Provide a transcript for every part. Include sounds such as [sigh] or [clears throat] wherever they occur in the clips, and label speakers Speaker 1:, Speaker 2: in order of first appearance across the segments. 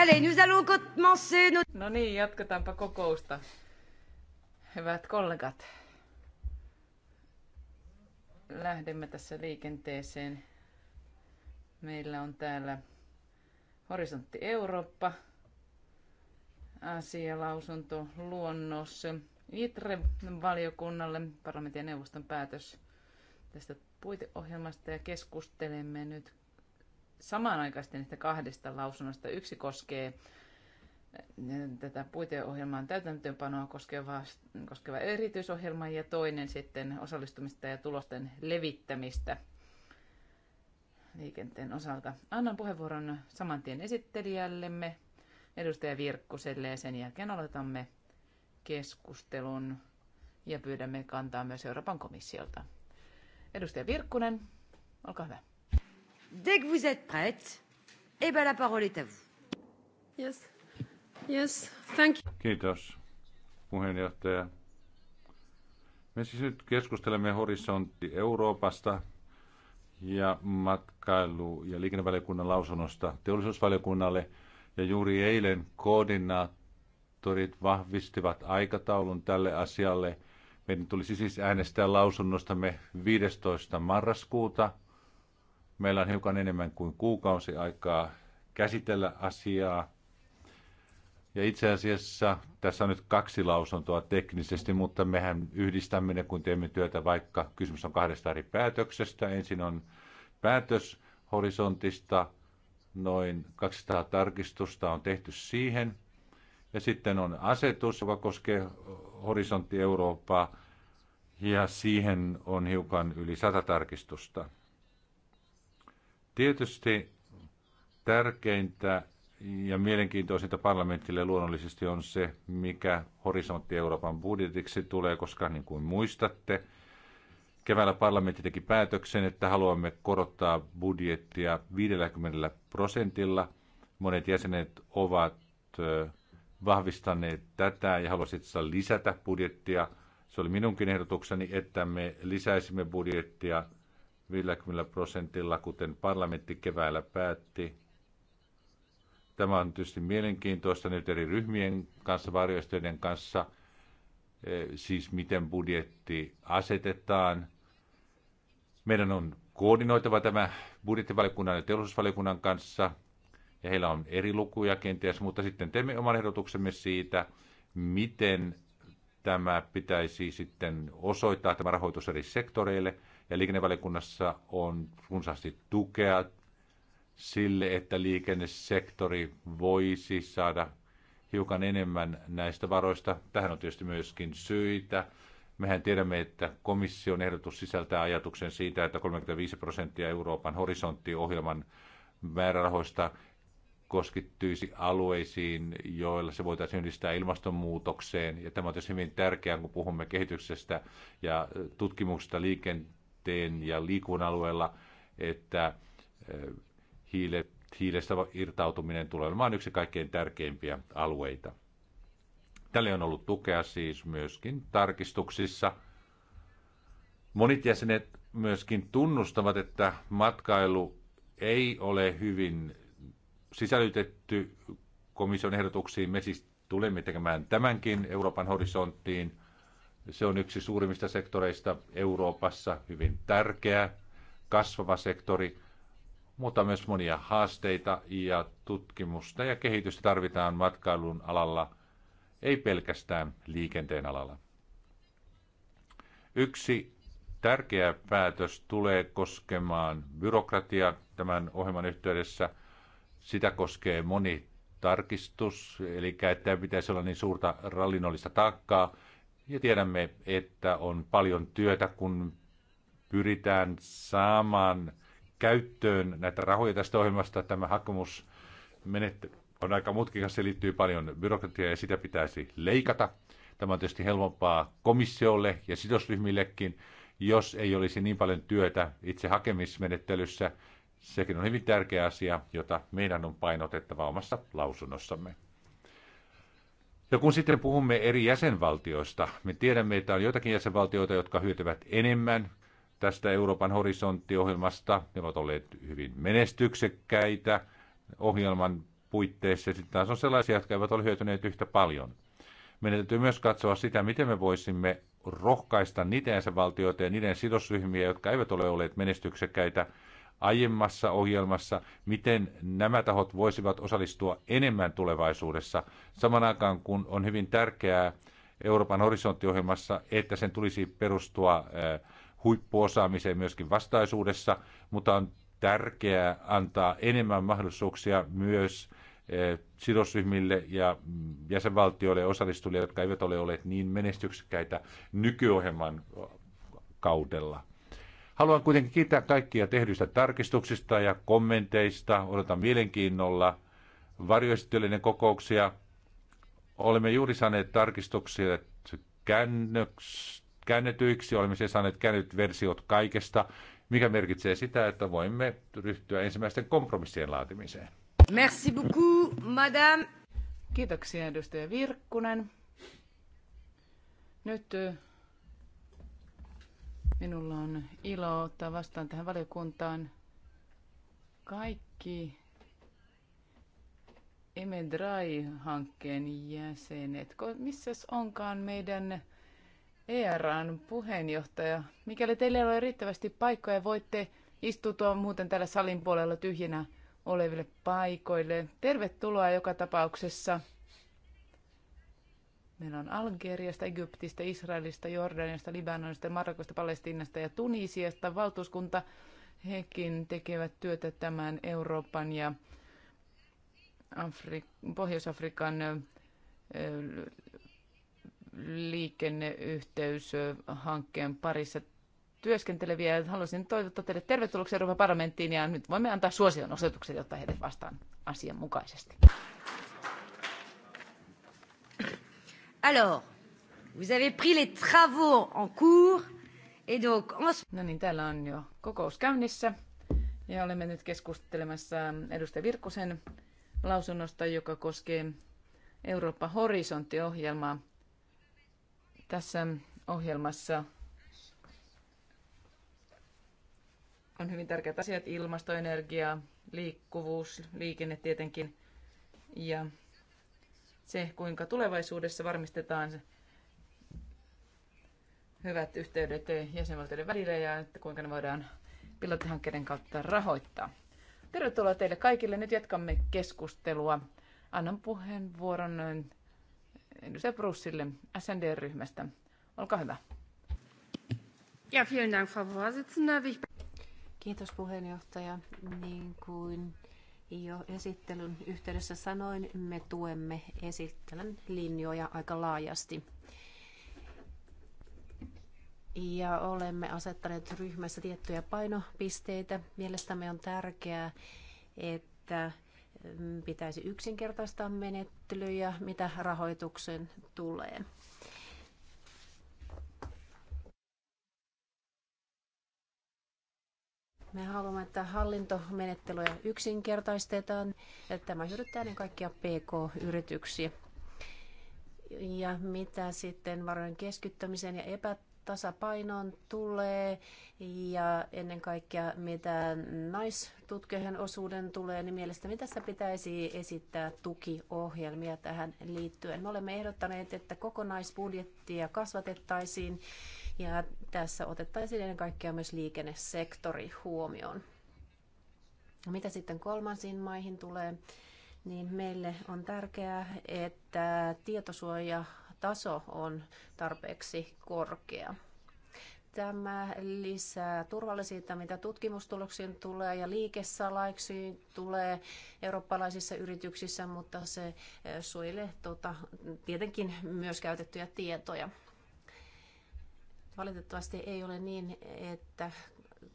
Speaker 1: Allez, nous allons commencer notre... No niin, jatketaanpa kokousta. Hyvät kollegat, lähdemme tässä liikenteeseen. Meillä on täällä Horisontti Eurooppa, asialausunto, luonnos, ITRE-valiokunnalle, parlamentin ja neuvoston päätös tästä puiteohjelmasta ja keskustelemme nyt samanaikaisesti niistä kahdesta lausunnosta. Yksi koskee eh, tätä puiteohjelman täytäntöönpanoa koskeva, koskeva erityisohjelma ja toinen sitten osallistumista ja tulosten levittämistä liikenteen osalta. Annan puheenvuoron samantien esittelijällemme, edustaja Virkkuselle ja sen jälkeen aloitamme keskustelun ja pyydämme kantaa myös Euroopan komissiolta. Edustaja Virkkunen, olkaa hyvä. Dès que vous êtes
Speaker 2: prête, eh ben la parole est à vous. Yes. Yes. Thank you.
Speaker 3: Kiitos, puheenjohtaja. Me siis nyt keskustelemme Horisontti Euroopasta ja matkailu- ja liikennevaliokunnan lausunnosta teollisuusvaliokunnalle. Ja juuri eilen koordinaattorit vahvistivat aikataulun tälle asialle. Meidän tulisi siis äänestää lausunnostamme 15. marraskuuta Meillä on hiukan enemmän kuin kuukausi aikaa käsitellä asiaa. Ja itse asiassa tässä on nyt kaksi lausuntoa teknisesti, mutta mehän yhdistämme ne, kun teemme työtä, vaikka kysymys on kahdesta eri päätöksestä. Ensin on päätös horisontista, noin 200 tarkistusta on tehty siihen. Ja sitten on asetus, joka koskee horisontti Eurooppaa, ja siihen on hiukan yli 100 tarkistusta. Tietysti tärkeintä ja mielenkiintoisinta parlamentille luonnollisesti on se, mikä horisontti Euroopan budjetiksi tulee, koska niin kuin muistatte, keväällä parlamentti teki päätöksen, että haluamme korottaa budjettia 50 prosentilla. Monet jäsenet ovat vahvistaneet tätä ja halusivat lisätä budjettia. Se oli minunkin ehdotukseni, että me lisäisimme budjettia 50 prosentilla, kuten parlamentti keväällä päätti. Tämä on tietysti mielenkiintoista nyt eri ryhmien kanssa, varjoistojen kanssa, e, siis miten budjetti asetetaan. Meidän on koordinoitava tämä budjettivaliokunnan ja teollisuusvaliokunnan kanssa, ja heillä on eri lukuja kenties, mutta sitten teemme oman ehdotuksemme siitä, miten tämä pitäisi sitten osoittaa tämä rahoitus eri sektoreille – ja liikennevaliokunnassa on runsaasti tukea sille, että liikennesektori voisi saada hiukan enemmän näistä varoista. Tähän on tietysti myöskin syitä. Mehän tiedämme, että komission ehdotus sisältää ajatuksen siitä, että 35 prosenttia Euroopan horisonttiohjelman määrärahoista koskittyisi alueisiin, joilla se voitaisiin yhdistää ilmastonmuutokseen. Ja tämä on tietysti hyvin tärkeää, kun puhumme kehityksestä ja tutkimuksesta liikenteen liikenteen ja liikun alueella, että hiile, hiilestä irtautuminen tulee olemaan yksi kaikkein tärkeimpiä alueita. Tälle on ollut tukea siis myöskin tarkistuksissa. Monit jäsenet myöskin tunnustavat, että matkailu ei ole hyvin sisällytetty komission ehdotuksiin. Me siis tulemme tekemään tämänkin Euroopan horisonttiin – se on yksi suurimmista sektoreista Euroopassa, hyvin tärkeä, kasvava sektori, mutta myös monia haasteita ja tutkimusta ja kehitystä tarvitaan matkailun alalla, ei pelkästään liikenteen alalla. Yksi tärkeä päätös tulee koskemaan byrokratia tämän ohjelman yhteydessä. Sitä koskee moni tarkistus, eli että ei pitäisi olla niin suurta rallinnollista taakkaa – ja tiedämme, että on paljon työtä, kun pyritään saamaan käyttöön näitä rahoja tästä ohjelmasta. Tämä hakemus on aika mutkikas, se liittyy paljon byrokratiaa ja sitä pitäisi leikata. Tämä on tietysti helpompaa komissiolle ja sidosryhmillekin, jos ei olisi niin paljon työtä itse hakemismenettelyssä. Sekin on hyvin tärkeä asia, jota meidän on painotettava omassa lausunnossamme. Ja kun sitten puhumme eri jäsenvaltioista, me tiedämme, että on joitakin jäsenvaltioita, jotka hyötyvät enemmän tästä Euroopan horisonttiohjelmasta. Ne ovat olleet hyvin menestyksekkäitä ohjelman puitteissa. Sitten taas on sellaisia, jotka eivät ole hyötyneet yhtä paljon. Meidän täytyy myös katsoa sitä, miten me voisimme rohkaista niitä jäsenvaltioita ja niiden sidosryhmiä, jotka eivät ole olleet menestyksekkäitä – aiemmassa ohjelmassa, miten nämä tahot voisivat osallistua enemmän tulevaisuudessa, saman aikaan kun on hyvin tärkeää Euroopan horisonttiohjelmassa, että sen tulisi perustua eh, huippuosaamiseen myöskin vastaisuudessa, mutta on tärkeää antaa enemmän mahdollisuuksia myös eh, sidosryhmille ja jäsenvaltioille ja osallistujille, jotka eivät ole olleet niin menestyksekkäitä nykyohjelman kaudella. Haluan kuitenkin kiittää kaikkia tehdyistä tarkistuksista ja kommenteista. Odotan mielenkiinnolla varjoesittelyiden kokouksia. Olemme juuri saaneet tarkistuksia käännöks, käännetyiksi, olemme siis saaneet käännetyt versiot kaikesta, mikä merkitsee sitä, että voimme ryhtyä ensimmäisten kompromissien laatimiseen.
Speaker 1: Merci beaucoup, madame. Kiitoksia, edustaja Virkkunen. Nyt Minulla on ilo ottaa vastaan tähän valiokuntaan kaikki Emedrai-hankkeen jäsenet. Missä onkaan meidän ERAn puheenjohtaja? Mikäli teillä ei ole riittävästi paikkoja, voitte istutua muuten täällä salin puolella tyhjinä oleville paikoille. Tervetuloa joka tapauksessa. Meillä on Algeriasta, Egyptistä, Israelista, Jordaniasta, Libanonista, Marokosta, Palestiinasta ja Tunisiasta valtuuskunta. Hekin tekevät työtä tämän Euroopan ja Afri- Pohjois-Afrikan liikenneyhteyshankkeen parissa työskenteleviä. Haluaisin toivottaa teille tervetulleeksi Euroopan parlamenttiin ja nyt voimme antaa suosion osoitukset, jotta heidät vastaan asianmukaisesti. Alors, vous avez pris les travaux en cours. Et donc, on... No niin, täällä on jo kokous käynnissä. Ja olemme nyt keskustelemassa edustaja Virkkusen lausunnosta, joka koskee Eurooppa horisonttiohjelmaa. Tässä ohjelmassa on hyvin tärkeät asiat, ilmastoenergia, liikkuvuus, liikenne tietenkin ja se, kuinka tulevaisuudessa varmistetaan hyvät yhteydet jäsenvaltioiden välillä ja että kuinka ne voidaan pilottihankkeiden kautta rahoittaa. Tervetuloa teille kaikille. Nyt jatkamme keskustelua. Annan puheenvuoron äh, edustaja Brussille SND-ryhmästä. Olkaa hyvä.
Speaker 2: Ja, vielen Dank, Frau Kiitos puheenjohtaja. Niin kuin jo esittelyn yhteydessä sanoin, me tuemme esittelyn linjoja aika laajasti. Ja olemme asettaneet ryhmässä tiettyjä painopisteitä. Mielestämme on tärkeää, että mm, pitäisi yksinkertaistaa menettelyjä, mitä rahoituksen tulee. Me haluamme, että hallintomenettelyjä yksinkertaistetaan. Tämä hyödyttää ennen kaikkia PK-yrityksiä. Ja mitä sitten varojen keskittämiseen ja epätasapainoon tulee ja ennen kaikkea mitä naistutkijoiden osuuden tulee, niin mielestäni tässä pitäisi esittää tukiohjelmia tähän liittyen. Me olemme ehdottaneet, että kokonaisbudjettia kasvatettaisiin ja tässä otettaisiin ennen kaikkea myös liikennesektori huomioon. Mitä sitten kolmansiin maihin tulee, niin meille on tärkeää, että tietosuojataso on tarpeeksi korkea. Tämä lisää turvallisuutta, mitä tutkimustuloksiin tulee ja liikesalaiksi tulee eurooppalaisissa yrityksissä, mutta se eh, suojelee tuota, tietenkin myös käytettyjä tietoja. Valitettavasti ei ole niin, että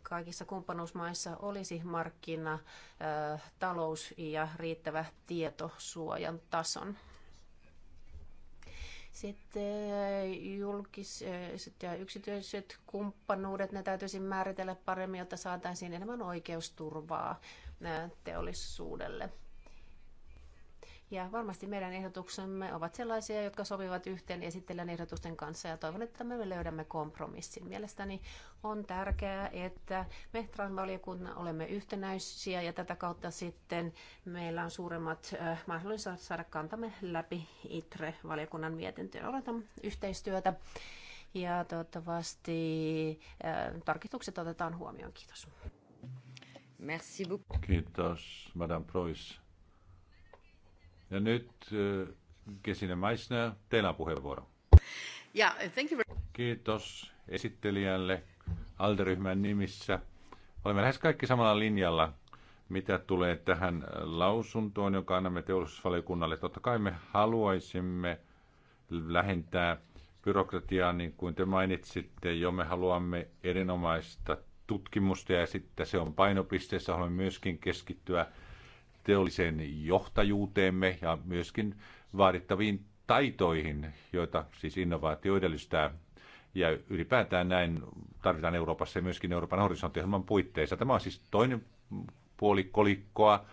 Speaker 2: kaikissa kumppanuusmaissa olisi markkina, talous ja riittävä tietosuojan tason. Sitten julkiset ja yksityiset kumppanuudet, ne täytyisi määritellä paremmin, jotta saataisiin enemmän oikeusturvaa teollisuudelle. Ja varmasti meidän ehdotuksemme ovat sellaisia, jotka sopivat yhteen esittelijän ehdotusten kanssa ja toivon, että me löydämme kompromissin. Mielestäni on tärkeää, että me valiokunnan olemme yhtenäisiä ja tätä kautta sitten meillä on suuremmat mahdollisuudet saada kantamme läpi ITRE-valiokunnan mietintöön. Odotan yhteistyötä ja toivottavasti tarkistukset otetaan huomioon. Kiitos. Merci beaucoup.
Speaker 3: Kiitos, Madame Preuss. Ja nyt Kesine Meissner, teillä on puheenvuoro.
Speaker 2: Yeah, thank you very...
Speaker 3: Kiitos esittelijälle Alderyhmän nimissä. Olemme lähes kaikki samalla linjalla, mitä tulee tähän lausuntoon, jonka annamme teollisuusvaliokunnalle. Totta kai me haluaisimme lähentää byrokratiaa, niin kuin te mainitsitte, jo me haluamme erinomaista tutkimusta ja sitten se on painopisteessä. Haluamme myöskin keskittyä teolliseen johtajuuteemme ja myöskin vaadittaviin taitoihin, joita siis innovaatio edellistää. Ja ylipäätään näin tarvitaan Euroopassa ja myöskin Euroopan horisonttiohjelman puitteissa. Tämä on siis toinen puoli kolikkoa,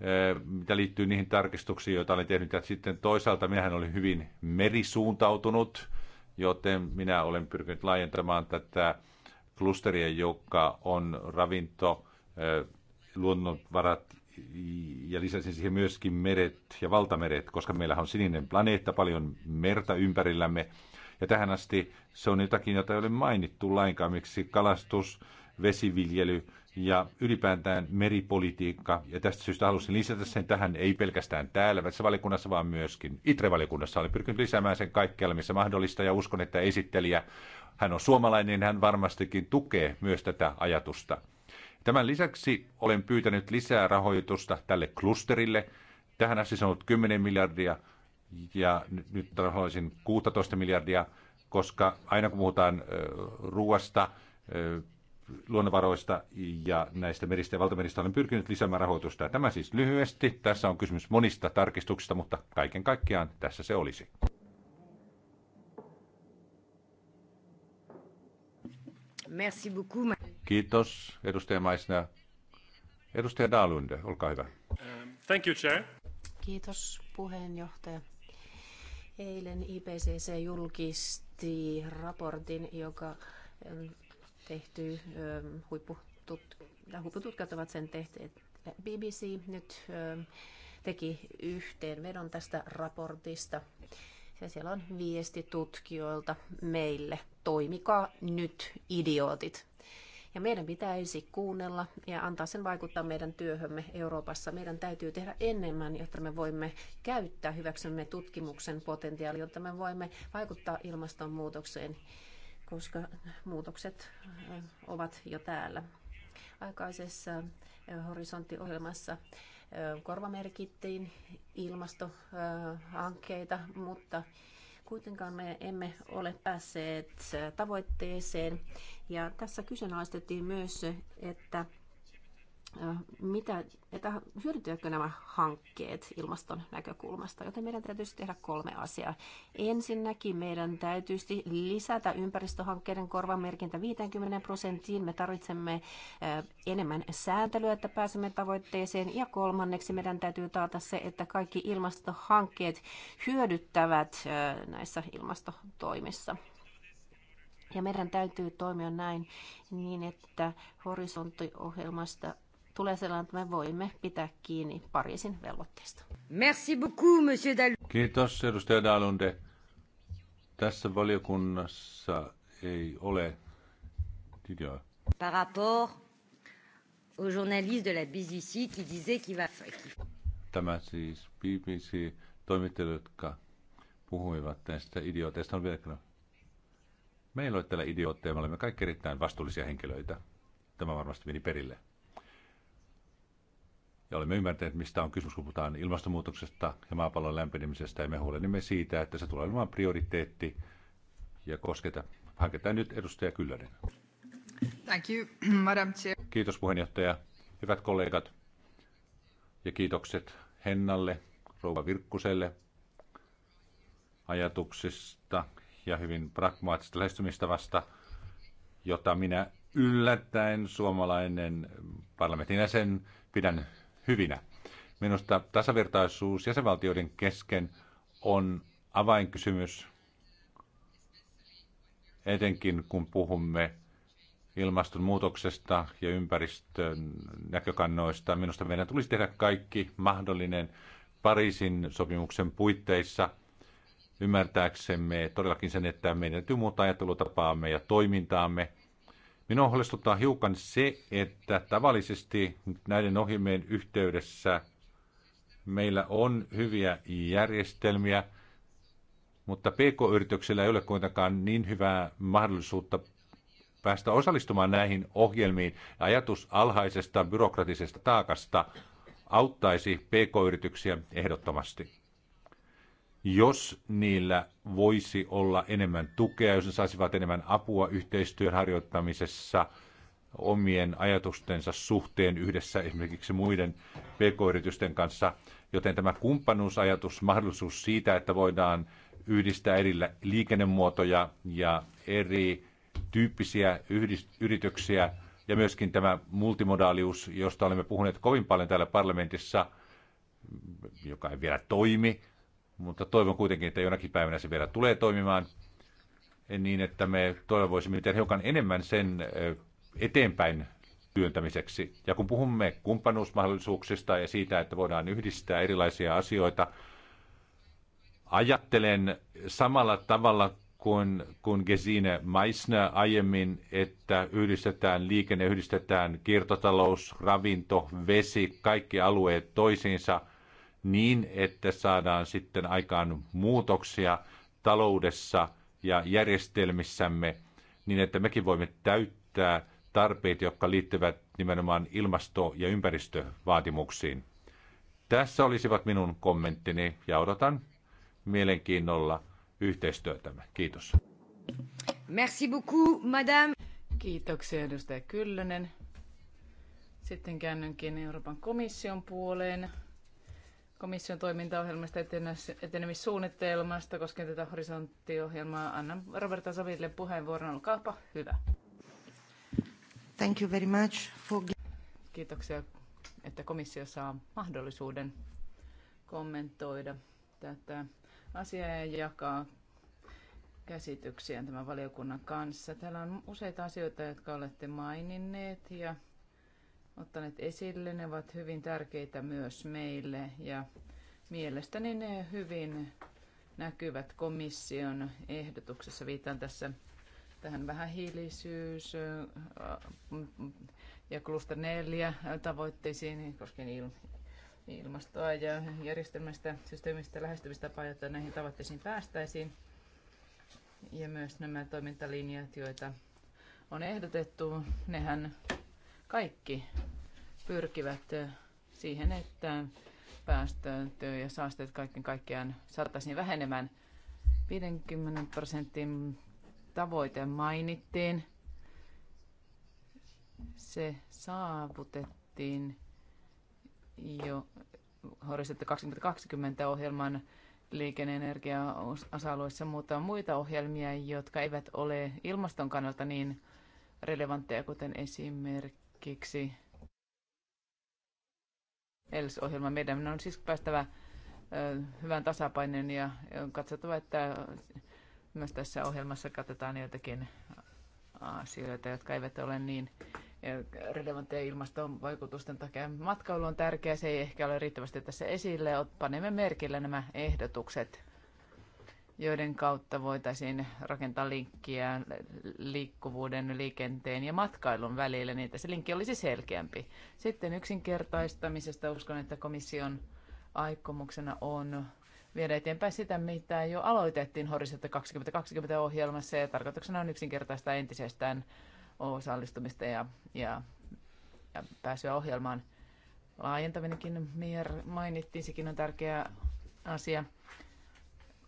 Speaker 3: eh, mitä liittyy niihin tarkistuksiin, joita olen tehnyt. Ja sitten toisaalta minähän olin hyvin merisuuntautunut, joten minä olen pyrkinyt laajentamaan tätä klusteria, joka on ravinto, eh, luonnonvarat ja lisäsin siihen myöskin meret ja valtameret, koska meillä on sininen planeetta, paljon merta ympärillämme. Ja tähän asti se on jotakin, jota ei ole mainittu lainkaan, miksi kalastus, vesiviljely ja ylipäätään meripolitiikka. Ja tästä syystä halusin lisätä sen tähän, ei pelkästään täällä valikunnassa, vaan myöskin ITRE-valikunnassa. Olen pyrkinyt lisäämään sen kaikkialla, missä mahdollista, ja uskon, että esittelijä, hän on suomalainen, niin hän varmastikin tukee myös tätä ajatusta. Tämän lisäksi olen pyytänyt lisää rahoitusta tälle klusterille. Tähän asti se on ollut 10 miljardia ja nyt haluaisin 16 miljardia, koska aina kun puhutaan ruoasta, luonnonvaroista ja näistä meristä ja valtameristä olen pyrkinyt lisäämään rahoitusta. Tämä siis lyhyesti. Tässä on kysymys monista tarkistuksista, mutta kaiken kaikkiaan tässä se olisi.
Speaker 2: Merci beaucoup.
Speaker 3: Kiitos, edustaja Maisner. Edustaja Dalunde, olkaa hyvä. Thank you, Chair.
Speaker 2: Kiitos, puheenjohtaja. Eilen IPCC julkisti raportin, joka ähm, tehty ähm, huipputut, huippututkijat ovat sen tehneet. BBC nyt ähm, teki yhteenvedon tästä raportista. Ja siellä on viesti tutkijoilta meille, toimikaa nyt idiootit. Ja meidän pitäisi kuunnella ja antaa sen vaikuttaa meidän työhömme Euroopassa. Meidän täytyy tehdä enemmän, jotta me voimme käyttää hyväksymme tutkimuksen potentiaalia, jotta me voimme vaikuttaa ilmastonmuutokseen, koska muutokset äh, ovat jo täällä. Aikaisessa äh, horisonttiohjelmassa ohjelmassa korvamerkittiin ilmastohankkeita, mutta kuitenkaan me emme ole päässeet tavoitteeseen. Ja tässä kyseenalaistettiin myös, että mitä, että hyödyttävätkö nämä hankkeet ilmaston näkökulmasta, joten meidän täytyisi tehdä kolme asiaa. Ensinnäkin meidän täytyisi lisätä ympäristöhankkeiden korvamerkintä 50 prosenttiin. Me tarvitsemme enemmän sääntelyä, että pääsemme tavoitteeseen. Ja kolmanneksi meidän täytyy taata se, että kaikki ilmastohankkeet hyödyttävät näissä ilmastotoimissa. Ja meidän täytyy toimia näin niin, että horisonttiohjelmasta tulee sellainen, että me voimme pitää kiinni Pariisin velvoitteista. Merci beaucoup, monsieur Dal-
Speaker 3: Kiitos, edustaja Dalunde. Tässä valiokunnassa ei ole... Didier. Par rapport au journaliste de la BBC qui disait qu'il va... Tämä siis BBC-toimittajat, jotka puhuivat näistä idiooteista, On vielä Meillä on täällä idiootteja, me olemme kaikki erittäin vastuullisia henkilöitä. Tämä varmasti meni perille. Ja olemme ymmärtäneet, mistä on kysymys, kun puhutaan ilmastonmuutoksesta ja maapallon lämpenemisestä, ja me huolehdimme siitä, että se tulee olemaan prioriteetti ja kosketa. Hanketaan nyt edustaja Kyllönen.
Speaker 2: Thank you, [clears throat] Madam Chair.
Speaker 3: Kiitos puheenjohtaja. Hyvät kollegat ja kiitokset Hennalle, Rouva Virkkuselle ajatuksista ja hyvin pragmaattisesta lähestymistavasta, jota minä yllättäen suomalainen parlamentin jäsen pidän hyvinä. Minusta tasavertaisuus jäsenvaltioiden kesken on avainkysymys, etenkin kun puhumme ilmastonmuutoksesta ja ympäristön näkökannoista. Minusta meidän tulisi tehdä kaikki mahdollinen Pariisin sopimuksen puitteissa ymmärtääksemme todellakin sen, että meidän täytyy muuttaa ajattelutapaamme ja toimintaamme – Minua huolestuttaa hiukan se, että tavallisesti näiden ohjelmien yhteydessä meillä on hyviä järjestelmiä, mutta PK-yrityksillä ei ole kuitenkaan niin hyvää mahdollisuutta päästä osallistumaan näihin ohjelmiin. Ajatus alhaisesta byrokratisesta taakasta auttaisi PK-yrityksiä ehdottomasti jos niillä voisi olla enemmän tukea, jos ne saisivat enemmän apua yhteistyön harjoittamisessa omien ajatustensa suhteen yhdessä esimerkiksi muiden pk-yritysten kanssa. Joten tämä kumppanuusajatus, mahdollisuus siitä, että voidaan yhdistää eri liikennemuotoja ja eri tyyppisiä yrityksiä ja myöskin tämä multimodaalius, josta olemme puhuneet kovin paljon täällä parlamentissa, joka ei vielä toimi, mutta toivon kuitenkin, että jonakin päivänä se vielä tulee toimimaan niin, että me toivoisimme tehdä hiukan enemmän sen eteenpäin työntämiseksi. Ja kun puhumme kumppanuusmahdollisuuksista ja siitä, että voidaan yhdistää erilaisia asioita, ajattelen samalla tavalla kuin, kuin Gesine Meissner aiemmin, että yhdistetään liikenne, yhdistetään kiertotalous, ravinto, vesi, kaikki alueet toisiinsa – niin, että saadaan sitten aikaan muutoksia taloudessa ja järjestelmissämme, niin että mekin voimme täyttää tarpeet, jotka liittyvät nimenomaan ilmasto- ja ympäristövaatimuksiin. Tässä olisivat minun kommenttini ja odotan mielenkiinnolla yhteistyötämme. Kiitos.
Speaker 2: Merci beaucoup, madame. Kiitoksia,
Speaker 1: edustaja Kyllönen. Sitten käännynkin Euroopan komission puoleen komission toimintaohjelmasta etenemissuunnitelmasta koskien tätä horisonttiohjelmaa. Annan Roberta Saville puheenvuoron. Olkaapa hyvä. Thank you very much for... Kiitoksia, että komissio saa mahdollisuuden kommentoida tätä asiaa ja jakaa käsityksiä tämän valiokunnan kanssa. Täällä on useita asioita, jotka olette maininneet ja ottaneet esille. Ne ovat hyvin tärkeitä myös meille ja mielestäni ne hyvin näkyvät komission ehdotuksessa. Viitan tässä tähän hiilisyys ja kluster 4 tavoitteisiin koskien ilmastoa ja järjestelmästä, systeemistä lähestymistapaa, jotta näihin tavoitteisiin päästäisiin. Ja myös nämä toimintalinjat, joita on ehdotettu, nehän kaikki pyrkivät siihen, että päästöt ja saasteet kaiken kaikkiaan saataisiin vähenemään. 50 prosentin tavoite mainittiin. Se saavutettiin jo Horisontti 2020 ohjelman liikenneenergia-osa-alueessa muuta muita ohjelmia, jotka eivät ole ilmaston kannalta niin relevantteja, kuten esimerkiksi esimerkiksi ELS-ohjelma. Meidän on siis päästävä hyvän tasapainon ja on katsottava, että myös tässä ohjelmassa katsotaan joitakin asioita, jotka eivät ole niin relevantteja ilmaston vaikutusten takia. Matkailu on tärkeä, se ei ehkä ole riittävästi tässä esille. Panemme merkille nämä ehdotukset joiden kautta voitaisiin rakentaa linkkiä liikkuvuuden, liikenteen ja matkailun välillä, niin että se linkki olisi selkeämpi. Sitten yksinkertaistamisesta uskon, että komission aikomuksena on viedä eteenpäin sitä, mitä jo aloitettiin Horisontti 2020 ohjelmassa ja tarkoituksena on yksinkertaistaa entisestään osallistumista ja, ja, ja pääsyä ohjelmaan. Laajentaminenkin mainittiin, sekin on tärkeä asia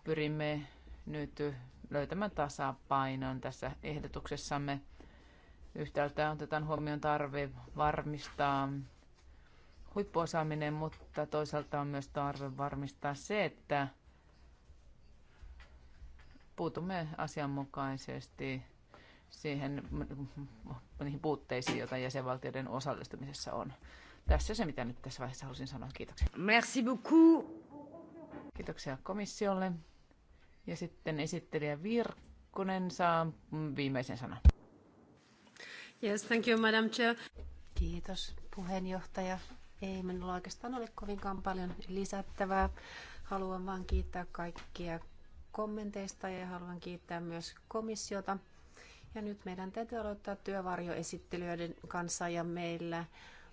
Speaker 1: pyrimme nyt löytämään tasapainon tässä ehdotuksessamme. Yhtäältä otetaan huomioon tarve varmistaa huippuosaaminen, mutta toisaalta on myös tarve varmistaa se, että puutumme asianmukaisesti siihen, niihin puutteisiin, joita jäsenvaltioiden osallistumisessa on. Tässä se, mitä nyt tässä vaiheessa halusin sanoa. Kiitoksia. Merci beaucoup. Kiitoksia komissiolle. Ja sitten esittelijä Virkkunen saa viimeisen sanan.
Speaker 2: Yes, thank you, Madam Chair. Kiitos, puheenjohtaja. Ei minulla oikeastaan ole kovinkaan paljon lisättävää. Haluan vain kiittää kaikkia kommenteista ja haluan kiittää myös komissiota. Ja nyt meidän täytyy aloittaa työvarjoesittelyiden kanssa ja meillä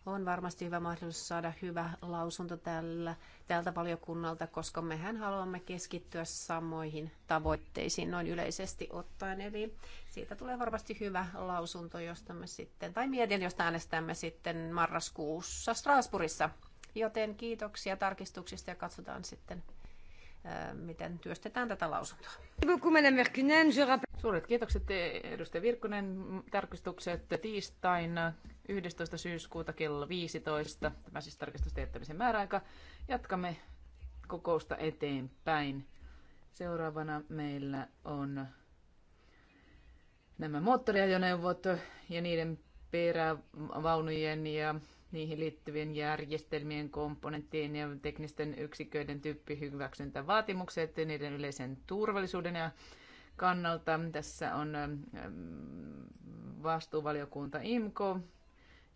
Speaker 2: on varmasti hyvä mahdollisuus saada hyvä lausunto tällä, tältä valiokunnalta, koska mehän haluamme keskittyä samoihin tavoitteisiin noin yleisesti ottaen. Eli siitä tulee varmasti hyvä lausunto, josta me sitten, tai mietin, josta äänestämme sitten marraskuussa Strasbourgissa. Joten kiitoksia tarkistuksista ja katsotaan sitten, miten työstetään tätä lausuntoa. Suuret kiitokset edustaja Virkkunen. Tarkistukset
Speaker 1: tiistaina 11. syyskuuta kello 15. Tämä siis teettämisen määräaika. Jatkamme kokousta eteenpäin. Seuraavana meillä on nämä moottoriajoneuvot ja niiden perävaunujen ja niihin liittyvien järjestelmien, komponenttien ja teknisten yksiköiden tyyppihyväksyntävaatimukset ja niiden yleisen turvallisuuden ja kannalta. Tässä on ähm, vastuuvaliokunta IMKO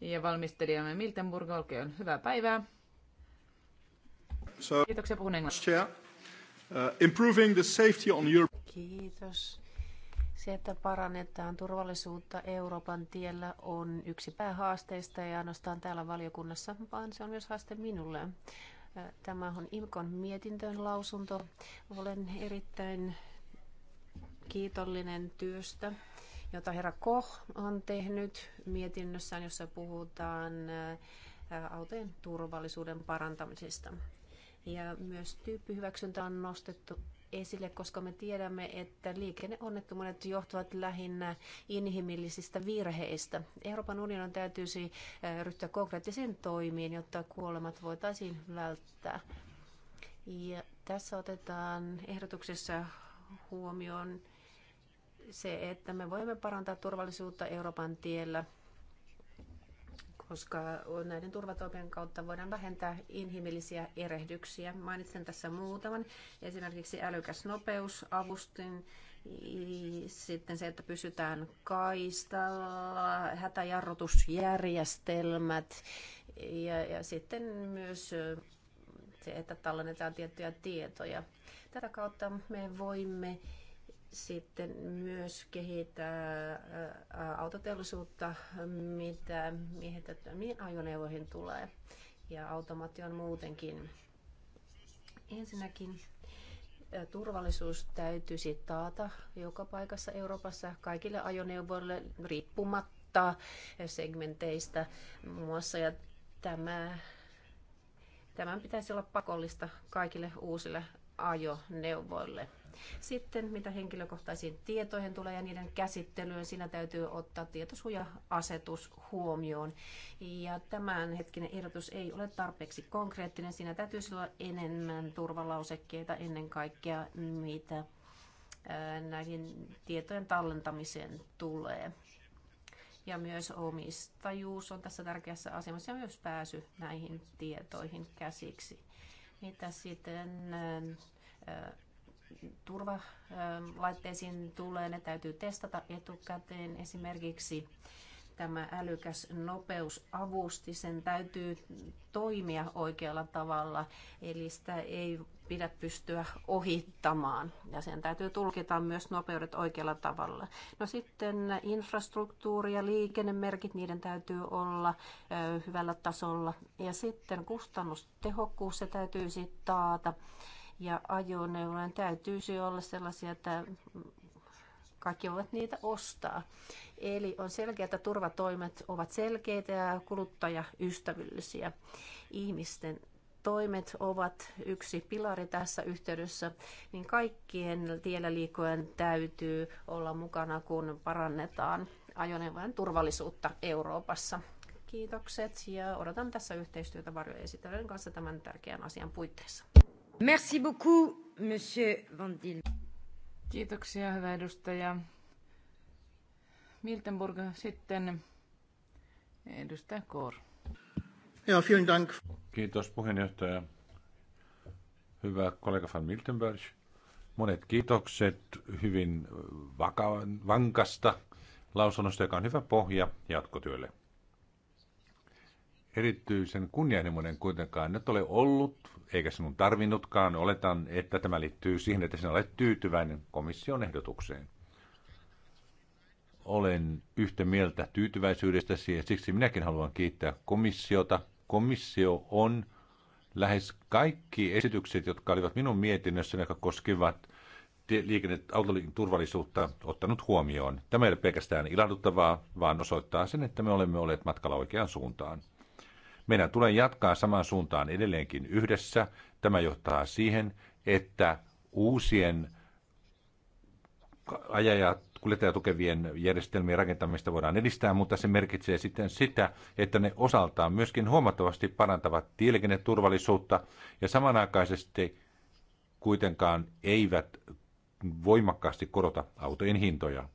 Speaker 1: ja valmistelijamme Miltenburg, olkoon hyvää päivää.
Speaker 3: So, Kiitoksia, puhun Uh, improving the safety on Europe.
Speaker 2: Kiitos. Se, että parannetaan turvallisuutta Euroopan tiellä, on yksi päähaasteista ja ainoastaan täällä valiokunnassa, vaan se on myös haaste minulle. Tämä on IMKON mietintöön lausunto. Olen erittäin kiitollinen työstä, jota herra Koch on tehnyt mietinnössään, jossa puhutaan autojen turvallisuuden parantamisesta. Ja myös tyyppihyväksyntä on nostettu esille, koska me tiedämme, että liikenneonnettomuudet johtuvat lähinnä inhimillisistä virheistä. Euroopan unionin täytyisi ryhtyä konkreettisiin toimiin, jotta kuolemat voitaisiin välttää. Ja tässä otetaan ehdotuksessa huomioon se, että me voimme parantaa turvallisuutta Euroopan tiellä – koska näiden turvatoimien kautta voidaan vähentää inhimillisiä erehdyksiä. Mainitsen tässä muutaman, esimerkiksi älykäs nopeus, avustin, sitten se, että pysytään kaistalla, hätäjarrutusjärjestelmät ja, ja sitten myös se, että tallennetaan tiettyjä tietoja. Tätä kautta me voimme sitten myös kehittää autoteollisuutta, mitä mihin mihin ajoneuvoihin tulee. Ja automaation muutenkin. Ensinnäkin turvallisuus täytyisi taata joka paikassa Euroopassa kaikille ajoneuvoille riippumatta segmenteistä muassa. Ja tämä, tämän pitäisi olla pakollista kaikille uusille ajoneuvoille. Sitten mitä henkilökohtaisiin tietoihin tulee ja niiden käsittelyyn, siinä täytyy ottaa tietosuoja-asetus huomioon. Ja tämänhetkinen ehdotus ei ole tarpeeksi konkreettinen. Siinä täytyy olla enemmän turvalausekkeita ennen kaikkea, mitä näihin tietojen tallentamiseen tulee. Ja myös omistajuus on tässä tärkeässä asemassa ja myös pääsy näihin tietoihin käsiksi. Mitä sitten turvalaitteisiin tulee, ne täytyy testata etukäteen. Esimerkiksi tämä älykäs nopeusavusti, sen täytyy toimia oikealla tavalla, eli sitä ei pidä pystyä ohittamaan. Ja sen täytyy tulkita myös nopeudet oikealla tavalla. No sitten infrastruktuuri ja liikennemerkit, niiden täytyy olla hyvällä tasolla. Ja sitten kustannustehokkuus, se täytyy sitten taata. Ja ajoneuvojen täytyisi olla sellaisia, että kaikki voivat niitä ostaa. Eli on selkeää, että turvatoimet ovat selkeitä ja kuluttajaystävällisiä. Ihmisten toimet ovat yksi pilari tässä yhteydessä, niin kaikkien tiellä liikkujen täytyy olla mukana, kun parannetaan ajoneuvojen turvallisuutta Euroopassa. Kiitokset ja odotan tässä yhteistyötä varjoesittelyn kanssa tämän tärkeän asian puitteissa. Merci beaucoup, monsieur Van Dil.
Speaker 1: Kiitoksia, hyvä edustaja. Miltenburg sitten edustaja Kor.
Speaker 3: Ja, vielen dank. Kiitos puheenjohtaja. Hyvä kollega van Miltenberg. Monet kiitokset hyvin vaka- vankasta lausunnosta, joka on hyvä pohja jatkotyölle erityisen kunnianhimoinen kuitenkaan nyt ole ollut, eikä sinun tarvinnutkaan. Oletan, että tämä liittyy siihen, että sinä olet tyytyväinen komission ehdotukseen. Olen yhtä mieltä tyytyväisyydestäsi ja siksi minäkin haluan kiittää komissiota. Komissio on lähes kaikki esitykset, jotka olivat minun mietinnössäni, jotka koskivat liikenneautolin turvallisuutta ottanut huomioon. Tämä ei ole pelkästään ilahduttavaa, vaan osoittaa sen, että me olemme olleet matkalla oikeaan suuntaan. Meidän tulee jatkaa samaan suuntaan edelleenkin yhdessä. Tämä johtaa siihen, että uusien ajajat kuljettaja tukevien järjestelmien rakentamista voidaan edistää, mutta se merkitsee sitten sitä, että ne osaltaan myöskin huomattavasti parantavat tieliikenneturvallisuutta ja samanaikaisesti kuitenkaan eivät voimakkaasti korota autojen hintoja.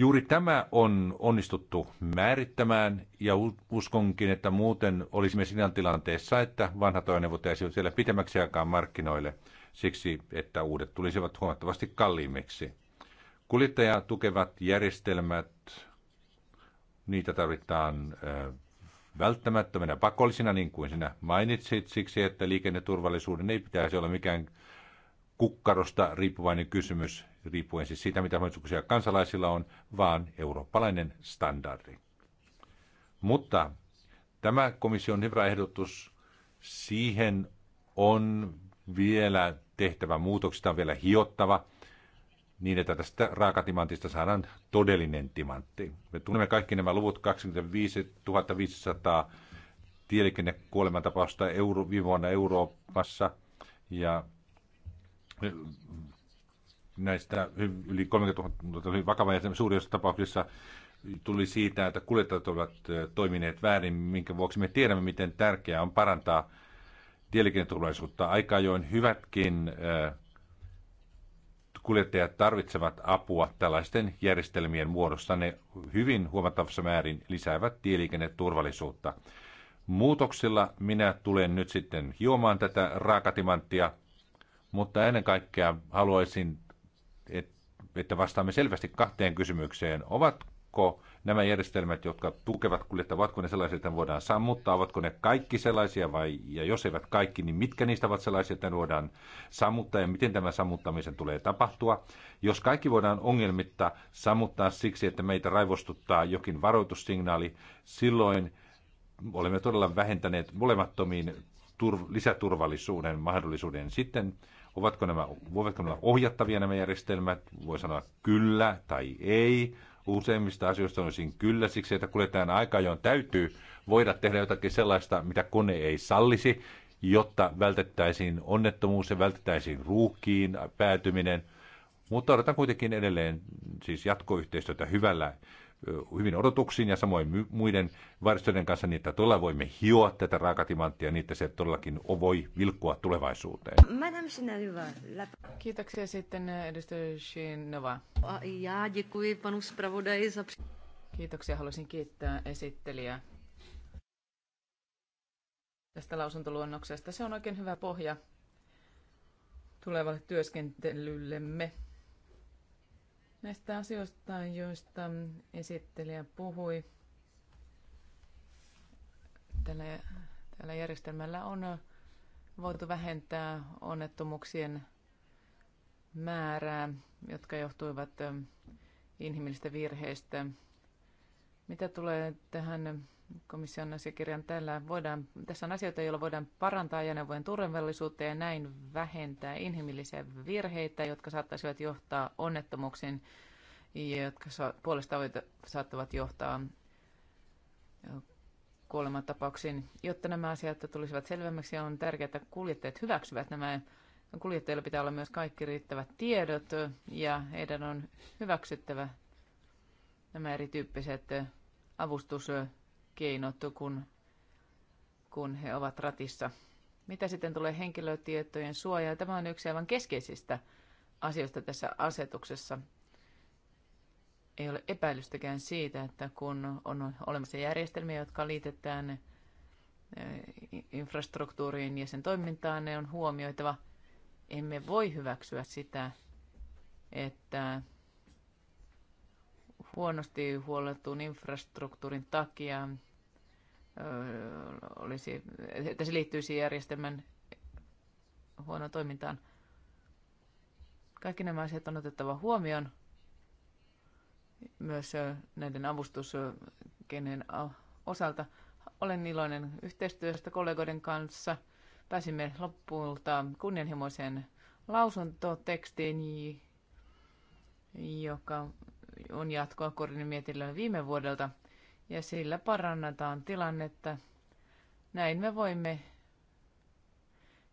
Speaker 3: Juuri tämä on onnistuttu määrittämään ja uskonkin, että muuten olisimme siinä tilanteessa, että vanhat ajoneuvot jäisivät siellä pitemmäksi aikaa markkinoille siksi, että uudet tulisivat huomattavasti kalliimmiksi. Kuljettaja tukevat järjestelmät, niitä tarvitaan välttämättömänä pakollisina, niin kuin sinä mainitsit, siksi että liikenneturvallisuuden ei pitäisi olla mikään kukkarosta riippuvainen kysymys riippuen siis siitä, mitä mahdollisuuksia kansalaisilla on, vaan eurooppalainen standardi. Mutta tämä komission hyvä ehdotus, siihen on vielä tehtävä muutoksista, on vielä hiottava, niin että tästä raakatimantista saadaan todellinen timantti. Me tunnemme kaikki nämä luvut, 25 500 tieliikennekuolemantapausta euro, viime vuonna Euroopassa, ja näistä yli 30 000 oli vakava ja suurissa tapauksissa tuli siitä, että kuljettajat ovat toimineet väärin, minkä vuoksi me tiedämme, miten tärkeää on parantaa tieliikenneturvallisuutta. Aika ajoin hyvätkin kuljettajat tarvitsevat apua tällaisten järjestelmien muodossa. Ne hyvin huomattavassa määrin lisäävät tieliikenneturvallisuutta. Muutoksilla minä tulen nyt sitten hiomaan tätä raakatimanttia, mutta ennen kaikkea haluaisin että vastaamme selvästi kahteen kysymykseen. Ovatko nämä järjestelmät, jotka tukevat kuljetta, ovatko ne sellaisia, että ne voidaan sammuttaa, ovatko ne kaikki sellaisia vai, ja jos eivät kaikki, niin mitkä niistä ovat sellaisia, että ne voidaan sammuttaa ja miten tämä sammuttamisen tulee tapahtua. Jos kaikki voidaan ongelmitta sammuttaa siksi, että meitä raivostuttaa jokin varoitussignaali, silloin olemme todella vähentäneet molemmattomiin lisäturvallisuuden mahdollisuuden. Sitten Ovatko nämä, voivatko nämä ohjattavia nämä järjestelmät? Voi sanoa kyllä tai ei. Useimmista asioista sanoisin kyllä siksi, että kuljetaan aika, johon täytyy voida tehdä jotakin sellaista, mitä kone ei sallisi, jotta vältettäisiin onnettomuus ja vältettäisiin ruuhkiin päätyminen. Mutta odotan kuitenkin edelleen siis jatkoyhteistyötä hyvällä hyvin odotuksiin ja samoin muiden vaaristoiden kanssa, niin että todella voimme hioa tätä raakatimanttia niin, että se todellakin voi vilkkua tulevaisuuteen.
Speaker 1: Madame Kiitoksia sitten edustaja Shinova. Ja Kiitoksia, haluaisin kiittää esittelijää tästä lausuntoluonnoksesta. Se on oikein hyvä pohja tulevalle työskentelyllemme. Näistä asioista, joista esittelijä puhui, tällä, tällä järjestelmällä on voitu vähentää onnettomuuksien määrää, jotka johtuivat inhimillistä virheistä. Mitä tulee tähän komission asiakirjan tällä voidaan, tässä on asioita, joilla voidaan parantaa ajoneuvojen turvallisuutta ja näin vähentää inhimillisiä virheitä, jotka saattaisivat johtaa onnettomuuksiin, jotka puolestaan saattavat johtaa kuolematapauksiin. Jotta nämä asiat tulisivat selvemmäksi, on tärkeää, että kuljettajat hyväksyvät nämä. Kuljettajilla pitää olla myös kaikki riittävät tiedot ja heidän on hyväksyttävä nämä erityyppiset avustus- keinot, kun, kun he ovat ratissa. Mitä sitten tulee henkilötietojen suojaa? Tämä on yksi aivan keskeisistä asioista tässä asetuksessa. Ei ole epäilystäkään siitä, että kun on olemassa järjestelmiä, jotka liitetään eh, infrastruktuuriin ja sen toimintaan, ne on huomioitava. Emme voi hyväksyä sitä, että huonosti huollettuun infrastruktuurin takia olisi, että se liittyisi järjestelmän huono toimintaan. Kaikki nämä asiat on otettava huomioon. Myös näiden avustuskenen osalta olen iloinen yhteistyöstä kollegoiden kanssa. Pääsimme loppuulta kunnianhimoiseen lausuntotekstiin, joka on jatkoa Korinin viime vuodelta ja sillä parannetaan tilannetta. Näin me voimme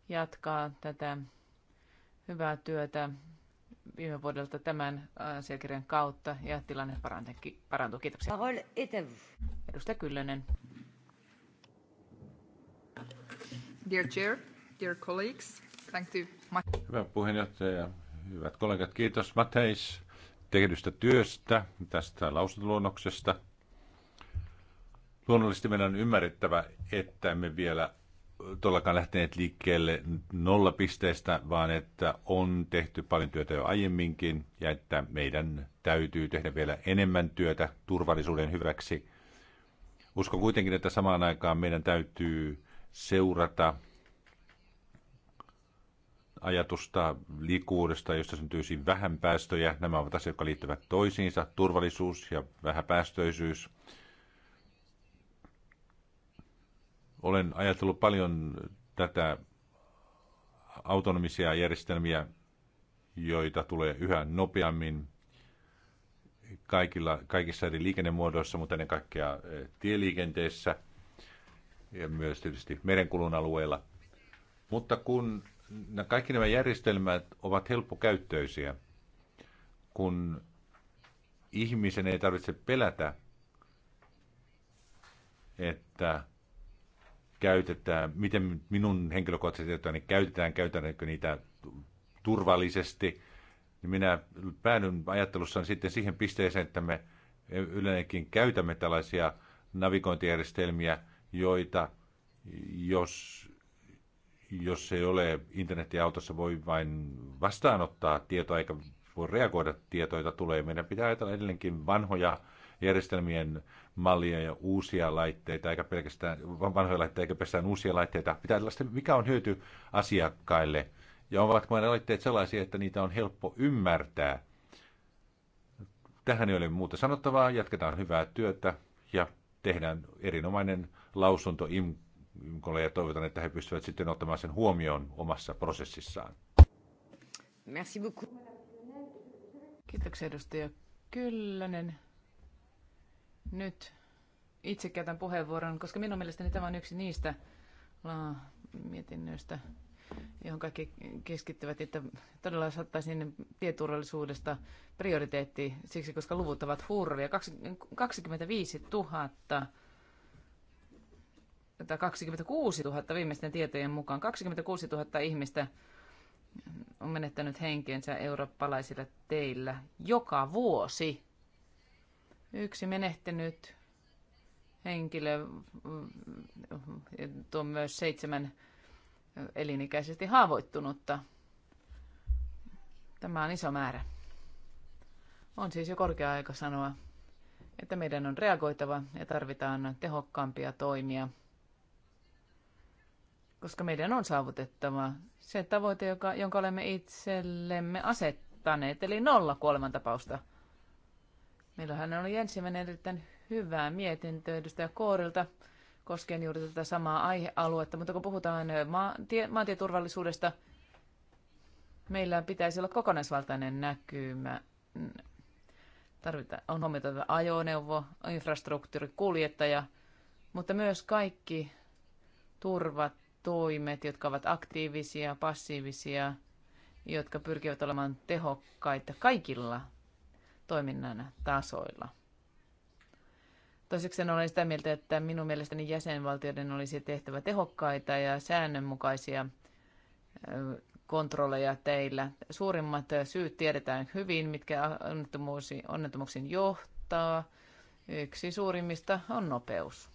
Speaker 1: jatkaa tätä hyvää työtä viime vuodelta tämän äh, asiakirjan kautta ja tilanne parantuu. Kiitoksia. Edustaja Kyllönen. Dear Chair, dear colleagues, thank you.
Speaker 3: Hyvä puheenjohtaja, hyvät kollegat, kiitos Mateis tehdystä työstä, tästä lausuntoluonnoksesta. Luonnollisesti meidän on ymmärrettävä, että emme vielä todellakaan lähteneet liikkeelle nollapisteestä, vaan että on tehty paljon työtä jo aiemminkin ja että meidän täytyy tehdä vielä enemmän työtä turvallisuuden hyväksi. Uskon kuitenkin, että samaan aikaan meidän täytyy seurata ajatusta liikkuvuudesta, josta syntyisi vähän päästöjä. Nämä ovat asioita, jotka liittyvät toisiinsa, turvallisuus ja vähäpäästöisyys. päästöisyys Olen ajatellut paljon tätä autonomisia järjestelmiä, joita tulee yhä nopeammin kaikilla, kaikissa eri liikennemuodoissa, mutta ennen kaikkea eh, tieliikenteessä ja myös tietysti merenkulun alueella. Mutta kun kaikki nämä järjestelmät ovat helppokäyttöisiä, kun ihmisen ei tarvitse pelätä, että käytetään, miten minun henkilökohtaisesti tietojani niin käytetään, käytetäänkö niitä turvallisesti, niin minä päädyn ajattelussaan sitten siihen pisteeseen, että me yleensäkin käytämme tällaisia navigointijärjestelmiä, joita jos, jos ei ole internetin autossa, voi vain vastaanottaa tietoa eikä voi reagoida tietoita tulee. Meidän pitää ajatella edelleenkin vanhoja järjestelmien mallia ja uusia laitteita, eikä pelkästään vanhoja laitteita, eikä pelkästään uusia laitteita. Pitää mikä on hyöty asiakkaille. Ja ovatko ne laitteet sellaisia, että niitä on helppo ymmärtää. Tähän ei ole muuta sanottavaa. Jatketaan hyvää työtä ja tehdään erinomainen lausunto IMKOlle ja toivotan, että he pystyvät sitten ottamaan sen huomioon omassa prosessissaan.
Speaker 2: Merci beaucoup.
Speaker 1: Kiitoksia edustaja Kyllönen nyt itse käytän puheenvuoron, koska minun mielestäni tämä on yksi niistä mietinnöistä, johon kaikki keskittyvät, että todella saattaisiin tieturvallisuudesta prioriteetti siksi, koska luvut ovat hurvia. 25 000 tai 26 000 viimeisten tietojen mukaan, 26 000 ihmistä on menettänyt henkensä eurooppalaisilla teillä joka vuosi. Yksi menehtynyt henkilö on myös seitsemän elinikäisesti haavoittunutta. Tämä on iso määrä. On siis jo korkea aika sanoa, että meidän on reagoitava ja tarvitaan tehokkaampia toimia, koska meidän on saavutettava se tavoite, joka, jonka olemme itsellemme asettaneet, eli nolla kuolemantapausta – Meillähän oli ensimmäinen erittäin hyvää mietintö edustaja Koorilta koskien juuri tätä samaa aihealuetta, mutta kun puhutaan maantieturvallisuudesta, meillä pitäisi olla kokonaisvaltainen näkymä. Tarvitaan, on huomioitava ajoneuvo, infrastruktuuri, kuljettaja, mutta myös kaikki turvatoimet, jotka ovat aktiivisia, passiivisia, jotka pyrkivät olemaan tehokkaita kaikilla toiminnan tasoilla. Toiseksi olen sitä mieltä, että minun mielestäni jäsenvaltioiden olisi tehtävä tehokkaita ja säännönmukaisia kontrolleja teillä. Suurimmat syyt tiedetään hyvin, mitkä onnettomuuksiin johtaa. Yksi suurimmista on nopeus.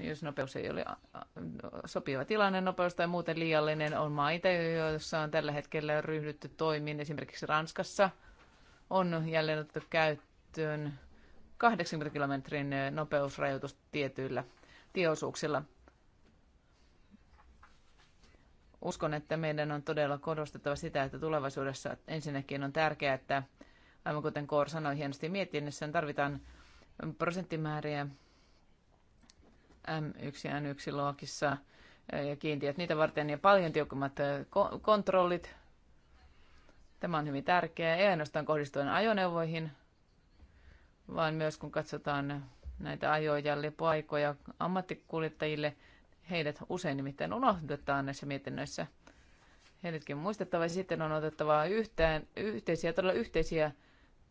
Speaker 1: Jos nopeus ei ole sopiva tilanne, nopeus tai muuten liiallinen, on maita, joissa on tällä hetkellä ryhdytty toimiin, esimerkiksi Ranskassa – on jälleen otettu käyttöön 80 kilometrin nopeusrajoitus tietyillä tieosuuksilla. Uskon, että meidän on todella korostettava sitä, että tulevaisuudessa ensinnäkin on tärkeää, että aivan kuten Koor sanoi hienosti mietinnössään, tarvitaan prosenttimääriä M1 ja N1 luokissa ja kiintiöt niitä varten ja paljon tiukemmat kontrollit Tämä on hyvin tärkeää, ei ainoastaan kohdistuen ajoneuvoihin, vaan myös kun katsotaan näitä ajoja lepoaikoja ammattikuljettajille, heidät usein nimittäin unohdetaan näissä mietinnöissä. Heidätkin muistettava ja sitten on otettava yhteen, yhteisiä, todella yhteisiä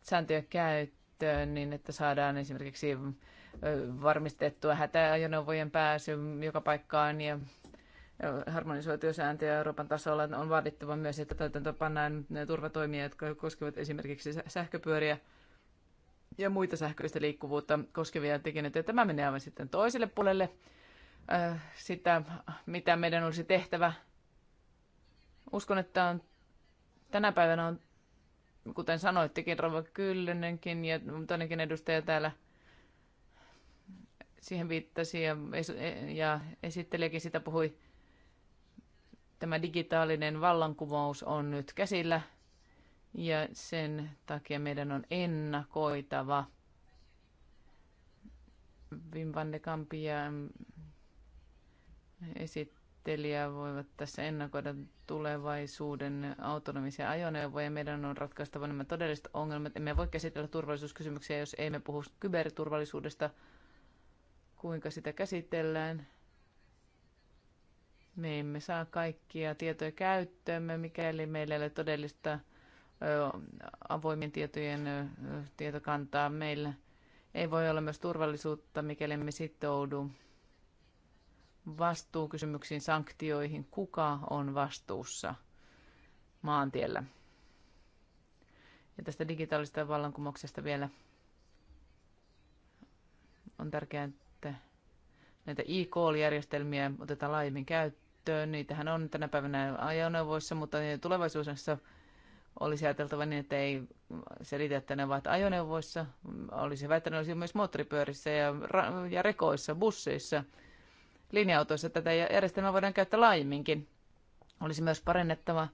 Speaker 1: sääntöjä käyttöön niin, että saadaan esimerkiksi varmistettua hätäajoneuvojen pääsy joka paikkaan ja harmonisoitiosääntöjä Euroopan tasolla on vaadittava myös, että täytäntö ne turvatoimia, jotka koskevat esimerkiksi sähköpyöriä ja muita sähköistä liikkuvuutta koskevia tekijöitä. Tämä menee aivan sitten toiselle puolelle äh, sitä, mitä meidän olisi tehtävä. Uskon, että on, tänä päivänä on, kuten sanoittekin, Rova Kyllönenkin ja toinenkin edustaja täällä siihen viittasi ja, ja esittelijäkin sitä puhui, Tämä digitaalinen vallankumous on nyt käsillä ja sen takia meidän on ennakoitava Wim van de Kamp ja esittelijä voivat tässä ennakoida tulevaisuuden autonomisia ajoneuvoja. Meidän on ratkaistava nämä todelliset ongelmat. Emme voi käsitellä turvallisuuskysymyksiä, jos emme puhu kyberturvallisuudesta, kuinka sitä käsitellään me emme saa kaikkia tietoja käyttöömme, mikäli meillä ei ole todellista avoimien tietojen tietokantaa. Meillä ei voi olla myös turvallisuutta, mikäli emme sitoudu vastuukysymyksiin, sanktioihin, kuka on vastuussa maantiellä. Ja tästä digitaalisesta vallankumouksesta vielä on tärkeää, että näitä e-call-järjestelmiä otetaan laajemmin käyttöön käyttöön. Niitähän on tänä päivänä ajoneuvoissa, mutta tulevaisuudessa olisi ajateltava niin, että ei selitä, että ne ovat ajoneuvoissa. Olisi ne olisi myös moottoripyörissä ja, ja rekoissa, busseissa, linja-autoissa. Tätä järjestelmää voidaan käyttää laajemminkin. Olisi myös parennettava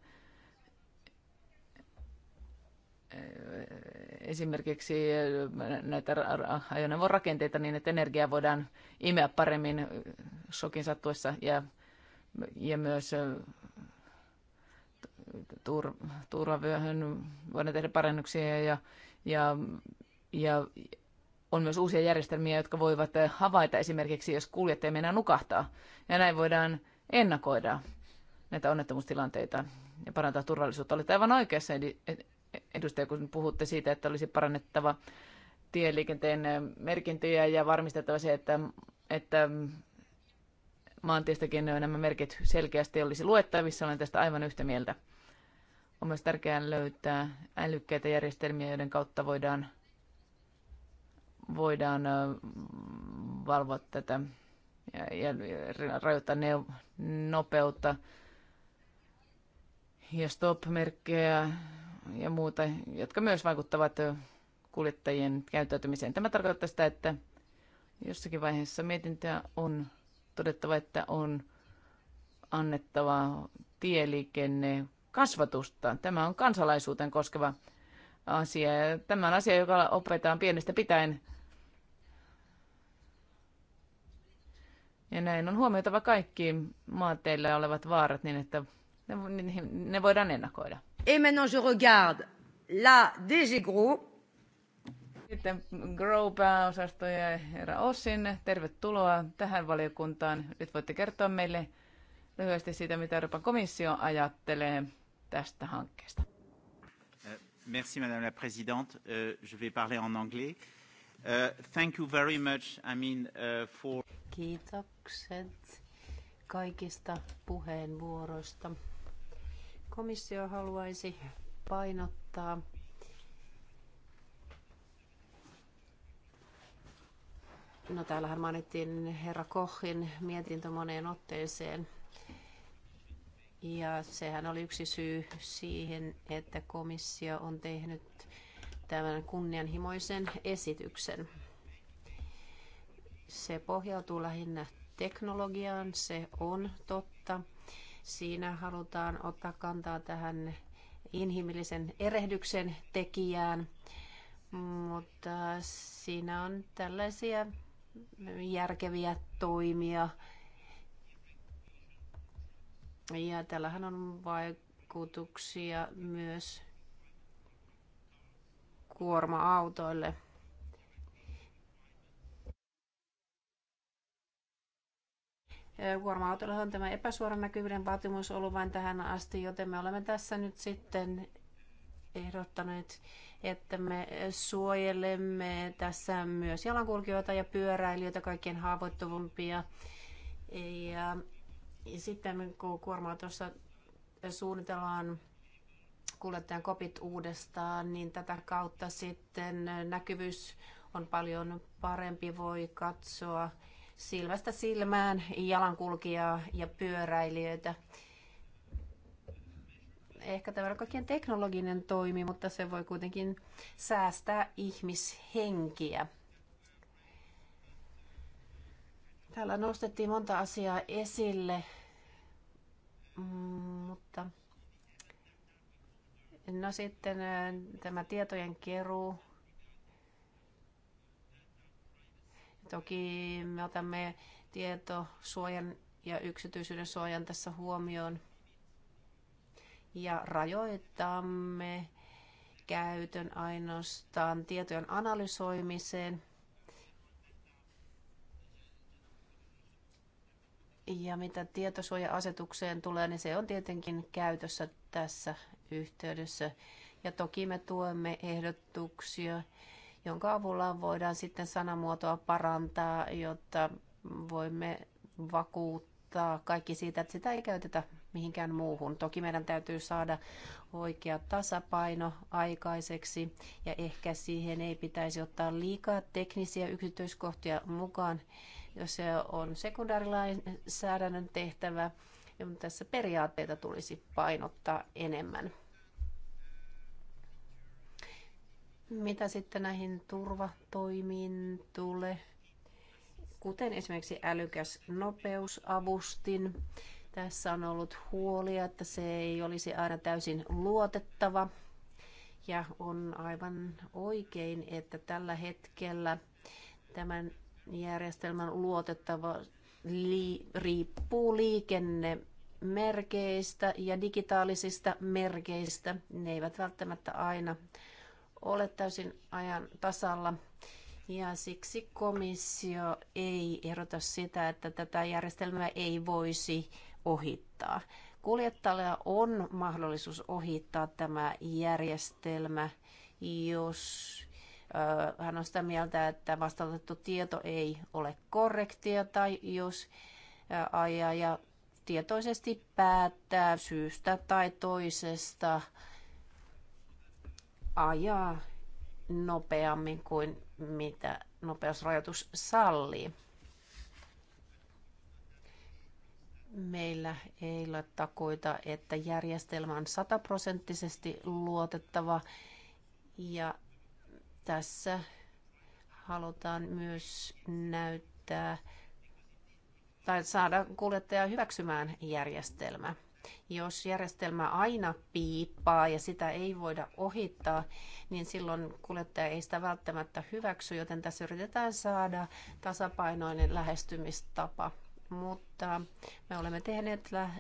Speaker 1: eh, esimerkiksi eh, näitä ajoneuvon rakenteita niin, että energiaa voidaan imeä paremmin eh, shokin sattuessa ja ja myös tur, turvavyöhön voidaan tehdä parannuksia ja, ja, ja on myös uusia järjestelmiä, jotka voivat havaita esimerkiksi, jos kuljettaja mennään nukahtaa. Ja näin voidaan ennakoida näitä onnettomuustilanteita ja parantaa turvallisuutta. Olette aivan oikeassa, edustaja, kun puhutte siitä, että olisi parannettava tieliikenteen merkintöjä ja varmistettava se, että, että maantiestäkin nämä merkit selkeästi olisi luettavissa. Olen tästä aivan yhtä mieltä. On myös tärkeää löytää älykkäitä järjestelmiä, joiden kautta voidaan, voidaan valvoa tätä ja, ja rajoittaa ne, nopeutta ja stop-merkkejä ja muuta, jotka myös vaikuttavat kuljettajien käyttäytymiseen. Tämä tarkoittaa sitä, että jossakin vaiheessa mietintöä on todettava, että on annettava tieliikenne kasvatusta. Tämä on kansalaisuuteen koskeva asia. Tämä on asia, joka opetetaan pienestä pitäen. Ja näin on huomioitava kaikki maateilla olevat vaarat niin, että ne voidaan ennakoida. Et maintenant je regarde la DG Group sitten Grow-pääosasto ja herra Ossin, tervetuloa tähän valiokuntaan. Nyt voitte kertoa meille lyhyesti siitä, mitä Euroopan komissio ajattelee tästä hankkeesta.
Speaker 2: Eh, merci Madame la Présidente. Eh, je vais parler en anglais. Uh,
Speaker 3: thank you very much, I mean, uh, for...
Speaker 2: Kiitokset kaikista puheenvuoroista. Komissio haluaisi painottaa No täällähän mainittiin herra Kohin mietintö moneen otteeseen. Ja sehän oli yksi syy siihen, että komissio on tehnyt tämän kunnianhimoisen esityksen. Se pohjautuu lähinnä teknologiaan, se on totta. Siinä halutaan ottaa kantaa tähän inhimillisen erehdyksen tekijään, mutta siinä on tällaisia järkeviä toimia. Ja tällähän on vaikutuksia myös kuorma-autoille. kuorma autoilla on tämä epäsuoran näkyvyyden vaatimus ollut vain tähän asti, joten me olemme tässä nyt sitten ehdottaneet että me suojelemme tässä myös jalankulkijoita ja pyöräilijöitä, kaikkien haavoittuvampia. Ja, ja sitten kun kuormaa tuossa suunnitellaan kuljettajan kopit uudestaan, niin tätä kautta sitten näkyvyys on paljon parempi, voi katsoa silmästä silmään jalankulkijaa ja pyöräilijöitä ehkä tämä on kaikkien teknologinen toimi, mutta se voi kuitenkin säästää ihmishenkiä. Täällä nostettiin monta asiaa esille, mm, mutta no sitten tämä tietojen keruu. Toki me otamme tietosuojan ja yksityisyyden suojan tässä huomioon ja rajoitamme käytön ainoastaan tietojen analysoimiseen. Ja mitä tietosuoja-asetukseen tulee, niin se on tietenkin käytössä tässä yhteydessä. Ja toki me tuemme ehdotuksia, jonka avulla voidaan sitten sanamuotoa parantaa, jotta voimme vakuuttaa kaikki siitä, että sitä ei käytetä mihinkään muuhun. Toki meidän täytyy saada oikea tasapaino aikaiseksi ja ehkä siihen ei pitäisi ottaa liikaa teknisiä yksityiskohtia mukaan, jos se on sekundaarilainsäädännön tehtävä. Ja tässä periaatteita tulisi painottaa enemmän. Mitä sitten näihin turvatoimiin tulee? Kuten esimerkiksi älykäs nopeusavustin, tässä on ollut huolia, että se ei olisi aina täysin luotettava. Ja on aivan oikein, että tällä hetkellä tämän järjestelmän luotettava li- riippuu liikennemerkeistä ja digitaalisista merkeistä. Ne eivät välttämättä aina ole täysin ajan tasalla. Ja siksi komissio ei erota sitä, että tätä järjestelmää ei voisi ohittaa. Kuljettajalla on mahdollisuus ohittaa tämä järjestelmä, jos hän on sitä mieltä, että vastautettu tieto ei ole korrektia tai jos ajaja tietoisesti päättää syystä tai toisesta ajaa nopeammin kuin mitä nopeusrajoitus sallii. meillä ei ole takuita, että järjestelmä on sataprosenttisesti luotettava. Ja tässä halutaan myös näyttää tai saada kuljettaja hyväksymään järjestelmä. Jos järjestelmä aina piippaa ja sitä ei voida ohittaa, niin silloin kuljettaja ei sitä välttämättä hyväksy, joten tässä yritetään saada tasapainoinen lähestymistapa mutta me olemme tehneet lä-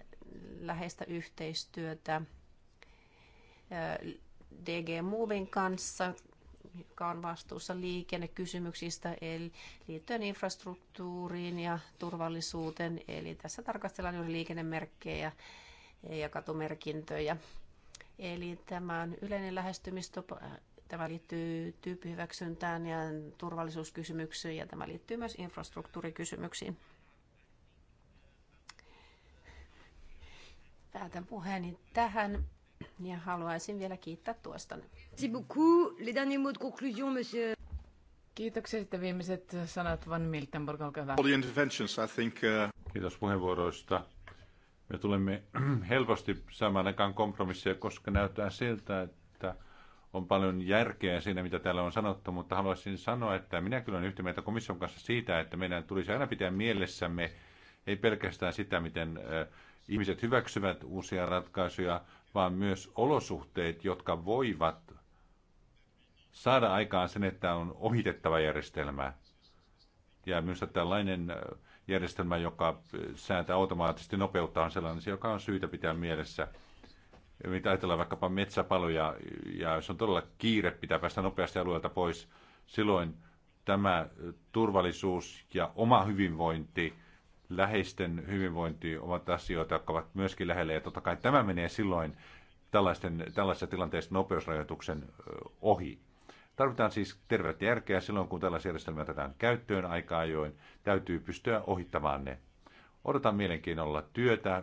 Speaker 2: läheistä yhteistyötä DG Movin kanssa, joka on vastuussa liikennekysymyksistä eli liittyen infrastruktuuriin ja turvallisuuteen. Eli tässä tarkastellaan juuri liikennemerkkejä ja katumerkintöjä. Eli tämä on yleinen lähestymistapa. Tämä liittyy tyyppihyväksyntään ja turvallisuuskysymyksiin ja tämä liittyy myös infrastruktuurikysymyksiin. päätän puheeni tähän ja haluaisin vielä kiittää tuosta. Kiitoksia. Sitten viimeiset
Speaker 1: sanat Van Miltenborg, olkaa hyvä.
Speaker 3: Uh, Kiitos puheenvuoroista. Me tulemme [clears throat] helposti saamaan aikaan kompromisseja, koska näyttää siltä, että on paljon järkeä siinä, mitä täällä on sanottu, mutta haluaisin sanoa, että minä kyllä olen yhtä mieltä komission kanssa siitä, että meidän tulisi aina pitää mielessämme ei pelkästään sitä, miten uh, ihmiset hyväksyvät uusia ratkaisuja, vaan myös olosuhteet, jotka voivat saada aikaan sen, että on ohitettava järjestelmä. Ja minusta tällainen äh, järjestelmä, joka äh, sääntää automaattisesti nopeuttaa, on sellainen, joka on syytä pitää mielessä. Mitä ajatellaan vaikkapa metsäpaloja, ja jos on todella kiire, pitää päästä nopeasti alueelta pois, silloin tämä äh, turvallisuus ja oma hyvinvointi läheisten hyvinvointi ovat asioita, jotka ovat myöskin lähellä. Ja totta kai tämä menee silloin tällaisten, tällaisessa tilanteessa nopeusrajoituksen ohi. Tarvitaan siis tervettä järkeä silloin, kun tällaisia järjestelmiä otetaan käyttöön aika ajoin. Täytyy pystyä ohittamaan ne. Odotan mielenkiinnolla työtä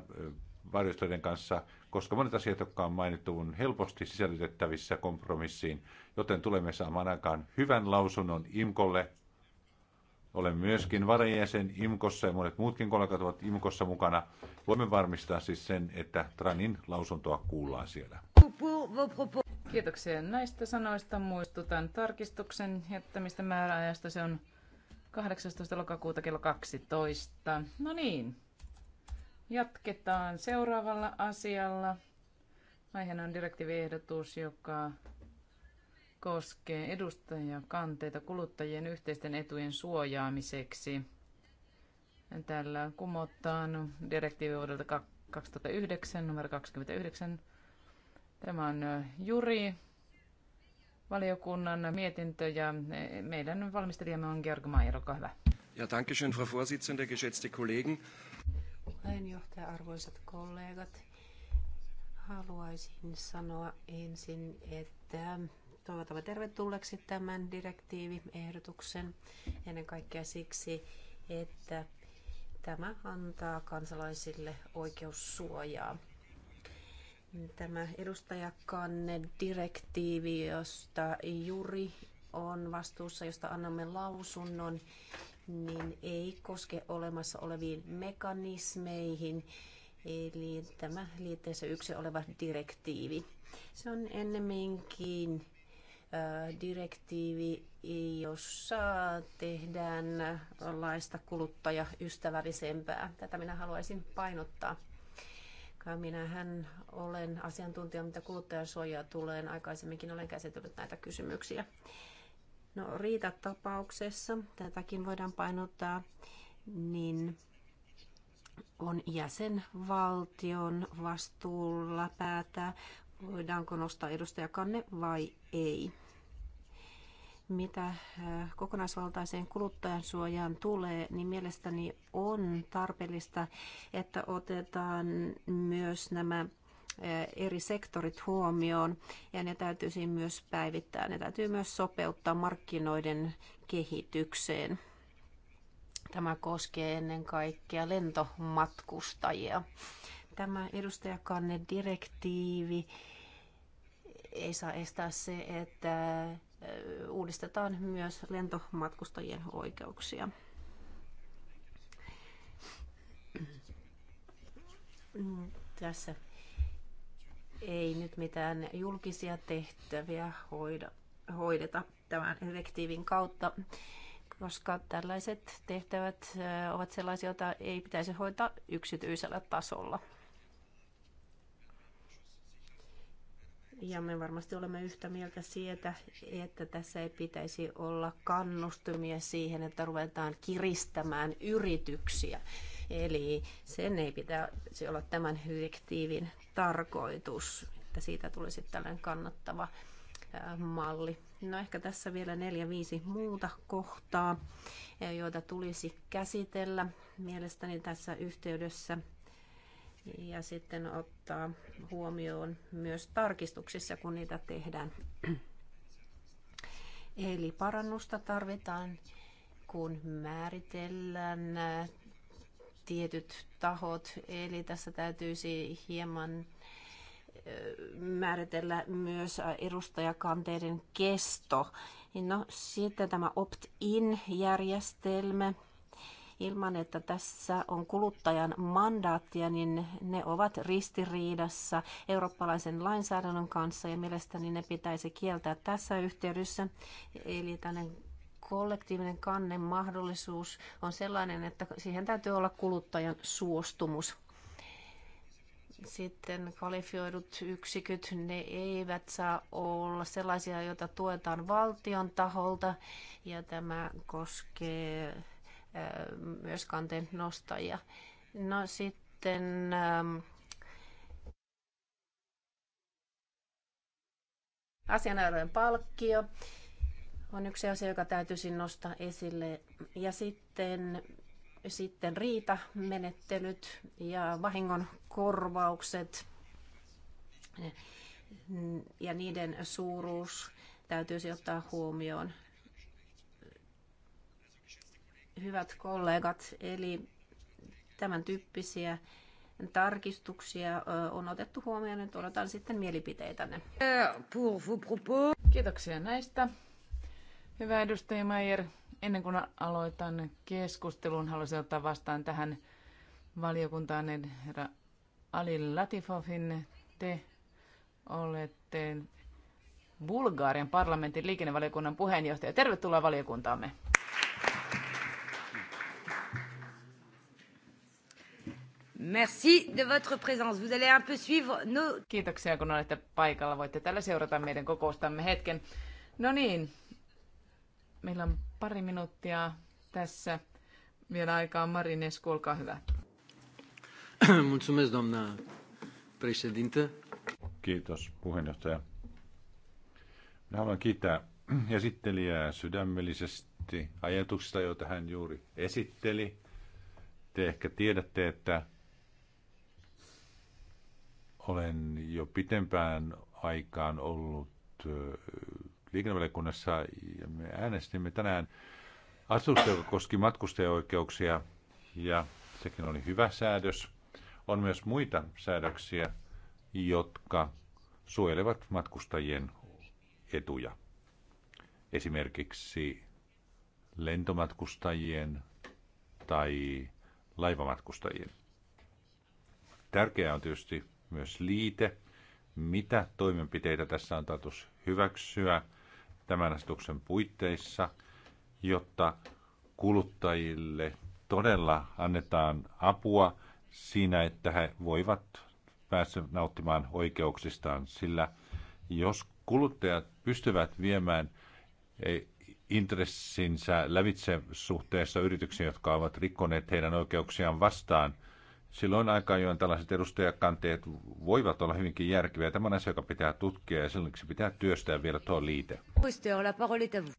Speaker 3: varjostoiden kanssa, koska monet asiat, jotka on mainittu, on helposti sisällytettävissä kompromissiin, joten tulemme saamaan aikaan hyvän lausunnon IMKOlle olen myöskin varajäsen IMKossa ja monet muutkin kollegat ovat IMKossa mukana. Voimme varmistaa siis sen, että Tranin lausuntoa kuullaan siellä.
Speaker 1: Kiitoksia näistä sanoista. Muistutan tarkistuksen jättämistä määräajasta. Se on 18. lokakuuta kello 12. No niin, jatketaan seuraavalla asialla. Aiheena on direktiiviehdotus, joka koskee kanteita, kuluttajien yhteisten etujen suojaamiseksi. Tällä kumotaan direktiivi vuodelta 2009, numero 29. Tämä on Juri, valiokunnan mietintö ja e, meidän valmistelijamme on Georg Mayer, olkaa hyvä. Ja danke schön, Frau Vorsitzende, geschätzte Kollegen.
Speaker 2: Puheenjohtaja, arvoisat kollegat, haluaisin sanoa ensin, että toivotamme tervetulleeksi tämän direktiiviehdotuksen ennen kaikkea siksi, että tämä antaa kansalaisille oikeussuojaa. Tämä edustajakanne direktiivi, josta juri on vastuussa, josta annamme lausunnon, niin ei koske olemassa oleviin mekanismeihin, eli tämä liitteessä yksi oleva direktiivi. Se on ennemminkin direktiivi, jossa tehdään laista kuluttajaystävällisempää. Tätä minä haluaisin painottaa. Minähän olen asiantuntija, mitä kuluttajansuojaa tulee. Aikaisemminkin olen käsitellyt näitä kysymyksiä. No, riitatapauksessa, tätäkin voidaan painottaa, niin on jäsenvaltion vastuulla päätää, voidaanko nostaa kanne? vai ei. Mitä äh, kokonaisvaltaiseen kuluttajansuojaan tulee, niin mielestäni on tarpeellista, että otetaan myös nämä äh, eri sektorit huomioon ja ne täytyisi myös päivittää. Ne täytyy myös sopeuttaa markkinoiden kehitykseen. Tämä koskee ennen kaikkea lentomatkustajia tämä edustajakanne direktiivi ei saa estää se, että uudistetaan myös lentomatkustajien oikeuksia. Tässä ei nyt mitään julkisia tehtäviä hoida, hoideta tämän direktiivin kautta, koska tällaiset tehtävät ovat sellaisia, joita ei pitäisi hoitaa yksityisellä tasolla. Ja me varmasti olemme yhtä mieltä siitä, että tässä ei pitäisi olla kannustumia siihen, että ruvetaan kiristämään yrityksiä. Eli sen ei pitäisi olla tämän direktiivin tarkoitus, että siitä tulisi tällainen kannattava malli. No ehkä tässä vielä neljä viisi muuta kohtaa, joita tulisi käsitellä mielestäni tässä yhteydessä ja sitten ottaa huomioon myös tarkistuksissa, kun niitä tehdään. Eli parannusta tarvitaan, kun määritellään tietyt tahot, eli tässä täytyisi hieman määritellä myös edustajakanteiden kesto. No, sitten tämä opt-in-järjestelmä ilman, että tässä on kuluttajan mandaattia, niin ne ovat ristiriidassa eurooppalaisen lainsäädännön kanssa ja mielestäni ne pitäisi kieltää tässä yhteydessä. Eli tällainen kollektiivinen kannen mahdollisuus on sellainen, että siihen täytyy olla kuluttajan suostumus. Sitten kvalifioidut yksiköt, ne eivät saa olla sellaisia, joita tuetaan valtion taholta, ja tämä koskee myös kanteen nostajia. No sitten ähm, asianajojen palkkio on yksi asia, joka täytyisi nostaa esille. Ja sitten, sitten riitamenettelyt ja vahingon korvaukset ja niiden suuruus täytyisi ottaa huomioon hyvät kollegat, eli tämän tyyppisiä tarkistuksia on otettu huomioon, nyt odotan sitten mielipiteitänne. Kiitoksia näistä. Hyvä edustaja Meijer, ennen kuin
Speaker 1: aloitan keskustelun, haluaisin ottaa vastaan tähän valiokuntaan niin herra Ali Latifovin. Te olette Bulgarian parlamentin liikennevaliokunnan puheenjohtaja. Tervetuloa valiokuntaamme. Merci de votre présence. Vous allez un peu suivre nos... Kiitoksia, kun olette paikalla. Voitte täällä seurata meidän kokoustamme hetken. No niin, meillä on pari minuuttia tässä vielä aikaa. Marinescu, olkaa hyvä.
Speaker 3: [clears throat] Mulțumesc, doamna președintă. Kiitos, puheenjohtaja. Minä haluan kiittää [clears throat] esittelijää sydämellisesti ajatuksista, joita hän juuri esitteli. Te ehkä tiedätte, että olen jo pitempään aikaan ollut liikennevaliokunnassa ja me äänestimme tänään asusta, joka koski matkustajaoikeuksia ja sekin oli hyvä säädös. On myös muita säädöksiä, jotka suojelevat matkustajien etuja. Esimerkiksi lentomatkustajien tai laivamatkustajien. Tärkeää on tietysti myös liite, mitä toimenpiteitä tässä on tarkoitus hyväksyä tämän asetuksen puitteissa, jotta kuluttajille todella annetaan apua siinä, että he voivat päästä nauttimaan oikeuksistaan, sillä jos kuluttajat pystyvät viemään eh, intressinsä lävitse suhteessa yrityksiin, jotka ovat rikkoneet heidän oikeuksiaan vastaan – silloin aika ajoin tällaiset edustajakanteet voivat olla hyvinkin järkeviä. Tämä on asia, joka pitää tutkia ja silloin se pitää työstää vielä tuo liite.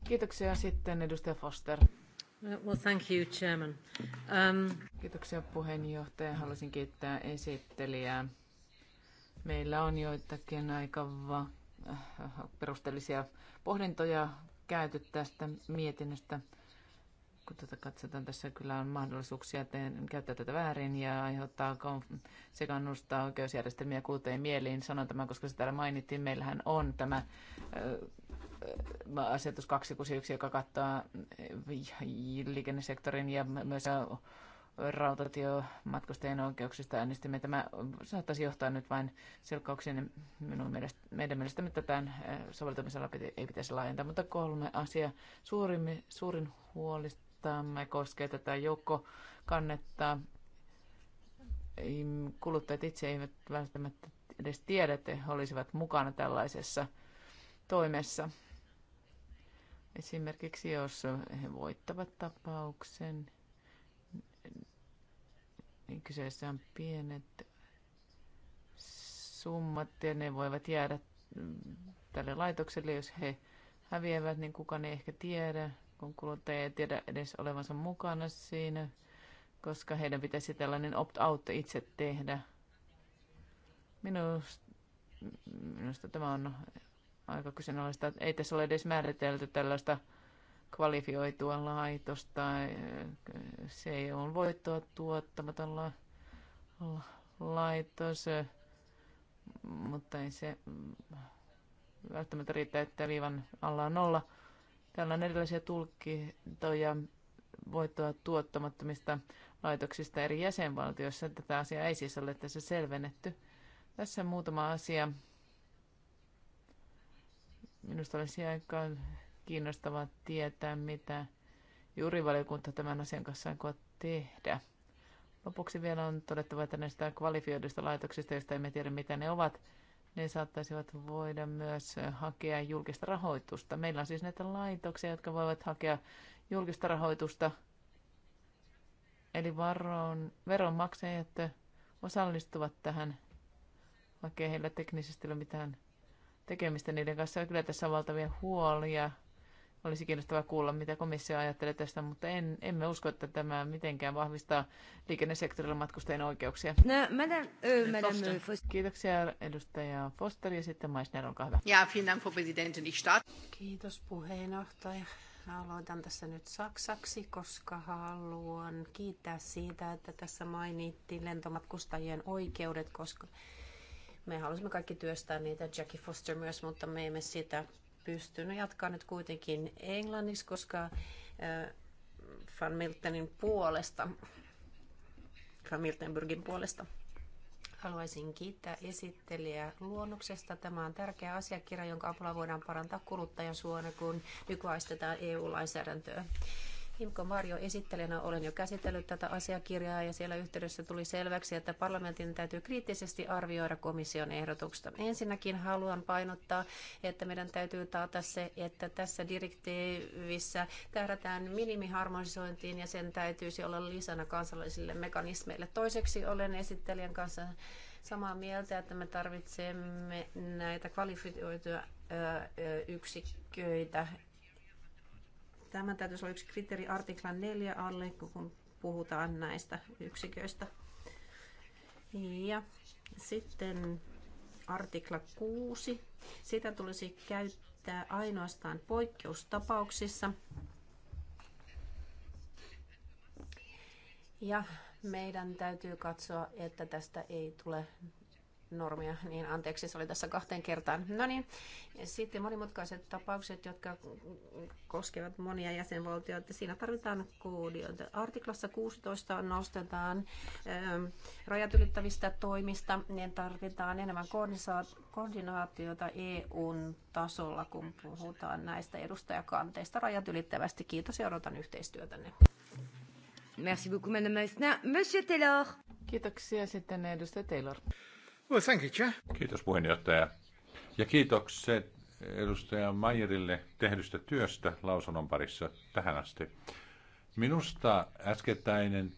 Speaker 1: Kiitoksia sitten edustaja Foster. Well, thank you, Chairman. Um... Kiitoksia puheenjohtaja. Haluaisin kiittää esittelijää. Meillä on joitakin aika va- äh, perusteellisia pohdintoja käyty tästä mietinnöstä kun tätä katsotaan, tässä kyllä on mahdollisuuksia teen, käyttää tätä väärin ja aiheuttaa sekannusta oikeusjärjestelmiä kuuteen mieliin. Sanon tämän, koska se täällä mainittiin. Meillähän on tämä äh, asetus 261, joka kattaa äh, liikennesektorin ja myös äh, rautatiomatkustajien oikeuksista äänestimme. Tämä saattaisi johtaa nyt vain selkkauksiin. Minun mielestä, meidän mielestämme tätä soveltamisella ei pitäisi laajentaa, mutta kolme asiaa. Suurin, suurin huolista tämä koskee tätä joukkokannetta. Kuluttajat itse eivät välttämättä edes tiedä, että he olisivat mukana tällaisessa toimessa. Esimerkiksi jos he voittavat tapauksen, niin kyseessä on pienet summat ja ne voivat jäädä tälle laitokselle, jos he häviävät, niin kukaan ei ehkä tiedä kun kuluttaja ei tiedä edes olevansa mukana siinä, koska heidän pitäisi tällainen opt-out itse tehdä. Minusta, minusta tämä on aika kyseenalaista. Ei tässä ole edes määritelty tällaista kvalifioitua laitosta. Se ei ole voittoa tuottamaton la- la- laitos, mutta ei se välttämättä riittää, että viivan alla on nolla. Täällä on erilaisia tulkintoja voittoa tuottamattomista laitoksista eri jäsenvaltioissa. Tätä asiaa ei siis ole tässä selvennetty. Tässä muutama asia. Minusta olisi aika kiinnostavaa tietää, mitä juurivaliokunta tämän asian kanssa aikoo tehdä. Lopuksi vielä on todettava, että näistä kvalifioiduista laitoksista, joista emme tiedä mitä ne ovat, ne saattaisivat voida myös hakea julkista rahoitusta. Meillä on siis näitä laitoksia, jotka voivat hakea julkista rahoitusta, eli varon, veronmaksajat osallistuvat tähän, vaikka heillä teknisesti ole mitään tekemistä niiden kanssa. Kyllä tässä on valtavia huolia olisi kiinnostava kuulla, mitä komissio ajattelee tästä, mutta en, emme usko, että tämä mitenkään vahvistaa liikennesektorilla matkustajien oikeuksia. No, madame, ö, madame Foster. Kiitoksia edustaja Foster ja sitten Maisner, olkaa hyvä.
Speaker 2: Ja, Dank, Kiitos puheenjohtaja. Aloitan tässä nyt saksaksi, koska haluan kiittää siitä, että tässä mainittiin lentomatkustajien oikeudet, koska me halusimme kaikki työstää niitä, Jackie Foster myös, mutta me emme sitä pystynyt jatkaa nyt kuitenkin englanniksi, koska Van Miltenin puolesta, Van Miltenburgin puolesta haluaisin kiittää esittelijää luonnoksesta. Tämä on tärkeä asiakirja, jonka avulla voidaan parantaa kuluttajan suona, kun nykyaistetaan EU-lainsäädäntöä. Himko Marjo esittelijänä olen jo käsitellyt tätä asiakirjaa ja siellä yhteydessä tuli selväksi, että parlamentin täytyy kriittisesti arvioida komission ehdotusta. Ensinnäkin haluan painottaa, että meidän täytyy taata se, että tässä direktiivissä tähdätään minimiharmonisointiin ja sen täytyisi olla lisänä kansallisille mekanismeille. Toiseksi olen esittelijän kanssa samaa mieltä, että me tarvitsemme näitä kvalifioituja yksiköitä Tämän täytyisi olla yksi kriteeri artiklan 4 alle, kun puhutaan näistä yksiköistä. Ja sitten artikla 6. Sitä tulisi käyttää ainoastaan poikkeustapauksissa. Ja meidän täytyy katsoa, että tästä ei tule normia, niin anteeksi, se oli tässä kahteen kertaan. No niin, sitten monimutkaiset tapaukset, jotka koskevat monia jäsenvaltioita, siinä tarvitaan koodioita. Artiklassa 16 nostetaan ähm, rajat ylittävistä toimista, niin tarvitaan enemmän koordinaatiota EUn tasolla, kun puhutaan näistä edustajakanteista rajat ylittävästi. Kiitos ja odotan yhteistyötänne. Merci beaucoup, Madame Meissner. Monsieur Taylor. Kiitoksia sitten edustaja
Speaker 1: Taylor. Well, thank you, Chair.
Speaker 3: Kiitos puheenjohtaja. Ja kiitokset edustaja Mayerille tehdystä työstä lausunnon parissa tähän asti. Minusta äskettäinen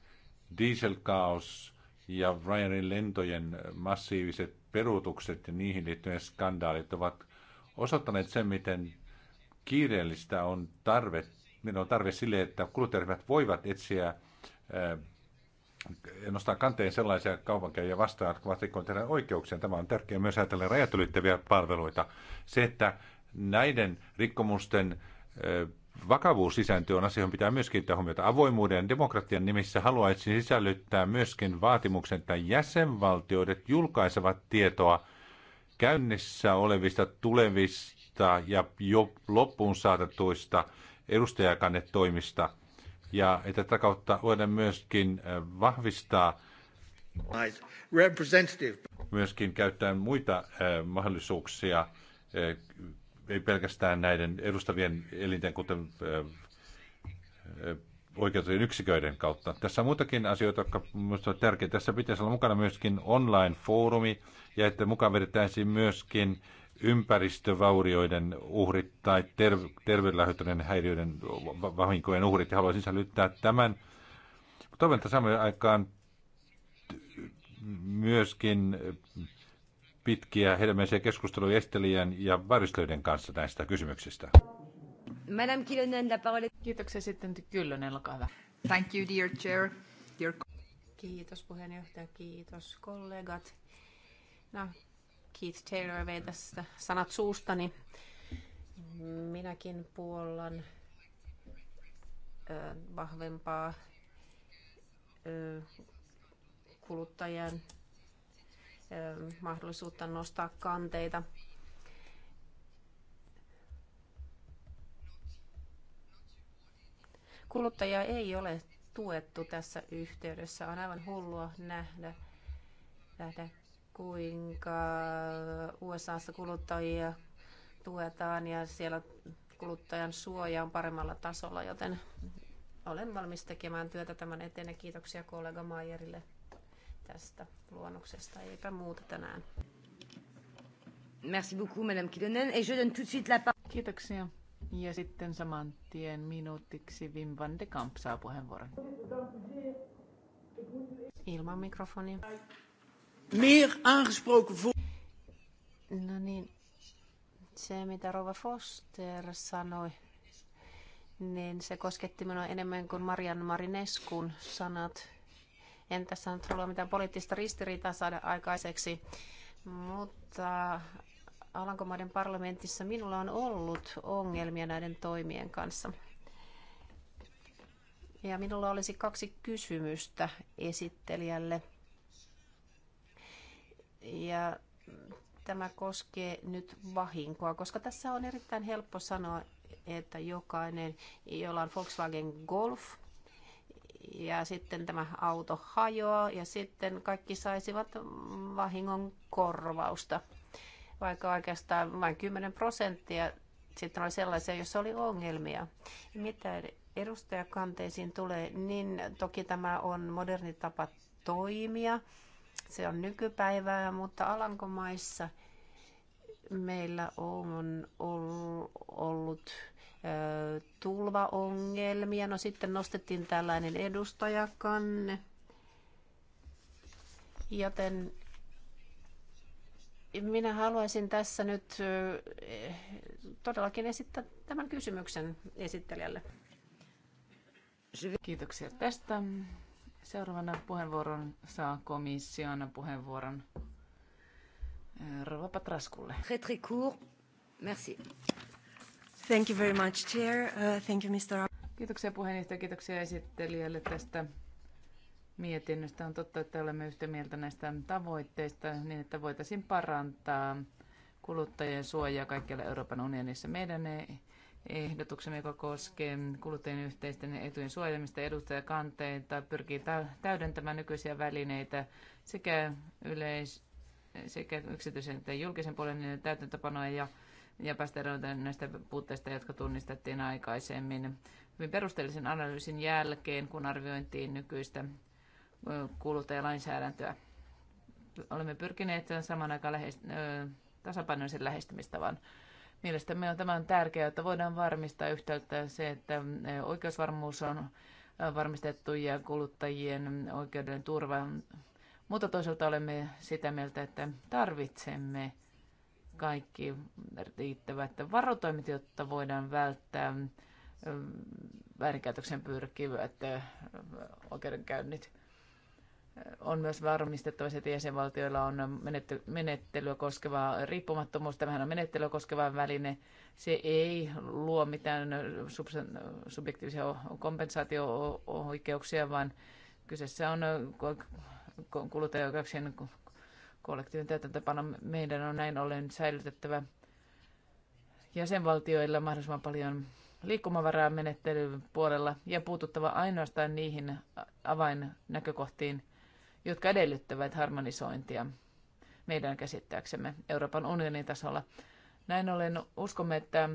Speaker 3: dieselkaos ja Ryanin lentojen massiiviset peruutukset ja niihin liittyen skandaalit ovat osoittaneet sen, miten kiireellistä on tarve, on tarve sille, että kuluttajat voivat etsiä nostaa kanteen sellaisia kaupankäyjiä vastaan, jotka ovat rikkoneet tehdä oikeuksia. Tämä on tärkeää myös ajatella rajat ylittäviä palveluita. Se, että näiden rikkomusten vakavuus sisääntyy on asia, johon pitää myöskin kiinnittää huomiota. Avoimuuden ja demokratian nimissä haluaisin sisällyttää myöskin vaatimuksen, että jäsenvaltioidet julkaisevat tietoa käynnissä olevista tulevista ja jo loppuun saatetuista edustajakannetoimista – ja että tätä kautta voidaan myöskin äh, vahvistaa myöskin käyttää muita äh, mahdollisuuksia, äh, ei pelkästään näiden edustavien elinten, kuten oikeutujen yksiköiden kautta. Tässä on muitakin asioita, jotka minusta tärkeitä. Tässä pitäisi olla mukana myöskin online-foorumi ja että mukaan vedettäisiin myöskin ympäristövaurioiden uhrit tai ter- häiriöiden vahinkojen uhrit. Ja haluaisin sälyttää tämän. Toivon, että saamme aikaan myöskin pitkiä hedelmäisiä keskusteluja estelijän ja varistöiden kanssa näistä kysymyksistä.
Speaker 2: Madame Kilonen, la parole. Kiitoksia sitten Kyllönen, olkaa hyvä. Thank you, dear chair. Dear... Kiitos puheenjohtaja, kiitos kollegat. No, Keith Taylor vei tässä sanat suustani. Minäkin puollan vahvempaa kuluttajien mahdollisuutta nostaa kanteita. Kuluttaja ei ole tuettu tässä yhteydessä. On aivan hullua nähdä, nähdä kuinka USAssa kuluttajia tuetaan ja siellä kuluttajan suoja on paremmalla tasolla, joten olen valmis tekemään työtä tämän eteen ja kiitoksia kollega Maierille tästä luonnoksesta. Eipä muuta tänään. Merci beaucoup, Madame Kilonen. Et je donne tout de suite la
Speaker 1: parole. Kiitoksia. Ja sitten saman tien minuutiksi Wim van de Kamp saa puheenvuoron.
Speaker 2: Ilman mikrofonia meer aangesproken voor. No niin, se mitä Rova Foster sanoi, niin se kosketti minua enemmän kuin Marian Marineskun sanat. En tässä nyt halua mitään poliittista ristiriitaa saada aikaiseksi, mutta Alankomaiden parlamentissa minulla on ollut ongelmia näiden toimien kanssa. Ja minulla olisi kaksi kysymystä esittelijälle. Ja tämä koskee nyt vahinkoa, koska tässä on erittäin helppo sanoa, että jokainen, jolla on Volkswagen Golf, ja sitten tämä auto hajoaa ja sitten kaikki saisivat vahingon korvausta. Vaikka oikeastaan vain 10 prosenttia sitten oli sellaisia, joissa oli ongelmia. Mitä edustajakanteisiin tulee, niin toki tämä on moderni tapa toimia. Se on nykypäivää, mutta Alankomaissa meillä on ollut tulvaongelmia. No sitten nostettiin tällainen edustajakanne. Joten minä haluaisin tässä nyt todellakin esittää tämän kysymyksen esittelijälle.
Speaker 1: Kiitoksia tästä. Seuraavana puheenvuoron saa komission puheenvuoron eh, Rova Patraskulle. Très, court. Merci. Thank you very much, Chair. Uh, thank you, Mr. Kiitoksia puheenjohtaja, kiitoksia esittelijälle tästä mietinnöstä. On totta, että olemme yhtä mieltä näistä tavoitteista niin, että voitaisiin parantaa kuluttajien suojaa kaikkialla Euroopan unionissa. Meidän ei ehdotuksemme, joka koskee kuluttajien yhteisten etujen suojelmista edustajakanteita, kanteita, pyrkii täydentämään nykyisiä välineitä sekä, yleis- sekä yksityisen että julkisen puolen täytäntöpanoja ja, ja päästä näistä puutteista, jotka tunnistettiin aikaisemmin. Hyvin perusteellisen analyysin jälkeen, kun arviointiin nykyistä kuluttajalainsäädäntöä. Olemme pyrkineet saman aikaan lähest- tasapainoisen lähestymistavan Mielestämme on tämän tärkeää, että voidaan varmistaa yhtäältä se, että oikeusvarmuus on varmistettu ja kuluttajien oikeuden turva. Mutta toisaalta olemme sitä mieltä, että tarvitsemme kaikki riittävät varotoimet, jotta voidaan välttää väärinkäytöksen pyrkivät oikeudenkäynnit on myös varmistettava että jäsenvaltioilla on menettelyä koskeva riippumattomuus. Tämähän on menettelyä koskeva väline. Se ei luo mitään subjektiivisia kompensaatio-oikeuksia, vaan kyseessä on kuluttajoikeuksien kollektiivinen täytäntöpano. Meidän on näin ollen säilytettävä jäsenvaltioilla mahdollisimman paljon liikkumavaraa menettelyn puolella ja puututtava ainoastaan niihin avainnäkökohtiin, jotka edellyttävät harmonisointia meidän käsittääksemme Euroopan unionin tasolla. Näin ollen uskomme, että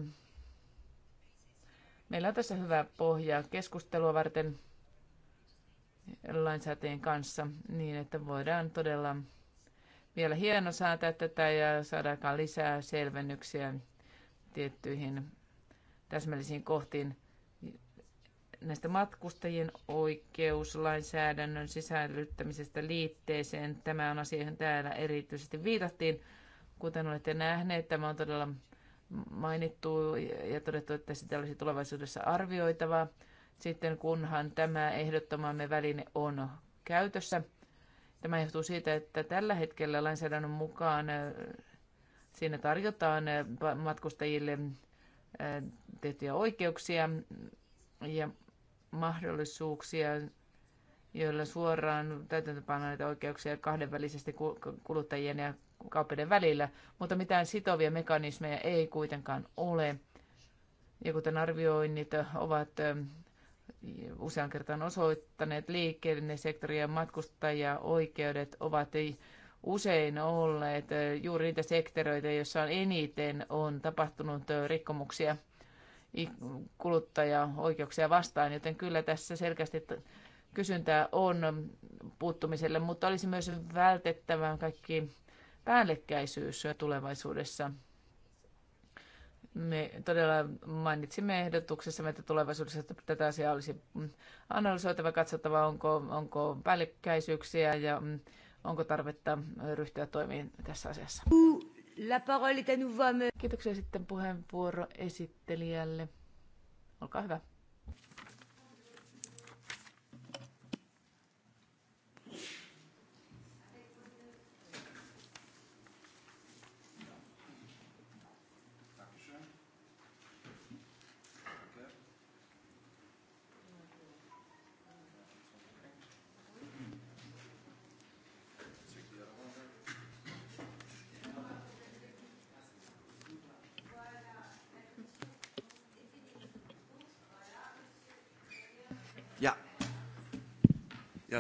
Speaker 1: meillä on tässä hyvä pohja keskustelua varten lainsäätäjien kanssa niin, että voidaan todella vielä hieno säätää tätä ja saadaan lisää selvennyksiä tiettyihin täsmällisiin kohtiin näistä matkustajien oikeuslainsäädännön sisällyttämisestä liitteeseen. Tämä on asia, johon täällä erityisesti viitattiin. Kuten olette nähneet, tämä on todella mainittu ja todettu, että sitä olisi tulevaisuudessa arvioitava. Sitten kunhan tämä ehdottomamme väline on käytössä. Tämä johtuu siitä, että tällä hetkellä lainsäädännön mukaan siinä tarjotaan matkustajille tiettyjä oikeuksia ja mahdollisuuksia, joilla suoraan täytäntöpannaan näitä oikeuksia kahdenvälisesti kuluttajien ja kauppien välillä, mutta mitään sitovia mekanismeja ei kuitenkaan ole. Ja kuten arvioinnit ovat ähm, usean kertaan osoittaneet, liikennesektori ja matkustajaoikeudet ovat usein olleet äh, juuri niitä sektoreita, joissa on eniten on tapahtunut äh, rikkomuksia – kuluttajaoikeuksia vastaan, joten kyllä tässä selkeästi kysyntää on puuttumiselle, mutta olisi myös vältettävä kaikki päällekkäisyys tulevaisuudessa. Me todella mainitsimme ehdotuksessa, että tulevaisuudessa tätä asiaa olisi analysoitava, katsottava, onko, onko päällekkäisyyksiä ja onko tarvetta ryhtyä toimiin tässä asiassa. La parole est à nouveau à me... Kiitoksia sitten puheenvuoro esittelijälle. Olkaa hyvä.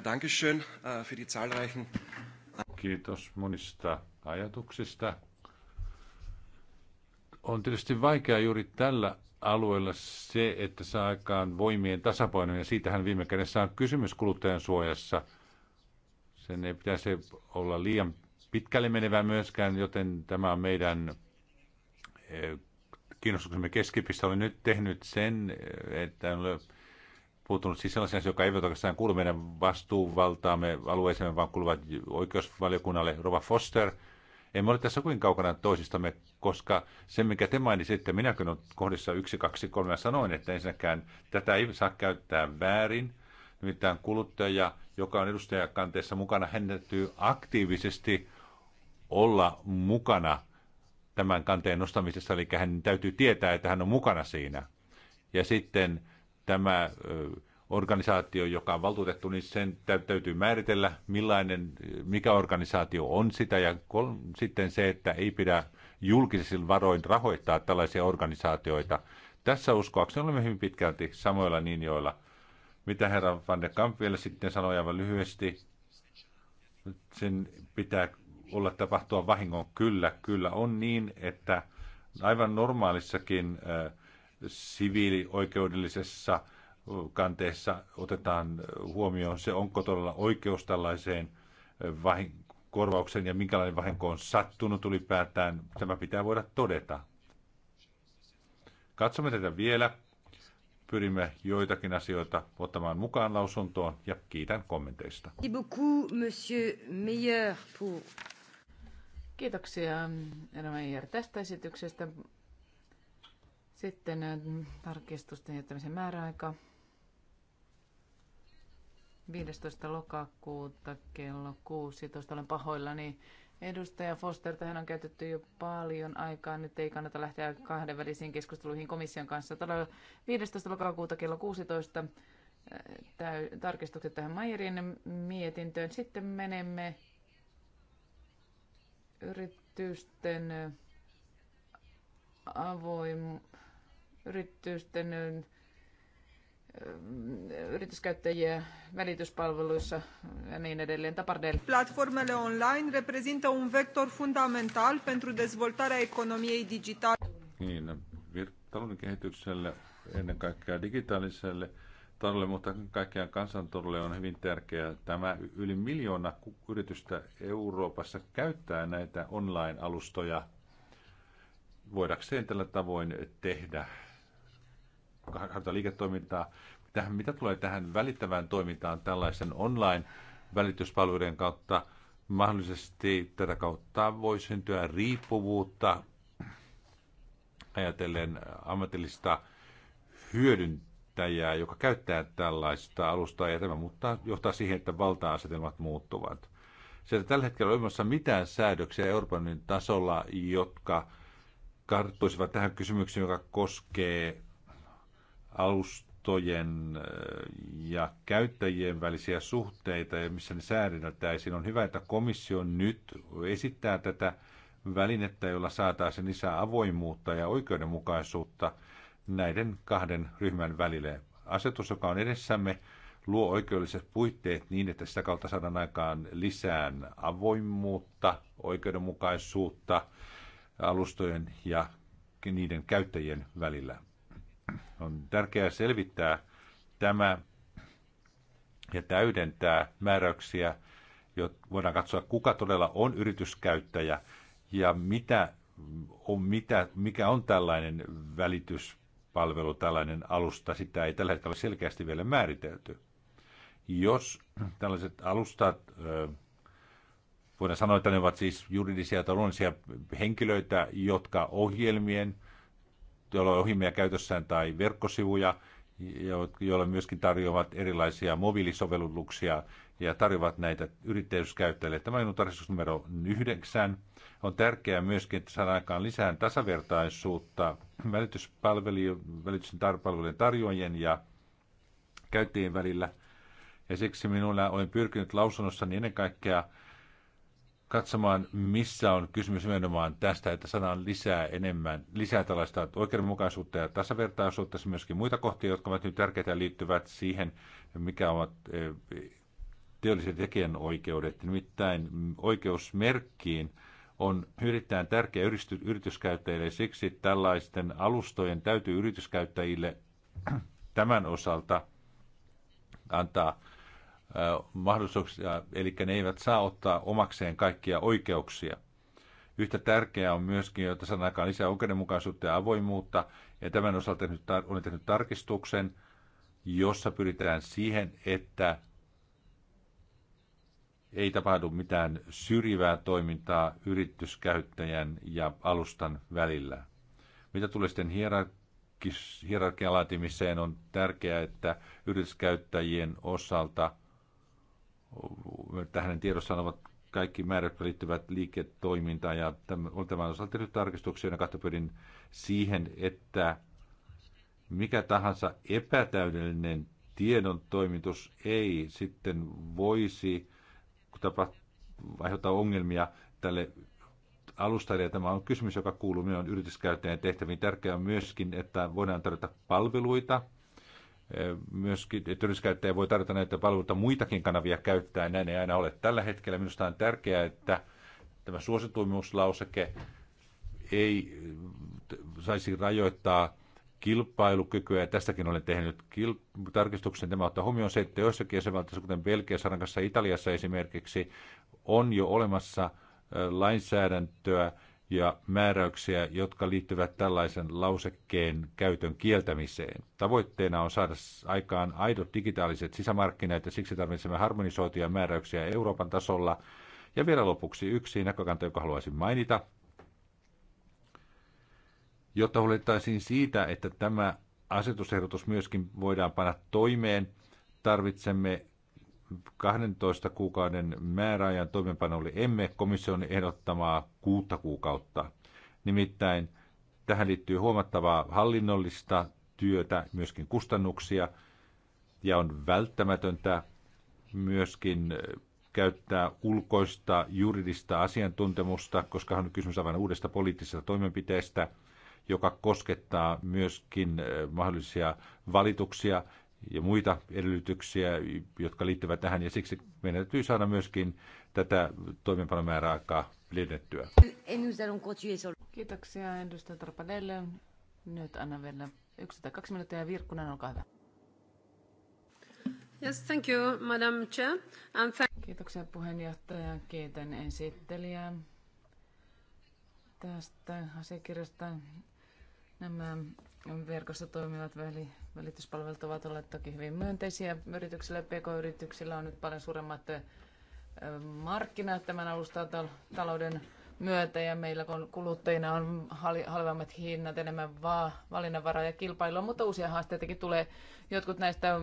Speaker 3: Ja, äh, für die zahlreichen... Kiitos monista ajatuksista. On tietysti vaikea juuri tällä alueella se, että saa aikaan voimien tasapaino, ja siitähän viime kädessä on kysymys kuluttajan suojassa. Sen ei pitäisi olla liian pitkälle menevää myöskään, joten tämä on meidän eh, kiinnostuksemme keskipiste. Olen nyt tehnyt sen, eh, että en ole puuttunut siis sellaisia asioita, jotka eivät oikeastaan kuulu meidän vastuuvaltaamme alueeseen, vaan kuuluvat oikeusvaliokunnalle. Rova Foster, emme ole tässä kuin kaukana toisistamme, koska se, mikä te mainitsitte, minäkin olen kohdissa 1, 2, 3 sanoin, että ensinnäkään tätä ei saa käyttää väärin. Nimittäin kuluttaja, joka on edustajakanteessa mukana, hän täytyy aktiivisesti olla mukana tämän kanteen nostamisessa, eli hän täytyy tietää, että hän on mukana siinä. Ja sitten tämä organisaatio, joka on valtuutettu, niin sen täytyy määritellä, millainen, mikä organisaatio on sitä, ja sitten se, että ei pidä julkisilla varoin rahoittaa tällaisia organisaatioita. Tässä uskoakseni olemme hyvin pitkälti samoilla linjoilla. Mitä herra Van de Kamp vielä sitten sanoi aivan lyhyesti? Sen pitää olla tapahtua vahingon. Kyllä, kyllä on niin, että aivan normaalissakin äh, siviilioikeudellisessa kanteessa otetaan huomioon se, onko todella oikeus tällaiseen korvaukseen ja minkälainen vahinko on sattunut ylipäätään. Tämä pitää voida todeta. Katsomme tätä vielä. Pyrimme joitakin asioita ottamaan mukaan lausuntoon ja kiitän kommenteista.
Speaker 1: Kiitoksia, Meijer, tästä esityksestä. Sitten äh, tarkistusten jättämisen määräaika 15. lokakuuta kello 16. Olen pahoillani. Edustaja Foster, tähän on käytetty jo paljon aikaa. Nyt ei kannata lähteä kahdenvälisiin keskusteluihin komission kanssa. Todella 15. lokakuuta kello 16 äh, täy- tarkistukset tähän Mayerin mietintöön. Sitten menemme yritysten äh, avoimuuteen yritysten yrityskäyttäjiä välityspalveluissa ja niin edelleen. Tapardel. Platformele online reprezintă un vector fundamental pentru dezvoltarea economiei digitale.
Speaker 3: Niin, talouden kehitykselle, ennen kaikkea digitaaliselle taloudelle, mutta kaikkiaan kansantorolle on hyvin tärkeää. Tämä yli miljoona yritystä Euroopassa käyttää näitä online-alustoja voidakseen tällä tavoin tehdä harjoittaa liiketoimintaa. Tähän, mitä tulee tähän välittävään toimintaan tällaisen online-välityspalveluiden kautta, mahdollisesti tätä kautta voi syntyä riippuvuutta ajatellen ammatillista hyödyntäjää, joka käyttää tällaista alustaa, ja tämä muuttaa, johtaa siihen, että valta-asetelmat muuttuvat. Sieltä tällä hetkellä on olemassa mitään säädöksiä Euroopan tasolla, jotka karttuisivat tähän kysymykseen, joka koskee alustojen ja käyttäjien välisiä suhteita ja missä ne säädeltäisiin. On hyvä, että komissio nyt esittää tätä välinettä, jolla saataisiin lisää avoimuutta ja oikeudenmukaisuutta näiden kahden ryhmän välille. Asetus, joka on edessämme, luo oikeudelliset puitteet niin, että sitä kautta saadaan aikaan lisää avoimuutta, oikeudenmukaisuutta alustojen ja niiden käyttäjien välillä. On tärkeää selvittää tämä ja täydentää määräyksiä, jotta voidaan katsoa, kuka todella on yrityskäyttäjä ja mitä on, mitä, mikä on tällainen välityspalvelu, tällainen alusta. Sitä ei tällä hetkellä ole selkeästi vielä määritelty. Jos tällaiset alustat, voidaan sanoa, että ne ovat siis juridisia tai henkilöitä, jotka ohjelmien – joilla on ohjelmia käytössään tai verkkosivuja, joilla myöskin tarjoavat erilaisia mobiilisovelluksia ja tarjoavat näitä yrittäjyyskäyttäjille. Tämä on tarkistus numero yhdeksän. On tärkeää myöskin, että saadaan aikaan lisää tasavertaisuutta välityspalvelujen tarjoajien, tarjoajien ja käyttäjien välillä. Ja siksi minulla olen pyrkinyt lausunnossani ennen kaikkea – katsomaan, missä on kysymys nimenomaan tästä, että saadaan lisää enemmän, lisää tällaista oikeudenmukaisuutta ja tasavertaisuutta, myöskin muita kohtia, jotka ovat nyt tärkeitä ja liittyvät siihen, mikä ovat e, teolliset tekijänoikeudet. Nimittäin oikeusmerkkiin on erittäin tärkeä yrityskäyttäjille, siksi tällaisten alustojen täytyy yrityskäyttäjille [clears throat] tämän osalta antaa mahdollisuuksia, eli ne eivät saa ottaa omakseen kaikkia oikeuksia. Yhtä tärkeää on myöskin, että saadaan aikaan lisää oikeudenmukaisuutta ja avoimuutta, ja tämän osalta on olen tehnyt tarkistuksen, jossa pyritään siihen, että ei tapahdu mitään syrjivää toimintaa yrityskäyttäjän ja alustan välillä. Mitä tulee sitten hierarkian laatimiseen, on tärkeää, että yrityskäyttäjien osalta – että hänen tiedossaan ovat kaikki määrät, jotka liittyvät liiketoimintaan. Ja tämän osalta tehnyt tarkistuksia, ja katsopyrin siihen, että mikä tahansa epätäydellinen tiedon toimitus ei sitten voisi aiheuttaa ongelmia tälle alustalle. Ja tämä on kysymys, joka kuuluu minun yrityskäyttäjän tehtäviin. Tärkeää on myöskin, että voidaan tarjota palveluita – Eh, myöskin yrityskäyttäjä voi tarjota näitä palveluita muitakin kanavia käyttää, näin ei aina ole. Tällä hetkellä minusta on tärkeää, että tämä suosituimmuuslauseke ei saisi rajoittaa kilpailukykyä, ja tästäkin olen tehnyt kil- tarkistuksen. Tämä ottaa huomioon se, että joissakin jäsenvaltioissa, kuten Belgiassa, Rankassa, Italiassa esimerkiksi, on jo olemassa lainsäädäntöä, ja määräyksiä, jotka liittyvät tällaisen lausekkeen käytön kieltämiseen. Tavoitteena on saada aikaan aidot digitaaliset sisämarkkinat ja siksi tarvitsemme harmonisoituja määräyksiä Euroopan tasolla. Ja vielä lopuksi yksi näkökanta, joka haluaisin mainita. Jotta huolehdittaisiin siitä, että tämä asetusehdotus myöskin voidaan panna toimeen, tarvitsemme 12 kuukauden määräajan oli emme komission ehdottamaa kuutta kuukautta. Nimittäin tähän liittyy huomattavaa hallinnollista työtä, myöskin kustannuksia, ja on välttämätöntä myöskin käyttää ulkoista juridista asiantuntemusta, koska on kysymys aivan uudesta poliittisesta toimenpiteestä, joka koskettaa myöskin eh, mahdollisia valituksia ja muita edellytyksiä, jotka liittyvät tähän, ja siksi meidän täytyy saada myöskin tätä toimeenpanomääräaikaa pidennettyä.
Speaker 1: Kiitoksia edustaja Tarpadelle. Nyt annan vielä yksi tai kaksi minuuttia, ja Virkkunen, olkaa hyvä. Yes, thank you, Madam Chair. And thank- Kiitoksia puheenjohtaja. Kiitän esittelijää tästä asiakirjasta. Nämä verkossa toimivat väli Välityspalvelut ovat olleet toki hyvin myönteisiä yrityksillä. PK-yrityksillä on nyt paljon suuremmat markkinat tämän talouden myötä ja meillä kun kuluttajina on halvemmat hinnat, enemmän valinnanvaraa ja kilpailua, mutta uusia haasteitakin tulee. Jotkut näistä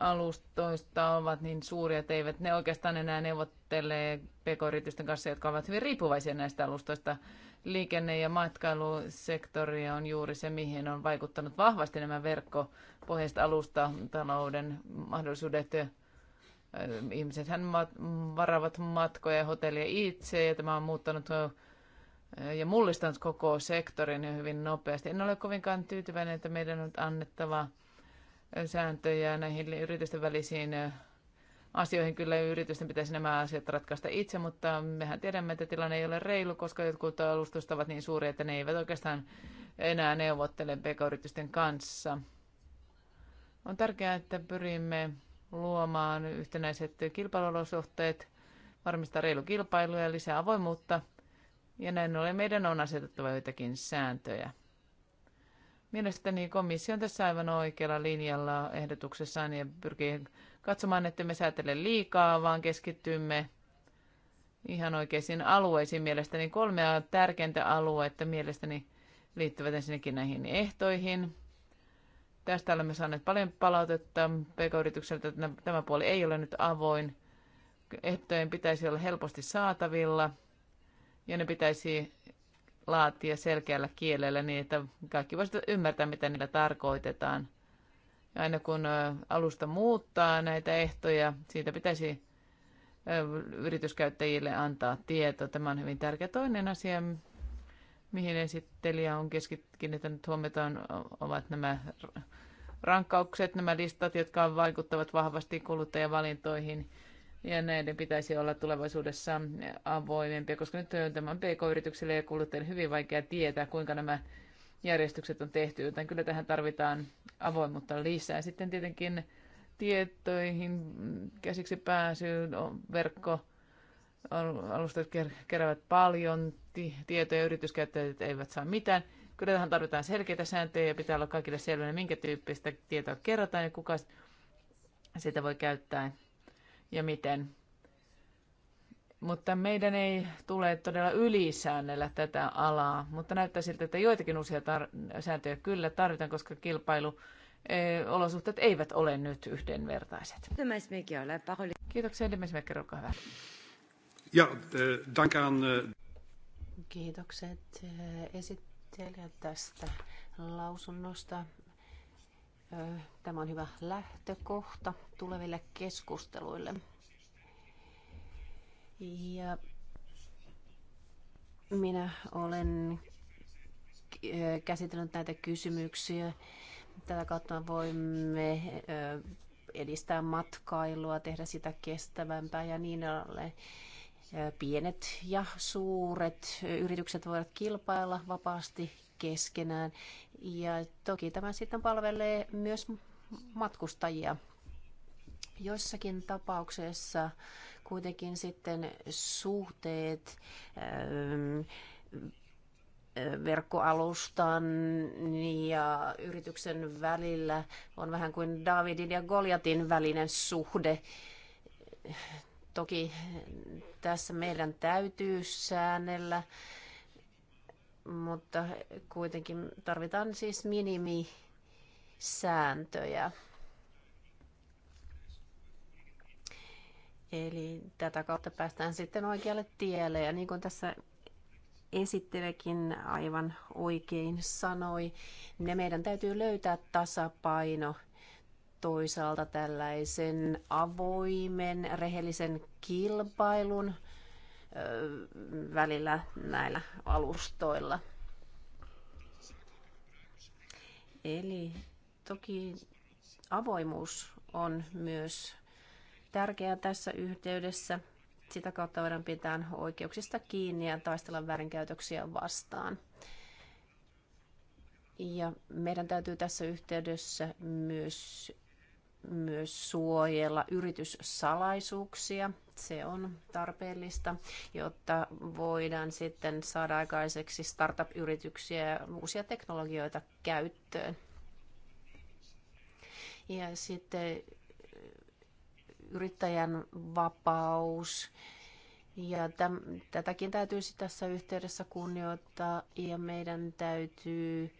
Speaker 1: alustoista ovat niin suuria, että eivät ne oikeastaan enää neuvottele pk-yritysten kanssa, jotka ovat hyvin riippuvaisia näistä alustoista liikenne- ja matkailusektori on juuri se, mihin on vaikuttanut vahvasti nämä verkkopohjaiset alusta talouden mahdollisuudet. Ihmisethän varavat matkoja ja hotellia itse ja tämä on muuttanut ja mullistanut koko sektorin jo hyvin nopeasti. En ole kovinkaan tyytyväinen, että meidän on annettava sääntöjä näihin yritysten välisiin asioihin. Kyllä yritysten pitäisi nämä asiat ratkaista itse, mutta mehän tiedämme, että tilanne ei ole reilu, koska jotkut alustat ovat niin suuria, että ne eivät oikeastaan enää neuvottele pk-yritysten kanssa. On tärkeää, että pyrimme luomaan yhtenäiset kilpailuolosuhteet, varmistaa reilu kilpailu ja lisää avoimuutta. Ja näin ollen meidän on asetettava joitakin sääntöjä. Mielestäni komissio on tässä aivan oikealla linjalla ehdotuksessaan ja pyrkii katsomaan, että me säätele liikaa, vaan keskittymme ihan oikeisiin alueisiin mielestäni. Kolmea tärkeintä aluetta mielestäni liittyvät ensinnäkin näihin ehtoihin. Tästä olemme saaneet paljon palautetta pk-yritykseltä, että tämä puoli ei ole nyt avoin. Ehtojen pitäisi olla helposti saatavilla ja ne pitäisi laatia selkeällä kielellä niin, että kaikki voisivat ymmärtää, mitä niillä tarkoitetaan – aina kun alusta muuttaa näitä ehtoja, siitä pitäisi yrityskäyttäjille antaa tieto. Tämä on hyvin tärkeä. Toinen asia, mihin esittelijä on keskittynyt huomiota, ovat nämä rankkaukset, nämä listat, jotka vaikuttavat vahvasti kuluttajavalintoihin. Ja näiden pitäisi olla tulevaisuudessa avoimempia, koska nyt tämä on pk-yrityksille ja kuluttajille hyvin vaikea tietää, kuinka nämä järjestykset on tehty, joten kyllä tähän tarvitaan avoimuutta lisää. Sitten tietenkin tietoihin käsiksi pääsyyn, no, verkko, alustat keräävät paljon tietoja, yrityskäyttäjät eivät saa mitään. Kyllä tähän tarvitaan selkeitä sääntöjä ja pitää olla kaikille selvänä, minkä tyyppistä tietoa kerrotaan ja kuka sitä voi käyttää ja miten. Mutta meidän ei tule todella ylisäännellä tätä alaa, mutta näyttää siltä, että joitakin uusia tar- sääntöjä kyllä tarvitaan, koska kilpailu e, olosuhteet eivät ole nyt yhdenvertaiset.
Speaker 2: Kiitoksia, Demesmeker, olkaa hyvä.
Speaker 3: Ja, e, dank aan... E-
Speaker 2: Kiitokset esittelijät tästä lausunnosta. Tämä on hyvä lähtökohta tuleville keskusteluille. Ja minä olen äh, käsitellyt näitä kysymyksiä. Tätä kautta voimme äh, edistää matkailua, tehdä sitä kestävämpää ja niin alle äh, Pienet ja suuret yritykset voivat kilpailla vapaasti keskenään. Ja toki tämä sitten palvelee myös matkustajia. Joissakin tapauksessa kuitenkin sitten suhteet ähm, verkkoalustan ja yrityksen välillä on vähän kuin Davidin ja Goliatin välinen suhde. Toki tässä meidän täytyy säännellä, mutta kuitenkin tarvitaan siis minimisääntöjä. Eli tätä kautta päästään sitten oikealle tielle. Ja niin kuin tässä esittelekin aivan oikein sanoi, ne niin meidän täytyy löytää tasapaino toisaalta tällaisen avoimen, rehellisen kilpailun välillä näillä alustoilla. Eli toki avoimuus on myös tärkeää tässä yhteydessä. Sitä kautta voidaan pitää oikeuksista kiinni ja taistella väärinkäytöksiä vastaan. Ja meidän täytyy tässä yhteydessä myös, myös suojella yrityssalaisuuksia. Se on tarpeellista, jotta voidaan sitten saada aikaiseksi startup-yrityksiä ja uusia teknologioita käyttöön. Ja sitten yrittäjän vapaus. Ja täm, tätäkin täytyisi tässä yhteydessä kunnioittaa ja meidän täytyy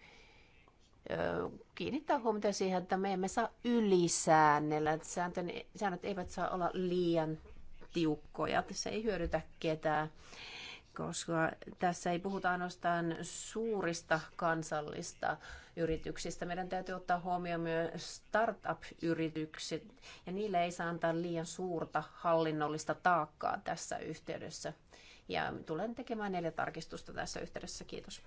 Speaker 2: ö, kiinnittää huomiota siihen, että me emme saa ylisäännellä. Sääntön, säännöt eivät saa olla liian tiukkoja. Se ei hyödytä ketään, koska tässä ei puhuta ainoastaan suurista kansallista yrityksistä. Meidän täytyy ottaa huomioon myös startup-yritykset, ja niille ei saa antaa liian suurta hallinnollista taakkaa tässä yhteydessä. Ja tulen tekemään neljä tarkistusta tässä yhteydessä. Kiitos.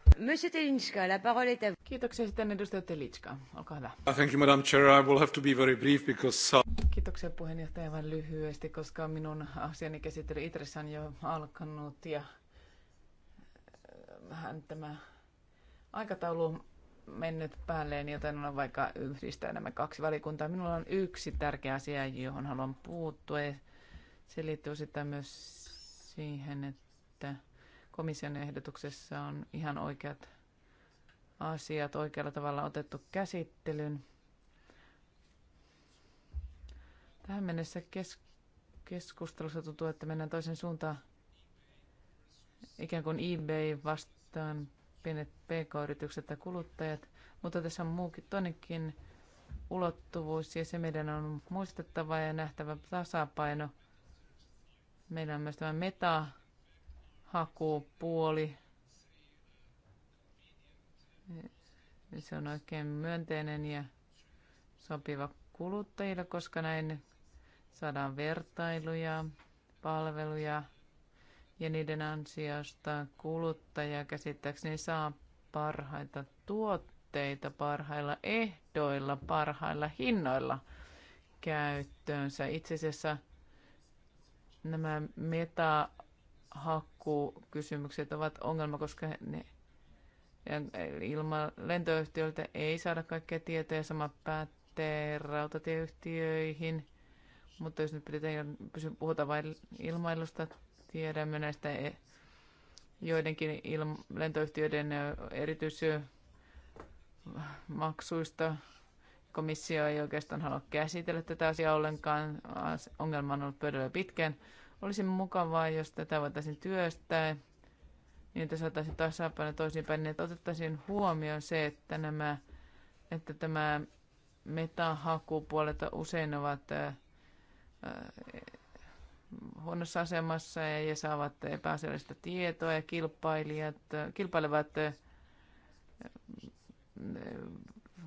Speaker 2: Kiitoksia sitten edustaja
Speaker 3: Telitska. Olkaa hyvä. Uh, thank you, Madam Chair. I will have to be very brief because... Uh, Kiitoksia
Speaker 1: puheenjohtaja vain lyhyesti, koska minun asiani käsittely Itressä on jo alkanut ja äh, vähän tämä aikataulu mennyt päälleen, joten on vaikka yhdistää nämä kaksi valikuntaa. Minulla on yksi tärkeä asia, johon haluan puuttua. Se liittyy sitä myös siihen, että komission ehdotuksessa on ihan oikeat asiat oikealla tavalla otettu käsittelyn. Tähän mennessä kes- keskustelussa tuntuu, että mennään toisen suuntaan ikään kuin eBay vastaan pienet pk-yritykset ja kuluttajat, mutta tässä on muukin toinenkin ulottuvuus ja se meidän on muistettava ja nähtävä tasapaino. Meillä on myös tämä metahakupuoli. Se on oikein myönteinen ja sopiva kuluttajille, koska näin saadaan vertailuja, palveluja, ja niiden ansiosta kuluttaja käsittääkseni saa parhaita tuotteita parhailla ehdoilla, parhailla hinnoilla käyttöönsä. Itse asiassa nämä metahakkukysymykset ovat ongelma, koska ne ilman lentoyhtiöiltä ei saada kaikkea tietoa ja sama päättee rautatieyhtiöihin. Mutta jos nyt pitää puhutaan vain ilmailusta Tiedämme näistä e- joidenkin ilma- lentoyhtiöiden erityismaksuista. Komissio ei oikeastaan halua käsitellä tätä asiaa ollenkaan. Ongelma on ollut pöydällä pitkään. Olisi mukavaa, jos tätä voitaisiin työstää niin, että saataisiin tasapaino toisinpäin, niin että otettaisiin huomioon se, että, nämä, että tämä metahakupuolet usein ovat huonossa asemassa ja, ja saavat epäasiallista tietoa ja kilpailijat, kilpailevat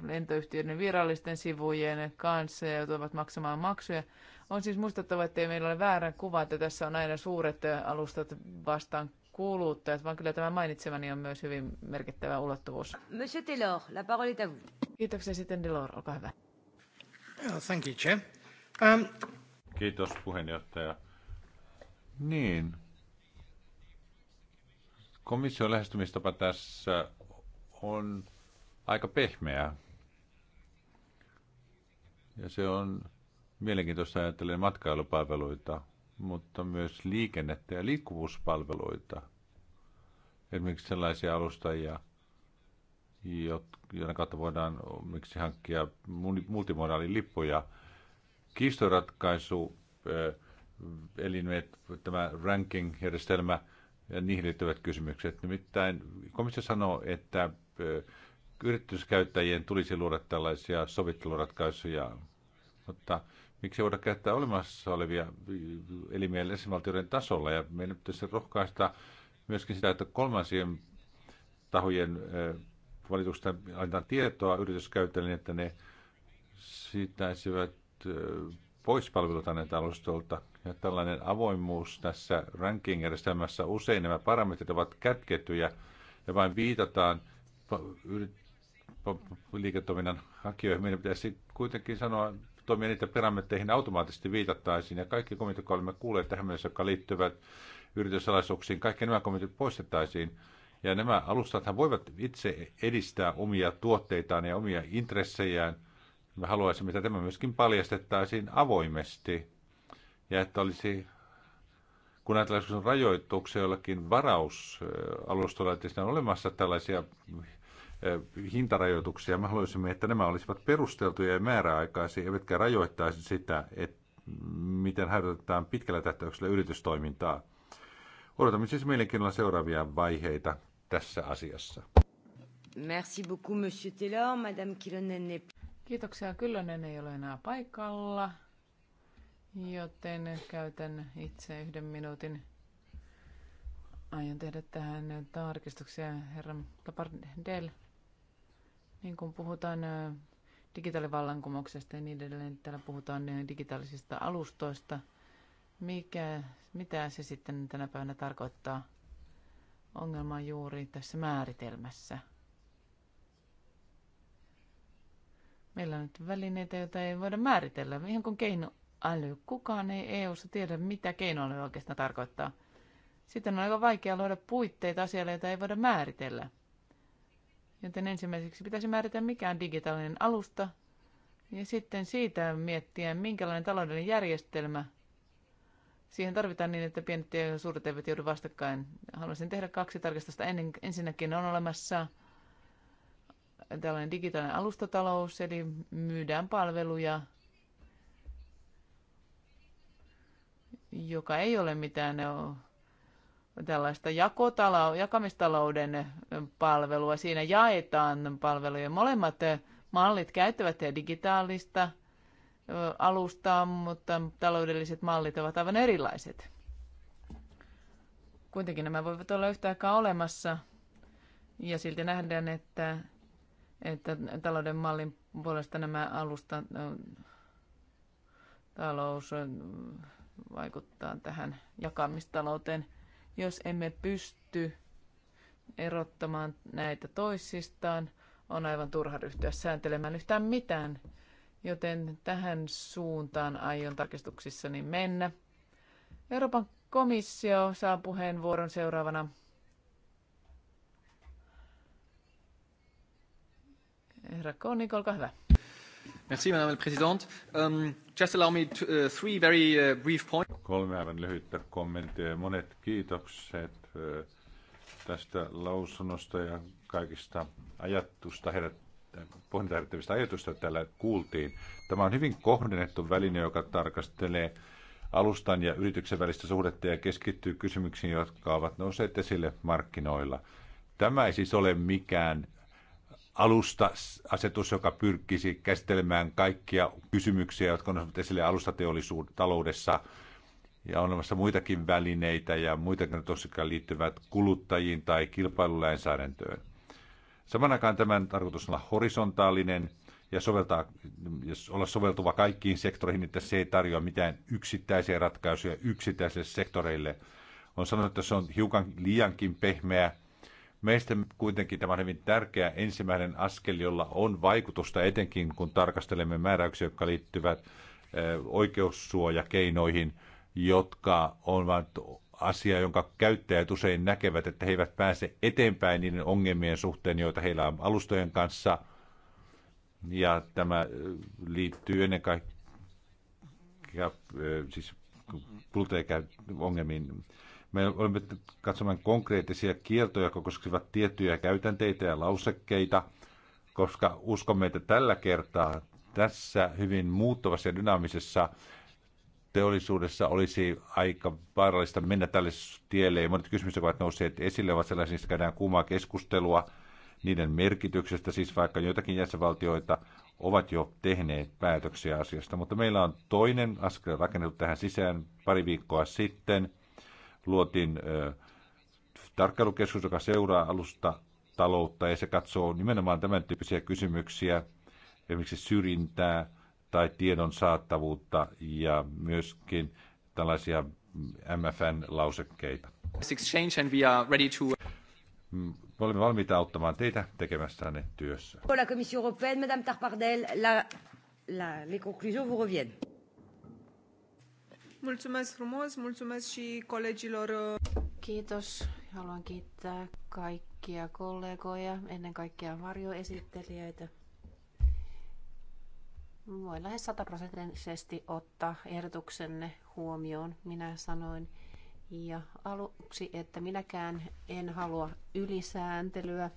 Speaker 1: lentoyhtiöiden virallisten sivujen kanssa ja joutuvat maksamaan maksuja. On siis muistettava, että ei meillä ole väärän kuva, että tässä on aina suuret alustat vastaan kuluttajat, vaan kyllä tämä mainitsemani on myös hyvin merkittävä ulottuvuus. Monsieur Taylor, la parole est à vous. Kiitoksia sitten Delors, olkaa hyvä. Thank you, Chair. Um...
Speaker 3: Kiitos puheenjohtaja. Niin. Komission lähestymistapa tässä on aika pehmeä. Ja se on mielenkiintoista ajatellen matkailupalveluita, mutta myös liikennettä ja liikkuvuuspalveluita. Esimerkiksi sellaisia alustajia, joiden kautta voidaan miksi hankkia multimodaalilippuja. Kiistoratkaisu äh, eli tämä ranking-järjestelmä ja niihin liittyvät kysymykset. Nimittäin komissio sanoo, että yrityskäyttäjien tulisi luoda tällaisia sovitteluratkaisuja, mutta miksi voida käyttää olemassa olevia elimiä jäsenvaltioiden tasolla ja meidän pitäisi rohkaista myöskin sitä, että kolmansien tahojen valituksesta annetaan tietoa yrityskäyttäjille, niin että ne siitäisivät pois palveluita näiltä alustolta. Ja tällainen avoimuus tässä ranking-järjestelmässä, usein nämä parametrit ovat kätkettyjä ja vain viitataan liiketoiminnan hakijoihin. Meidän pitäisi kuitenkin sanoa, toimia niitä parametteihin automaattisesti viitattaisiin. Ja kaikki komitit, jotka olemme kuulleet tähän mennessä, jotka liittyvät yrityssalaisuuksiin, kaikki nämä komitit poistettaisiin. Ja nämä alustathan voivat itse edistää omia tuotteitaan ja omia intressejään – me haluaisimme, että tämä myöskin paljastettaisiin avoimesti ja että olisi kun ajatellaan rajoituksia jollakin varausalustolla, että siinä on olemassa tällaisia hintarajoituksia, me haluaisimme, että nämä olisivat perusteltuja ja määräaikaisia, eivätkä rajoittaisi sitä, että miten harjoitetaan pitkällä tähtäyksellä yritystoimintaa. Odotamme siis mielenkiinnolla seuraavia vaiheita tässä asiassa.
Speaker 2: Merci beaucoup, monsieur Taylor. Madame
Speaker 1: Kilonen Kiitoksia. Kyllönen ei ole enää paikalla, joten käytän itse yhden minuutin. Aion tehdä tähän tarkistuksia herra Tapardel. Niin kun puhutaan digitaalivallankumouksesta ja niin edelleen, niin täällä puhutaan digitaalisista alustoista. Mikä, mitä se sitten tänä päivänä tarkoittaa? Ongelma juuri tässä määritelmässä – Meillä on nyt välineitä, joita ei voida määritellä. Ihan kuin keinoäly. Kukaan ei EU-ssa tiedä, mitä keinoäly oikeastaan tarkoittaa. Sitten on aika vaikea luoda puitteita asialle, joita ei voida määritellä. Joten ensimmäiseksi pitäisi määritellä mikään digitaalinen alusta, ja sitten siitä miettiä, minkälainen taloudellinen järjestelmä siihen tarvitaan niin, että pienet ja suuret eivät joudu vastakkain. Haluaisin tehdä kaksi tarkistusta. ensinnäkin on olemassa tällainen digitaalinen alustatalous, eli myydään palveluja, joka ei ole mitään tällaista jakotalo, jakamistalouden palvelua. Siinä jaetaan palveluja. Molemmat mallit käyttävät digitaalista alustaa, mutta taloudelliset mallit ovat aivan erilaiset. Kuitenkin nämä voivat olla yhtä aikaa olemassa ja silti nähdään, että että talouden mallin puolesta nämä alusta talous vaikuttaa tähän jakamistalouteen. Jos emme pysty erottamaan näitä toisistaan, on aivan turha ryhtyä sääntelemään yhtään mitään. Joten tähän suuntaan aion tarkistuksissani mennä. Euroopan komissio saa puheenvuoron seuraavana. Herra olkaa hyvä.
Speaker 3: Merci, Madame la Présidente. Um, just allow me to, uh, three very uh, brief points. Kolme aivan lyhyttä kommenttia. Monet kiitokset uh, tästä lausunnosta ja kaikista ajatusta pohdinta herättävistä ajatusta täällä kuultiin. Tämä on hyvin kohdennettu väline, joka tarkastelee alustan ja yrityksen välistä suhdetta ja keskittyy kysymyksiin, jotka ovat nousseet esille markkinoilla. Tämä ei siis ole mikään alusta-asetus, joka pyrkisi käsittelemään kaikkia kysymyksiä, jotka on esille alustateollisuudessa, ja on olemassa muitakin välineitä ja muitakin tosikka liittyvät kuluttajiin tai kilpailulainsäädäntöön. Saman aikaan tämän tarkoitus on olla horisontaalinen ja, soveltaa, ja olla soveltuva kaikkiin sektoreihin, että se ei tarjoa mitään yksittäisiä ratkaisuja yksittäisille sektoreille. On sanottu, että se on hiukan liiankin pehmeä Meistä kuitenkin tämä on hyvin tärkeä ensimmäinen askel, jolla on vaikutusta etenkin, kun tarkastelemme määräyksiä, jotka liittyvät eh, oikeussuojakeinoihin, jotka on vain asia, jonka käyttäjät usein näkevät, että he eivät pääse eteenpäin niiden ongelmien suhteen, joita heillä on alustojen kanssa. Ja tämä eh, liittyy ennen kaikkea eh, siis ongelmiin me olemme katsomaan konkreettisia kieltoja, jotka koskevat tiettyjä käytänteitä ja lausekkeita, koska uskomme, että tällä kertaa tässä hyvin muuttuvassa ja dynaamisessa teollisuudessa olisi aika vaarallista mennä tälle tielle. Ja monet kysymykset ovat nousseet esille, ovat sellaisia, käydään kuumaa keskustelua niiden merkityksestä, siis vaikka joitakin jäsenvaltioita ovat jo tehneet päätöksiä asiasta. Mutta meillä on toinen askel rakennettu tähän sisään pari viikkoa sitten – luotiin tarkkailukeskus, joka seuraa alusta taloutta ja se katsoo nimenomaan tämän tyyppisiä kysymyksiä, esimerkiksi syrjintää tai tiedon saattavuutta ja myöskin tällaisia MFN-lausekkeita. Mm, me olemme valmiita auttamaan teitä tekemässänne työssä. La Commission européenne, Madame Tarpardel, la, la, les conclusions vous reviennent.
Speaker 2: Mulțumesc frumos, mulțumesc și colegilor. Uh, Kiitos. Haluan kiittää kaikkia kollegoja, ennen kaikkea varjoesittelijöitä. Voin lähes sataprosenttisesti ottaa ehdotuksenne huomioon, minä sanoin. Ja aluksi, että minäkään en halua ylisääntelyä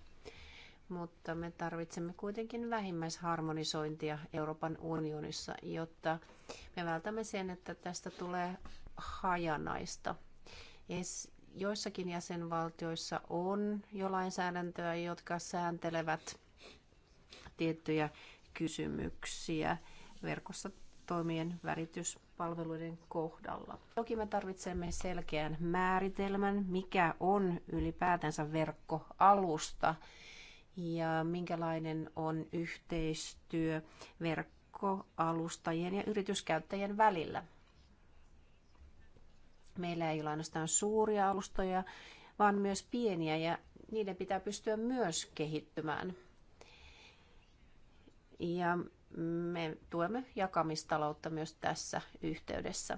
Speaker 2: mutta me tarvitsemme kuitenkin vähimmäisharmonisointia Euroopan unionissa, jotta me vältämme sen, että tästä tulee hajanaista. Es joissakin jäsenvaltioissa on jo lainsäädäntöä, jotka sääntelevät tiettyjä kysymyksiä verkossa toimien värityspalveluiden kohdalla. Toki me tarvitsemme selkeän määritelmän, mikä on ylipäätänsä verkkoalusta ja minkälainen on yhteistyö verkkoalustajien ja yrityskäyttäjien välillä. Meillä ei ole ainoastaan suuria alustoja, vaan myös pieniä ja niiden pitää pystyä myös kehittymään. Ja me tuemme jakamistaloutta myös tässä yhteydessä.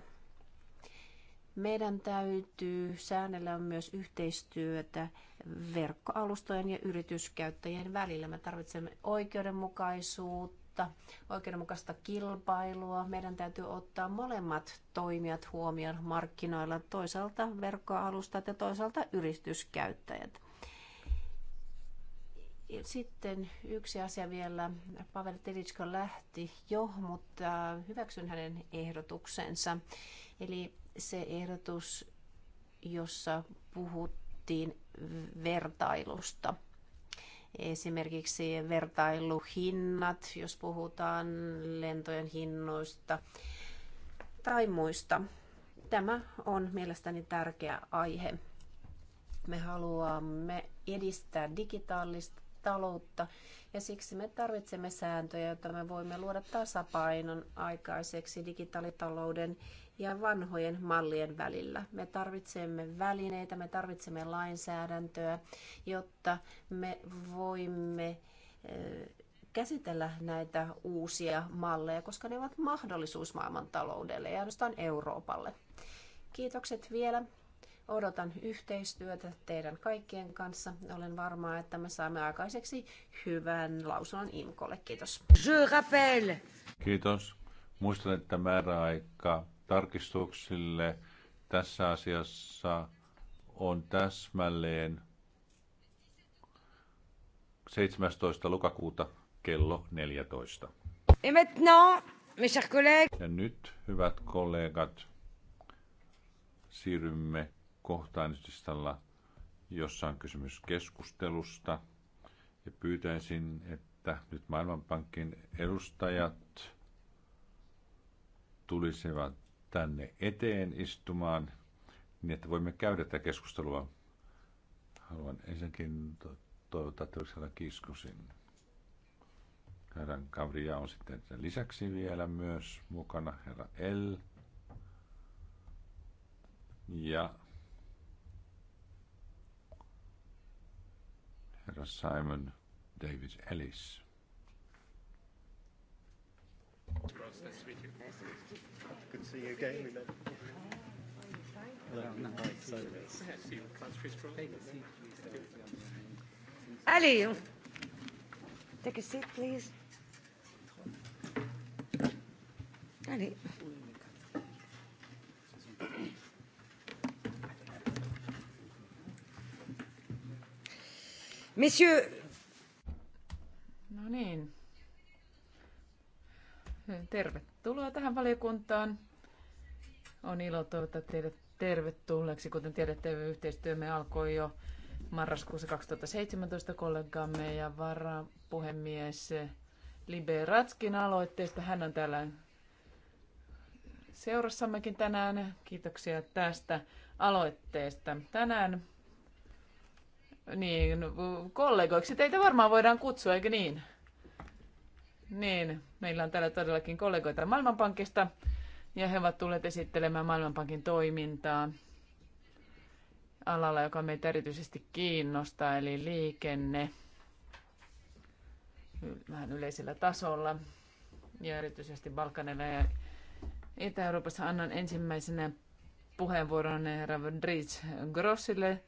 Speaker 2: Meidän täytyy säännellä myös yhteistyötä verkkoalustojen ja yrityskäyttäjien välillä. Me tarvitsemme oikeudenmukaisuutta, oikeudenmukaista kilpailua. Meidän täytyy ottaa molemmat toimijat huomioon markkinoilla, toisaalta verkkoalustat ja toisaalta yrityskäyttäjät. Sitten yksi asia vielä. Pavel Telitsko lähti jo, mutta hyväksyn hänen ehdotuksensa. Eli se ehdotus, jossa puhuttiin vertailusta. Esimerkiksi vertailuhinnat, jos puhutaan lentojen hinnoista tai muista. Tämä on mielestäni tärkeä aihe. Me haluamme edistää digitaalista taloutta ja siksi me tarvitsemme sääntöjä, jotta me voimme luoda tasapainon aikaiseksi digitaalitalouden ja vanhojen mallien välillä. Me tarvitsemme välineitä, me tarvitsemme lainsäädäntöä, jotta me voimme eh, käsitellä näitä uusia malleja, koska ne ovat mahdollisuus maailmantaloudelle ja ainoastaan Euroopalle. Kiitokset vielä. Odotan yhteistyötä teidän kaikkien kanssa. Olen varma, että me saamme aikaiseksi hyvän lausunnon Imkolle. Kiitos.
Speaker 3: Je rappelle. Kiitos. Muistan, että määräaika tarkistuksille tässä asiassa on täsmälleen 17. lokakuuta kello 14. Et maintenant, mes chers collègues. Ja nyt, hyvät kollegat, siirrymme kohtaan jossa on kysymys keskustelusta. Ja pyytäisin, että nyt Maailmanpankin edustajat tulisivat tänne eteen istumaan, niin että voimme käydä tätä keskustelua. Haluan ensinnäkin toivottaa Tyrksellä Kiskusin. Herran Kavria on sitten sen lisäksi vielä myös mukana, herra L. Ja herra Simon Davis Ellis.
Speaker 1: Thank you. Good to see you again. We met. Allez, on... take a seat, please. Allez. Messieurs. No niin, Hmm, tervetuloa tähän valiokuntaan. On ilo toivottaa teidät tervetulleeksi. Kuten tiedätte, yhteistyömme alkoi jo marraskuussa 2017 kollegamme ja varapuhemies Ratskin aloitteesta. Hän on täällä seurassammekin tänään. Kiitoksia tästä aloitteesta. Tänään niin, kollegoiksi teitä varmaan voidaan kutsua, eikö niin? Niin, meillä on täällä todellakin kollegoita Maailmanpankista ja he ovat tulleet esittelemään Maailmanpankin toimintaa alalla, joka meitä erityisesti kiinnostaa, eli liikenne vähän yleisellä tasolla ja erityisesti Balkanilla ja Itä-Euroopassa annan ensimmäisenä puheenvuoron herra Dries Grossille.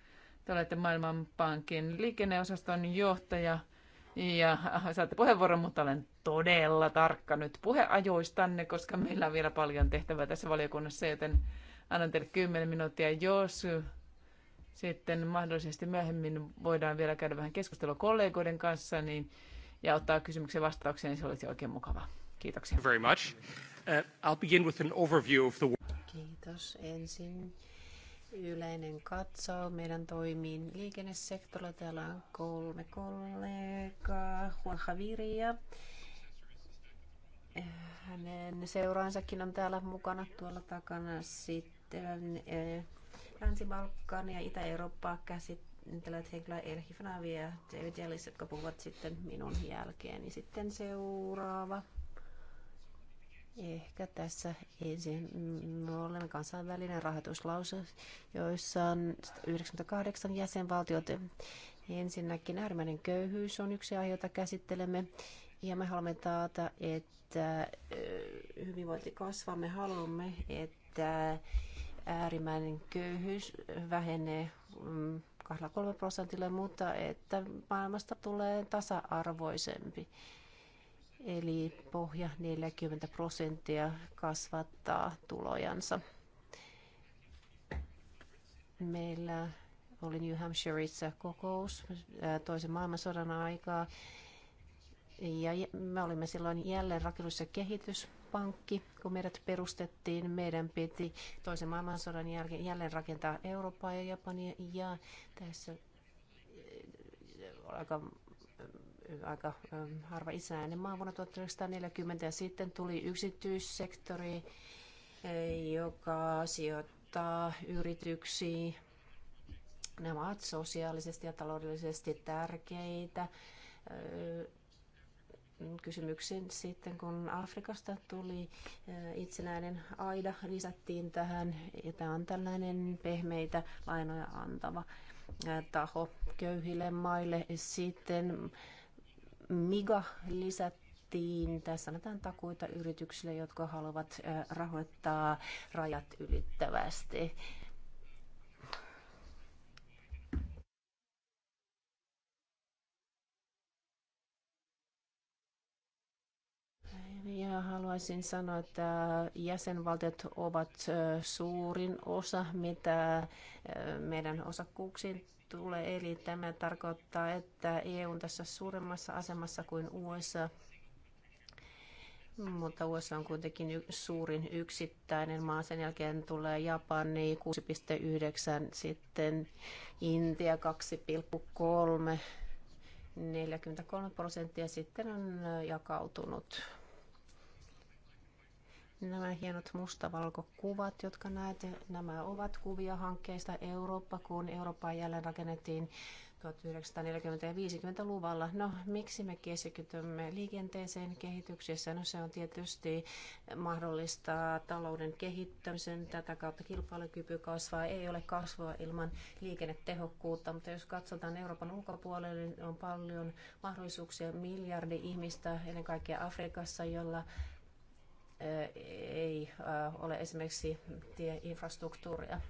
Speaker 1: Te olette Maailmanpankin liikenneosaston johtaja ja äh, saatte puheenvuoron, mutta olen todella tarkka nyt puheajoistanne, koska meillä on vielä paljon tehtävää tässä valiokunnassa, joten annan teille 10 minuuttia, jos sitten mahdollisesti myöhemmin voidaan vielä käydä vähän keskustelua kollegoiden kanssa niin, ja ottaa kysymyksiä vastaukseen, niin se olisi oikein mukavaa.
Speaker 2: Kiitoksia. Very much. Uh, I'll begin with an overview of the... Kiitos ensin yleinen katsaus meidän toimiin liikennesektorilla. Täällä on kolme kollegaa, Juan Javiria. Hänen seuraansakin on täällä mukana tuolla takana sitten eh, Länsi-Balkan ja Itä-Eurooppaa käsittelevät henkilöä Erhifnavi ja David Jellis, jotka puhuvat sitten minun jälkeeni. Sitten seuraava Ehkä tässä ensin me olemme kansainvälinen rahoituslause, joissa on 98 jäsenvaltiot. Ensinnäkin äärimmäinen köyhyys on yksi aihe, jota käsittelemme. Ja me haluamme taata, että hyvinvointi kasvaa. Me haluamme, että äärimmäinen köyhyys vähenee 2-3 mm, prosentilla, mutta että maailmasta tulee tasa-arvoisempi eli pohja 40 prosenttia kasvattaa tulojansa. Meillä oli New Hampshireissa kokous toisen maailmansodan aikaa. Ja me olimme silloin jälleen rakennus- ja kehityspankki, kun meidät perustettiin. Meidän piti toisen maailmansodan jälkeen jälleen rakentaa Eurooppaa ja Japania. Ja tässä aika aika ähm, harva itsenäinen maa vuonna 1940 ja sitten tuli yksityissektori, eh, joka sijoittaa yrityksiin. Nämä ovat sosiaalisesti ja taloudellisesti tärkeitä äh, Kysymyksen sitten, kun Afrikasta tuli äh, itsenäinen aida, lisättiin tähän, ja tämä on tällainen pehmeitä lainoja antava äh, taho köyhille maille. Sitten MIGA lisättiin. Tässä annetaan takuita yrityksille, jotka haluavat rahoittaa rajat ylittävästi. Ja haluaisin sanoa, että jäsenvaltiot ovat suurin osa, mitä meidän osakkuuksiin tulee. Eli tämä tarkoittaa, että EU on tässä suuremmassa asemassa kuin USA, mutta USA on kuitenkin suurin yksittäinen maa. Sen jälkeen tulee Japani 6,9, sitten Intia 2,3, 43 prosenttia sitten on jakautunut. Nämä hienot mustavalkokuvat, jotka näet, nämä ovat kuvia hankkeista Eurooppa, kun Eurooppaa jälleen rakennettiin 1940- ja 50-luvulla. No, miksi me keskitymme liikenteeseen kehityksessä? No, se on tietysti mahdollista talouden kehittämisen. Tätä kautta kilpailukyky kasvaa. Ei ole kasvua ilman liikennetehokkuutta, mutta jos katsotaan Euroopan ulkopuolelle, niin on paljon mahdollisuuksia. Miljardi ihmistä, ennen kaikkea Afrikassa, jolla ei ole esimerkiksi tieinfrastruktuuria.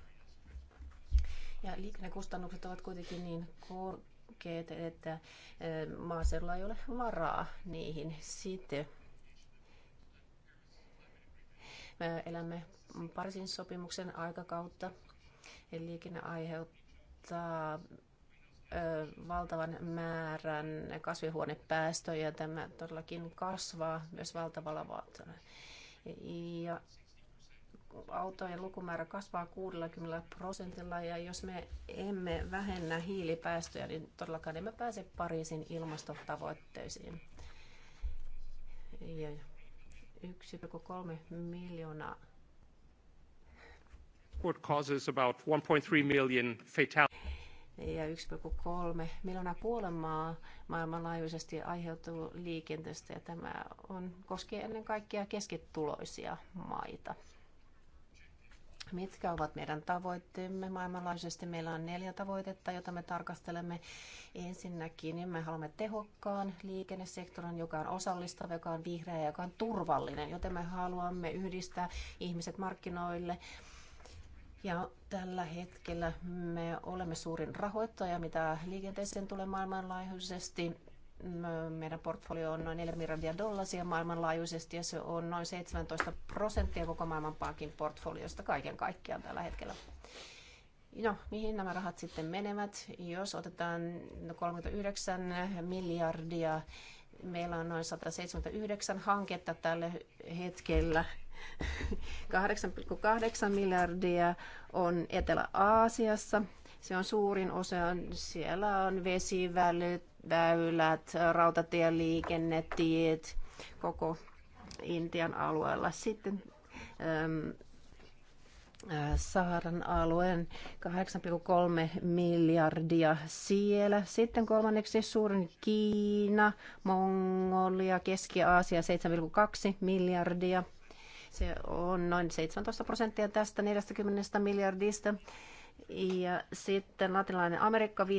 Speaker 2: Ja liikennekustannukset ovat kuitenkin niin korkeat, että maaseudulla ei ole varaa niihin. Sitten me elämme Pariisin sopimuksen aikakautta. Eli liikenne aiheuttaa valtavan määrän kasvihuonepäästöjä. Tämä todellakin kasvaa myös valtavalla valtavalla ja autojen lukumäärä kasvaa 60 prosentilla ja jos me emme vähennä hiilipäästöjä, niin todellakaan emme pääse Pariisin ilmastotavoitteisiin. Ja 1,3 miljoonaa.
Speaker 3: What causes about 1.3 million fatalities
Speaker 2: ja 1,3 miljoonaa kuolemaa maailmanlaajuisesti aiheutuu liikenteestä ja tämä on, koskee ennen kaikkea keskituloisia maita. Mitkä ovat meidän tavoitteemme maailmanlaajuisesti? Meillä on neljä tavoitetta, joita me tarkastelemme. Ensinnäkin niin me haluamme tehokkaan liikennesektorin, joka on osallistava, joka on vihreä ja joka on turvallinen, joten me haluamme yhdistää ihmiset markkinoille ja tällä hetkellä me olemme suurin rahoittaja, mitä liikenteeseen tulee maailmanlaajuisesti. Meidän portfolio on noin 4 miljardia dollaria maailmanlaajuisesti ja se on noin 17 prosenttia koko maailmanpankin portfoliosta kaiken kaikkiaan tällä hetkellä. No, mihin nämä rahat sitten menevät? Jos otetaan 39 miljardia, meillä on noin 179 hanketta tällä hetkellä 8,8 miljardia on Etelä-Aasiassa. Se on suurin osa. Siellä on vesiväylät, rautatieliikenne, tiet, koko Intian alueella. Sitten äm, äh, Saharan alueen 8,3 miljardia siellä. Sitten kolmanneksi suurin Kiina, Mongolia, Keski-Aasia 7,2 miljardia. Se on noin 17 prosenttia tästä 40 miljardista. Ja sitten latinalainen Amerikka 5,6,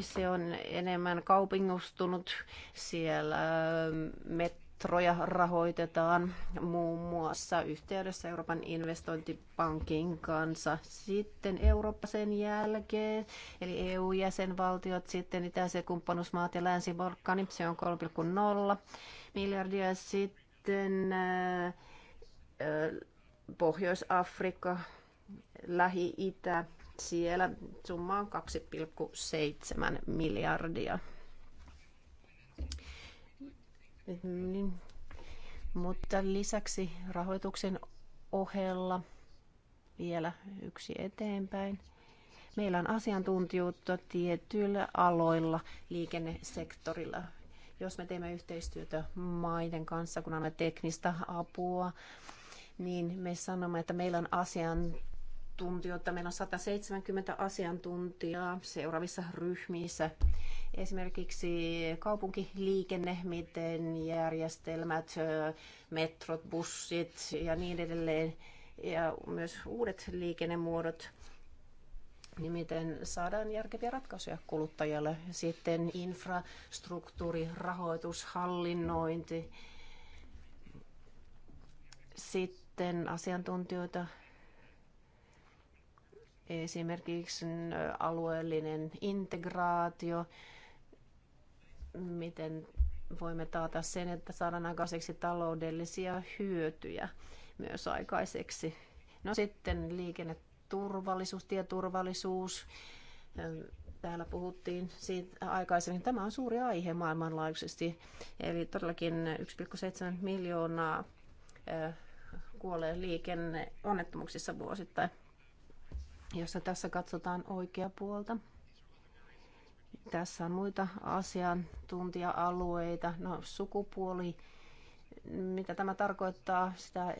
Speaker 2: se on enemmän kaupingustunut. Siellä ähm, metroja rahoitetaan muun muassa yhteydessä Euroopan investointipankin kanssa. Sitten Eurooppa sen jälkeen, eli EU-jäsenvaltiot, sitten itäiset kumppanusmaat ja länsi se on 3,0 miljardia. Sitten äh, Pohjois-Afrikka, Lähi-Itä, siellä summa on 2,7 miljardia. Niin. Mutta lisäksi rahoituksen ohella vielä yksi eteenpäin. Meillä on asiantuntijuutta tietyillä aloilla liikennesektorilla. Jos me teemme yhteistyötä maiden kanssa, kun annamme teknistä apua, niin me sanomme, että meillä on asiantuntijoita, meillä on 170 asiantuntijaa seuraavissa ryhmissä. Esimerkiksi kaupunkiliikenne, miten järjestelmät, metrot, bussit ja niin edelleen, ja myös uudet liikennemuodot, niin miten saadaan järkeviä ratkaisuja kuluttajalle. Sitten infrastruktuuri, rahoitus, hallinnointi, sitten sitten asiantuntijoita, esimerkiksi mm, alueellinen integraatio, miten voimme taata sen, että saadaan aikaiseksi taloudellisia hyötyjä myös aikaiseksi. No sitten liikenneturvallisuus, tieturvallisuus. Täällä puhuttiin siitä aikaisemmin. Tämä on suuri aihe maailmanlaajuisesti. Eli todellakin 1,7 miljoonaa kuolee liikenneonnettomuuksissa vuosittain, jossa tässä katsotaan oikea puolta. Tässä on muita asiantuntija-alueita. No, sukupuoli, mitä tämä tarkoittaa, sitä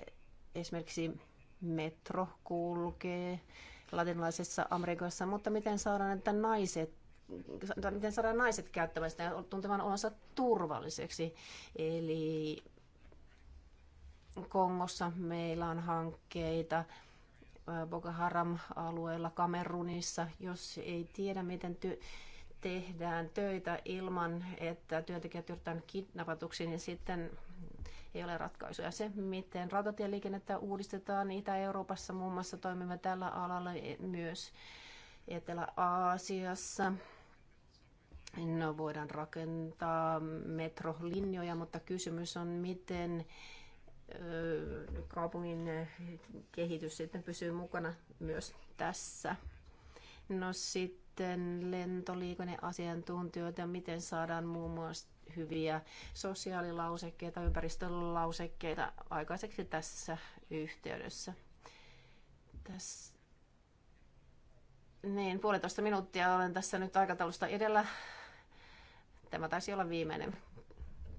Speaker 2: esimerkiksi metro kulkee latinalaisessa Amerikassa, mutta miten saadaan, että naiset miten saadaan naiset käyttämään sitä ja tuntemaan olonsa turvalliseksi. Eli Kongossa meillä on hankkeita, Boko Haram-alueella, Kamerunissa, jos ei tiedä, miten ty- tehdään töitä ilman, että työntekijät yritetään kidnappatuksi, niin sitten ei ole ratkaisuja. Se, miten rautatieliikennettä uudistetaan Itä-Euroopassa, muun muassa toimimme tällä alalla myös Etelä-Aasiassa. No, voidaan rakentaa metrolinjoja, mutta kysymys on, miten kaupungin kehitys sitten pysyy mukana myös tässä. No sitten lentoliikenneasiantuntijoita, miten saadaan muun muassa hyviä sosiaalilausekkeita, ympäristölausekkeita aikaiseksi tässä yhteydessä. Tässä. Niin, puolitoista minuuttia olen tässä nyt aikataulusta edellä. Tämä taisi olla viimeinen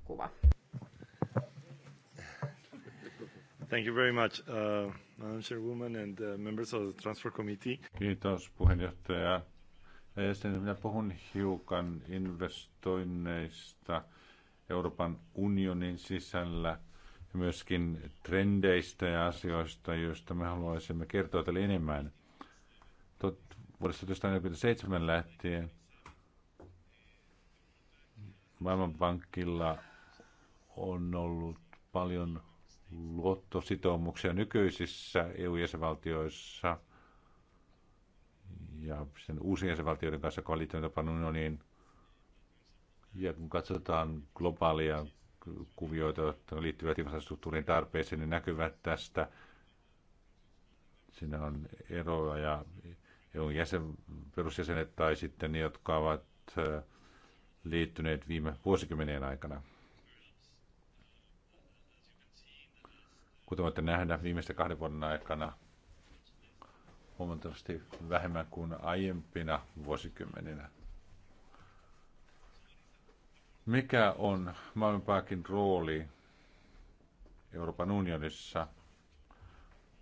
Speaker 2: kuva.
Speaker 3: Thank you very much, uh, Madam Chairwoman and uh, members of the Transfer Committee. Kiitos puheenjohtaja. Sitten minä puhun hiukan investoinneista Euroopan unionin sisällä ja myöskin trendeistä ja asioista, joista me haluaisimme kertoa teille enemmän. Tot, vuodesta 1947 lähtien Maailmanpankilla on ollut paljon luottositoumuksia nykyisissä EU-jäsenvaltioissa ja sen uusien jäsenvaltioiden kanssa, joka on liittynyt unioniin. Ja kun katsotaan globaalia kuvioita, jotka liittyvät infrastruktuurin tarpeeseen, niin näkyvät tästä. Siinä on eroja ja EUn jäsen, perusjäsenet tai sitten ne, jotka ovat äh, liittyneet viime vuosikymmenien aikana. Kuten voitte nähdä, viimeisten kahden vuoden aikana huomattavasti vähemmän kuin aiempina vuosikymmeninä. Mikä on maailmanpankin rooli Euroopan unionissa?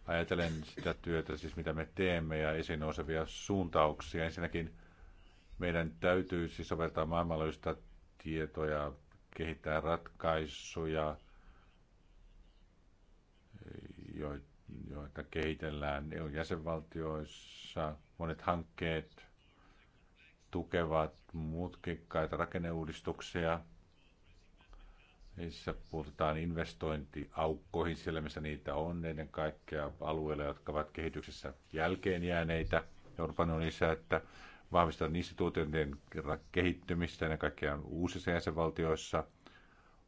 Speaker 3: Ajatellen sitä työtä, siis mitä me teemme ja esiin nousevia suuntauksia. Ensinnäkin meidän täytyy siis soveltaa maailmanlaajuista tietoja, kehittää ratkaisuja – joita kehitellään EU-jäsenvaltioissa. Monet hankkeet tukevat mutkikkaita rakenneuudistuksia. Niissä puhutaan investointiaukkoihin siellä, missä niitä on, ennen kaikkea alueilla, jotka ovat kehityksessä jälkeen jääneitä. Euroopan on lisää, että vahvistetaan instituutioiden kehittymistä ennen kaikkea uusissa jäsenvaltioissa –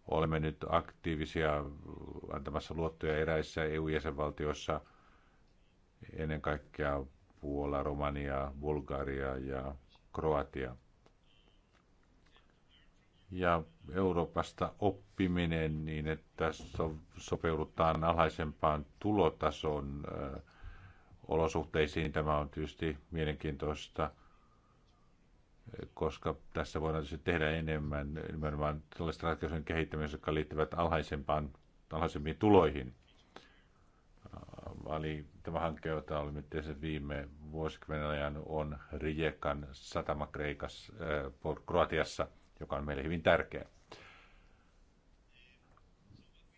Speaker 3: Olemme nyt aktiivisia antamassa luottoja eräissä EU-jäsenvaltioissa, ennen kaikkea Puola, Romania, Bulgaria ja Kroatia. Ja Euroopasta oppiminen niin, että so- sopeudutaan alhaisempaan tulotason olosuhteisiin. Tämä on tietysti mielenkiintoista – koska tässä voidaan tietysti tehdä enemmän nimenomaan sellaisten ratkaisujen kehittämisessä, jotka liittyvät alhaisempaan, alhaisempiin tuloihin. Eli tämä hanke, jota olemme tehneet viime vuosikymmenen ajan, on Rijekan satama Kreikassa, äh, Kroatiassa, joka on meille hyvin tärkeä.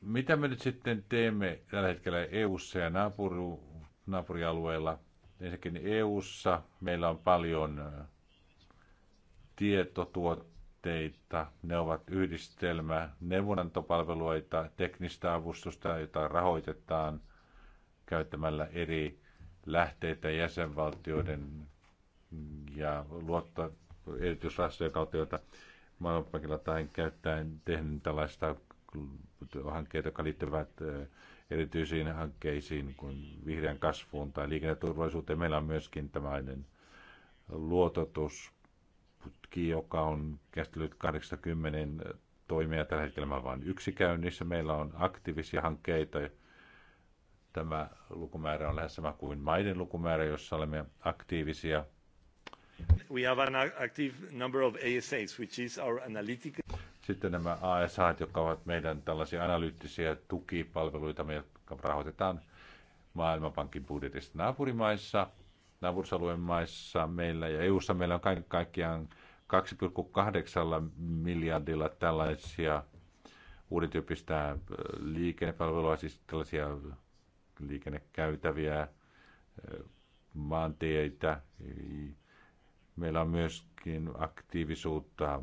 Speaker 3: Mitä me nyt sitten teemme tällä hetkellä EU-ssa ja naapuru, naapurialueella? Ensinnäkin EU-ssa meillä on paljon äh, tietotuotteita. Ne ovat yhdistelmä neuvonantopalveluita, teknistä avustusta, jota rahoitetaan käyttämällä eri lähteitä jäsenvaltioiden ja luotto erityisrahastojen kautta, joita maailmanpankilla tai käyttäen tehnyt tällaista hankkeita, jotka liittyvät erityisiin hankkeisiin kuin vihreän kasvuun tai liikenneturvallisuuteen. Meillä on myöskin tämmöinen luototus joka on käsitellyt 80 toimia. Tällä hetkellä on vain yksi käynnissä. Meillä on aktiivisia hankkeita. Tämä lukumäärä on lähes sama kuin maiden lukumäärä, jossa olemme aktiivisia. We have an active number of ASAs, which is our analytical... Sitten nämä ASA, jotka ovat meidän tällaisia analyyttisiä tukipalveluita, jotka rahoitetaan Maailmanpankin budjetista naapurimaissa – naapurusalueen maissa meillä ja EUssa meillä on kaiken kaikkiaan 2,8 miljardilla tällaisia uuden tyyppistä äh, liikennepalvelua, siis tällaisia liikennekäytäviä, äh, maanteitä. Meillä on myöskin aktiivisuutta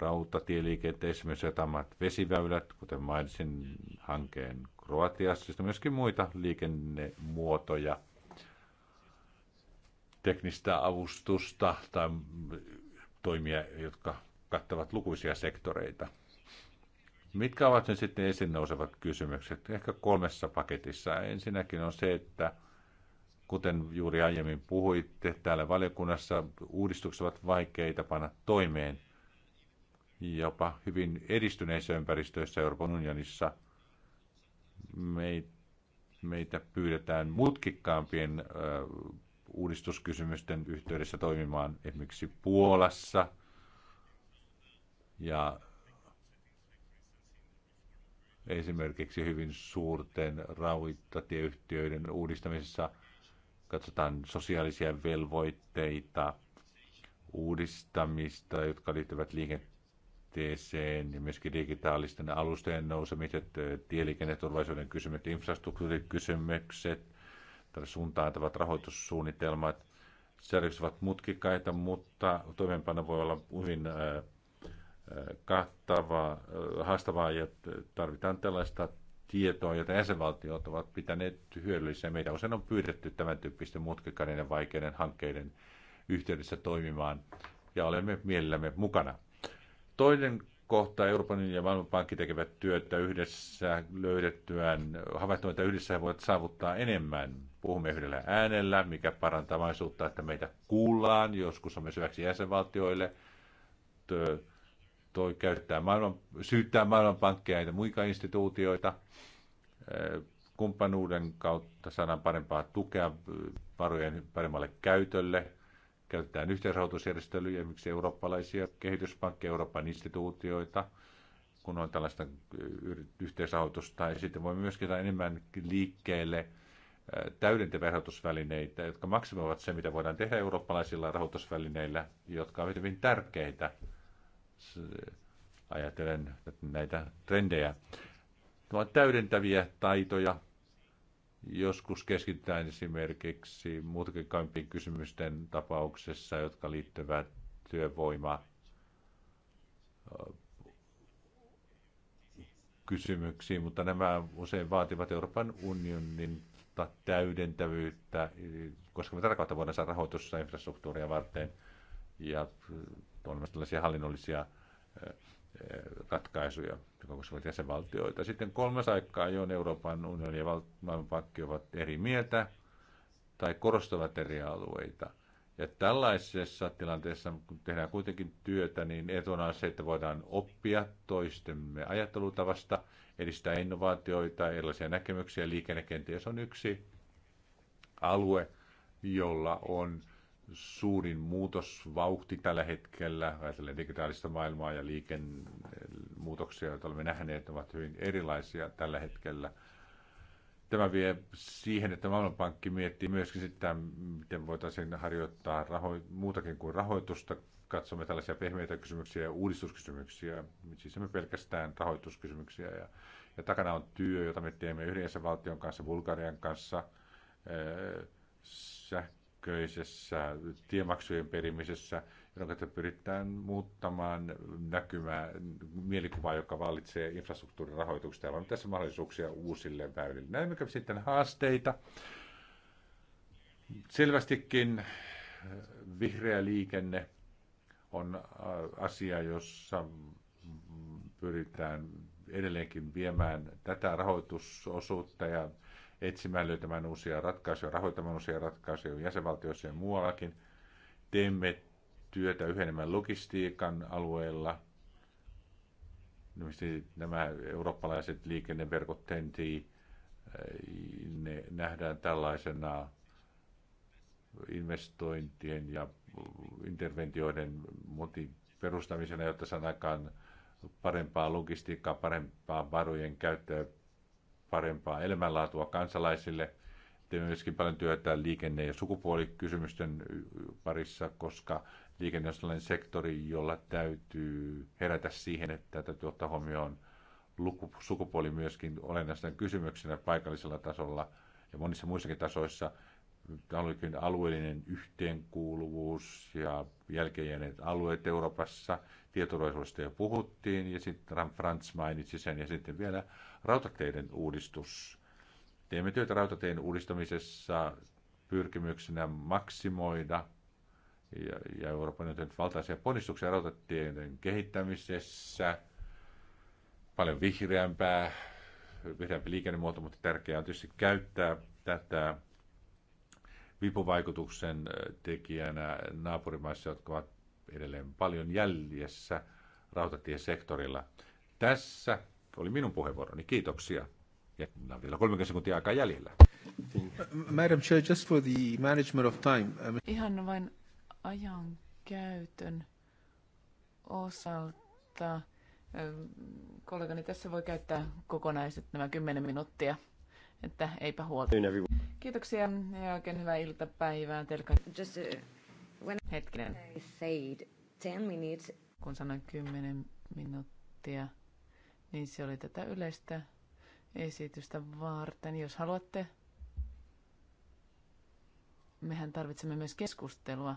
Speaker 3: rautatieliikenteessä, myös satamat vesiväylät, kuten mainitsin hankkeen Kroatiassa, ja myöskin muita liikennemuotoja – teknistä avustusta tai toimia, jotka kattavat lukuisia sektoreita. Mitkä ovat nyt sitten esiin nousevat kysymykset? Ehkä kolmessa paketissa. Ensinnäkin on se, että kuten juuri aiemmin puhuitte, täällä valiokunnassa uudistukset ovat vaikeita panna toimeen jopa hyvin edistyneissä ympäristöissä Euroopan unionissa. Meitä pyydetään mutkikkaampien uudistuskysymysten yhteydessä toimimaan esimerkiksi Puolassa. Ja esimerkiksi hyvin suurten rauhittatieyhtiöiden uudistamisessa katsotaan sosiaalisia velvoitteita, uudistamista, jotka liittyvät liikenteeseen ja myöskin digitaalisten alustojen nousemiset, tieliikenneturvallisuuden kysymykset, infrastruktuurikysymykset, tälle suuntaantavat rahoitussuunnitelmat. Säädökset ovat mutkikaita, mutta toimeenpano voi olla hyvin äh, äh, kattavaa, äh, haastavaa ja tarvitaan tällaista tietoa, jota jäsenvaltiot ovat pitäneet hyödyllisiä. Meitä usein on pyydetty tämän tyyppisten mutkikaiden ja vaikeiden hankkeiden yhteydessä toimimaan ja olemme mielellämme mukana. Toinen kohta Euroopan ja Maailmanpankki tekevät työtä yhdessä löydettyään, havaittua, että yhdessä he voivat saavuttaa enemmän. Puhumme yhdellä äänellä, mikä parantaa maisuutta, että meitä kuullaan. Joskus on myös hyväksi jäsenvaltioille. Tö, toi käyttää maailman, syyttää maailmanpankkeja ja muita instituutioita. Äh, kumppanuuden kautta saadaan parempaa tukea äh, varojen paremmalle käytölle käytetään yhteisrahoitusjärjestelyjä, miksi eurooppalaisia kehityspankkeja, Euroopan instituutioita, kun on tällaista yhteisrahoitusta. Ja sitten voimme myöskin saada enemmän liikkeelle täydentäviä rahoitusvälineitä, jotka maksimoivat se, mitä voidaan tehdä eurooppalaisilla rahoitusvälineillä, jotka ovat hyvin tärkeitä. Ajatellen näitä trendejä. Ne ovat täydentäviä taitoja, Joskus keskitytään esimerkiksi mutkikkaimpiin kysymysten tapauksessa, jotka liittyvät työvoima kysymyksiin, mutta nämä usein vaativat Euroopan unionin täydentävyyttä, koska me tätä kautta voidaan saada rahoitusta infrastruktuuria varten ja on myös tällaisia hallinnollisia katkaisuja, jotka koskevat jäsenvaltioita. Sitten kolmas aikaa, johon Euroopan unioni ja maailmanpankki ovat eri mieltä tai korostavat eri alueita. Ja tällaisessa tilanteessa, kun tehdään kuitenkin työtä, niin etuna on se, että voidaan oppia toistemme ajattelutavasta, edistää innovaatioita, erilaisia näkemyksiä. Liikennekenties on yksi alue, jolla on suurin muutosvauhti tällä hetkellä, ajatellen digitaalista maailmaa ja liikennemuutoksia, eh, joita olemme nähneet, ovat hyvin erilaisia tällä hetkellä. Tämä vie siihen, että Maailmanpankki miettii myöskin sitä, miten voitaisiin harjoittaa raho- muutakin kuin rahoitusta. Katsomme tällaisia pehmeitä kysymyksiä ja uudistuskysymyksiä, siis emme pelkästään rahoituskysymyksiä. Ja, ja takana on työ, jota me teemme yhdessä valtion kanssa, Bulgarian kanssa, äh, sähköisessä tiemaksujen perimisessä, jonka pyritään muuttamaan näkymää, mielikuvaa, joka vallitsee infrastruktuurin rahoituksesta. Täällä on tässä mahdollisuuksia uusille väylille. Näemmekö sitten haasteita? Selvästikin eh, vihreä liikenne on eh, asia, jossa pyritään edelleenkin viemään tätä rahoitusosuutta ja etsimään, löytämään uusia ratkaisuja, rahoittamaan uusia ratkaisuja jäsenvaltioissa ja muuallakin. Teemme työtä yhä enemmän logistiikan alueella. Nämä eurooppalaiset liikenneverkot TNT, eh, ne nähdään tällaisena investointien ja interventioiden perustamisena, jotta saadaan aikaan parempaa logistiikkaa, parempaa varojen käyttöä, parempaa elämänlaatua kansalaisille. Teemme myöskin paljon työtä liikenne- ja sukupuolikysymysten parissa, koska liikenne on sellainen sektori, jolla täytyy herätä siihen, että täytyy ottaa huomioon sukupuoli myöskin olennaisena kysymyksenä paikallisella tasolla ja monissa muissakin tasoissa alueellinen yhteenkuuluvuus ja jälkeenjääneet alueet Euroopassa. Tietoturvallisuudesta jo puhuttiin ja sitten Franz mainitsi sen ja sitten vielä rautateiden uudistus. Teemme työtä rautateiden uudistamisessa pyrkimyksenä maksimoida ja, ja Euroopan on valtaisia ponnistuksia rautateiden kehittämisessä. Paljon vihreämpää, vihreämpi liikennemuoto, mutta tärkeää on tietysti käyttää tätä vipuvaikutuksen äh, tekijänä naapurimaissa, jotka ovat edelleen paljon jäljessä rautatiesektorilla. Tässä oli minun puheenvuoroni. Kiitoksia. Ja on vielä 30 sekuntia aikaa jäljellä. Madam Chair, just for the management of time. Um,
Speaker 1: Ihan vain ajan käytön osalta. Ähm, kollegani tässä voi käyttää kokonaiset nämä 10 minuuttia että eipä huolta. Kiitoksia ja oikein hyvää iltapäivää teille Just, uh, when Hetkinen. I said 10 minutes. Kun sanoin 10 minuuttia, niin se oli tätä yleistä esitystä varten. Jos haluatte, mehän tarvitsemme myös keskustelua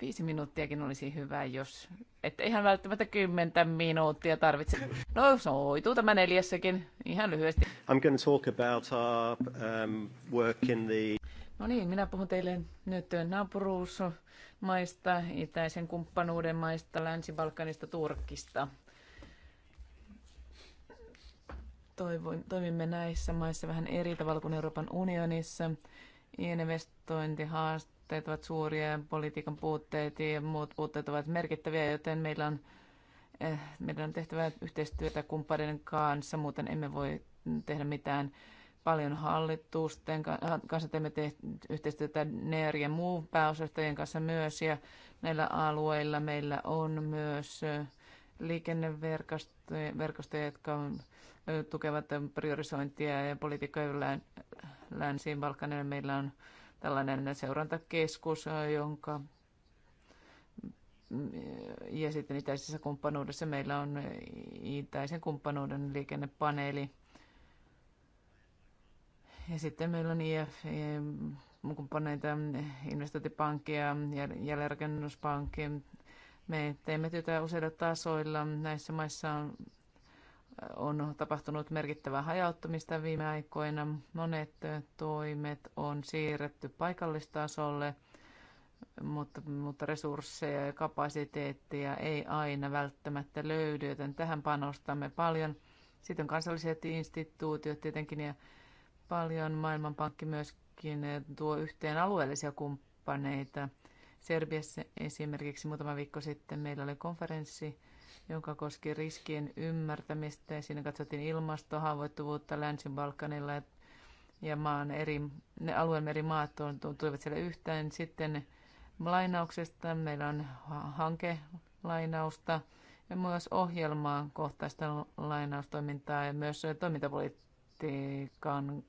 Speaker 1: Viisi minuuttiakin olisi hyvä, jos... Että ihan välttämättä kymmentä minuuttia tarvitse. No, soituu tämä neljässäkin, ihan lyhyesti.
Speaker 2: I'm going to talk about our um, work in the...
Speaker 1: No niin, minä puhun teille nyt naapuruusmaista, itäisen kumppanuuden maista, Länsi-Balkanista, Turkista. Toivoin, toimimme näissä maissa vähän eri tavalla kuin Euroopan unionissa. Investointihaaste puutteet ovat suuria, politiikan puutteet ja muut puutteet ovat merkittäviä, joten meillä on, eh, meidän on tehtävä yhteistyötä kumppaneiden kanssa, muuten emme voi tehdä mitään paljon hallitusten kanssa teemme yhteistyötä NER ja muu pääosastojen kanssa myös ja näillä alueilla meillä on myös eh, liikenneverkostoja, jotka eh, tukevat priorisointia ja politiikkoja länsiin Balkanille. Meillä on tällainen seurantakeskus, jonka ja sitten itäisessä kumppanuudessa meillä on itäisen kumppanuuden liikennepaneeli. Ja sitten meillä on IF, kumppaneita, ja jälleenrakennuspankki. Me teemme työtä useilla tasoilla. Näissä maissa on on tapahtunut merkittävää hajauttamista viime aikoina. Monet toimet on siirretty paikallistasolle, mutta, mutta resursseja ja kapasiteettia ei aina välttämättä löydy, joten tähän panostamme paljon. Sitten on kansalliset instituutiot tietenkin ja paljon Maailmanpankki myöskin tuo yhteen alueellisia kumppaneita. Serbiassa esimerkiksi muutama viikko sitten meillä oli konferenssi, joka koski riskien ymmärtämistä. Ja siinä katsottiin ilmastohaavoittuvuutta Länsi-Balkanilla ja maan eri, ne alueen eri maat tulivat siellä yhteen. Sitten lainauksesta meillä on hankelainausta ja myös ohjelmaan kohtaista lainaustoimintaa ja myös toimintapolitiikan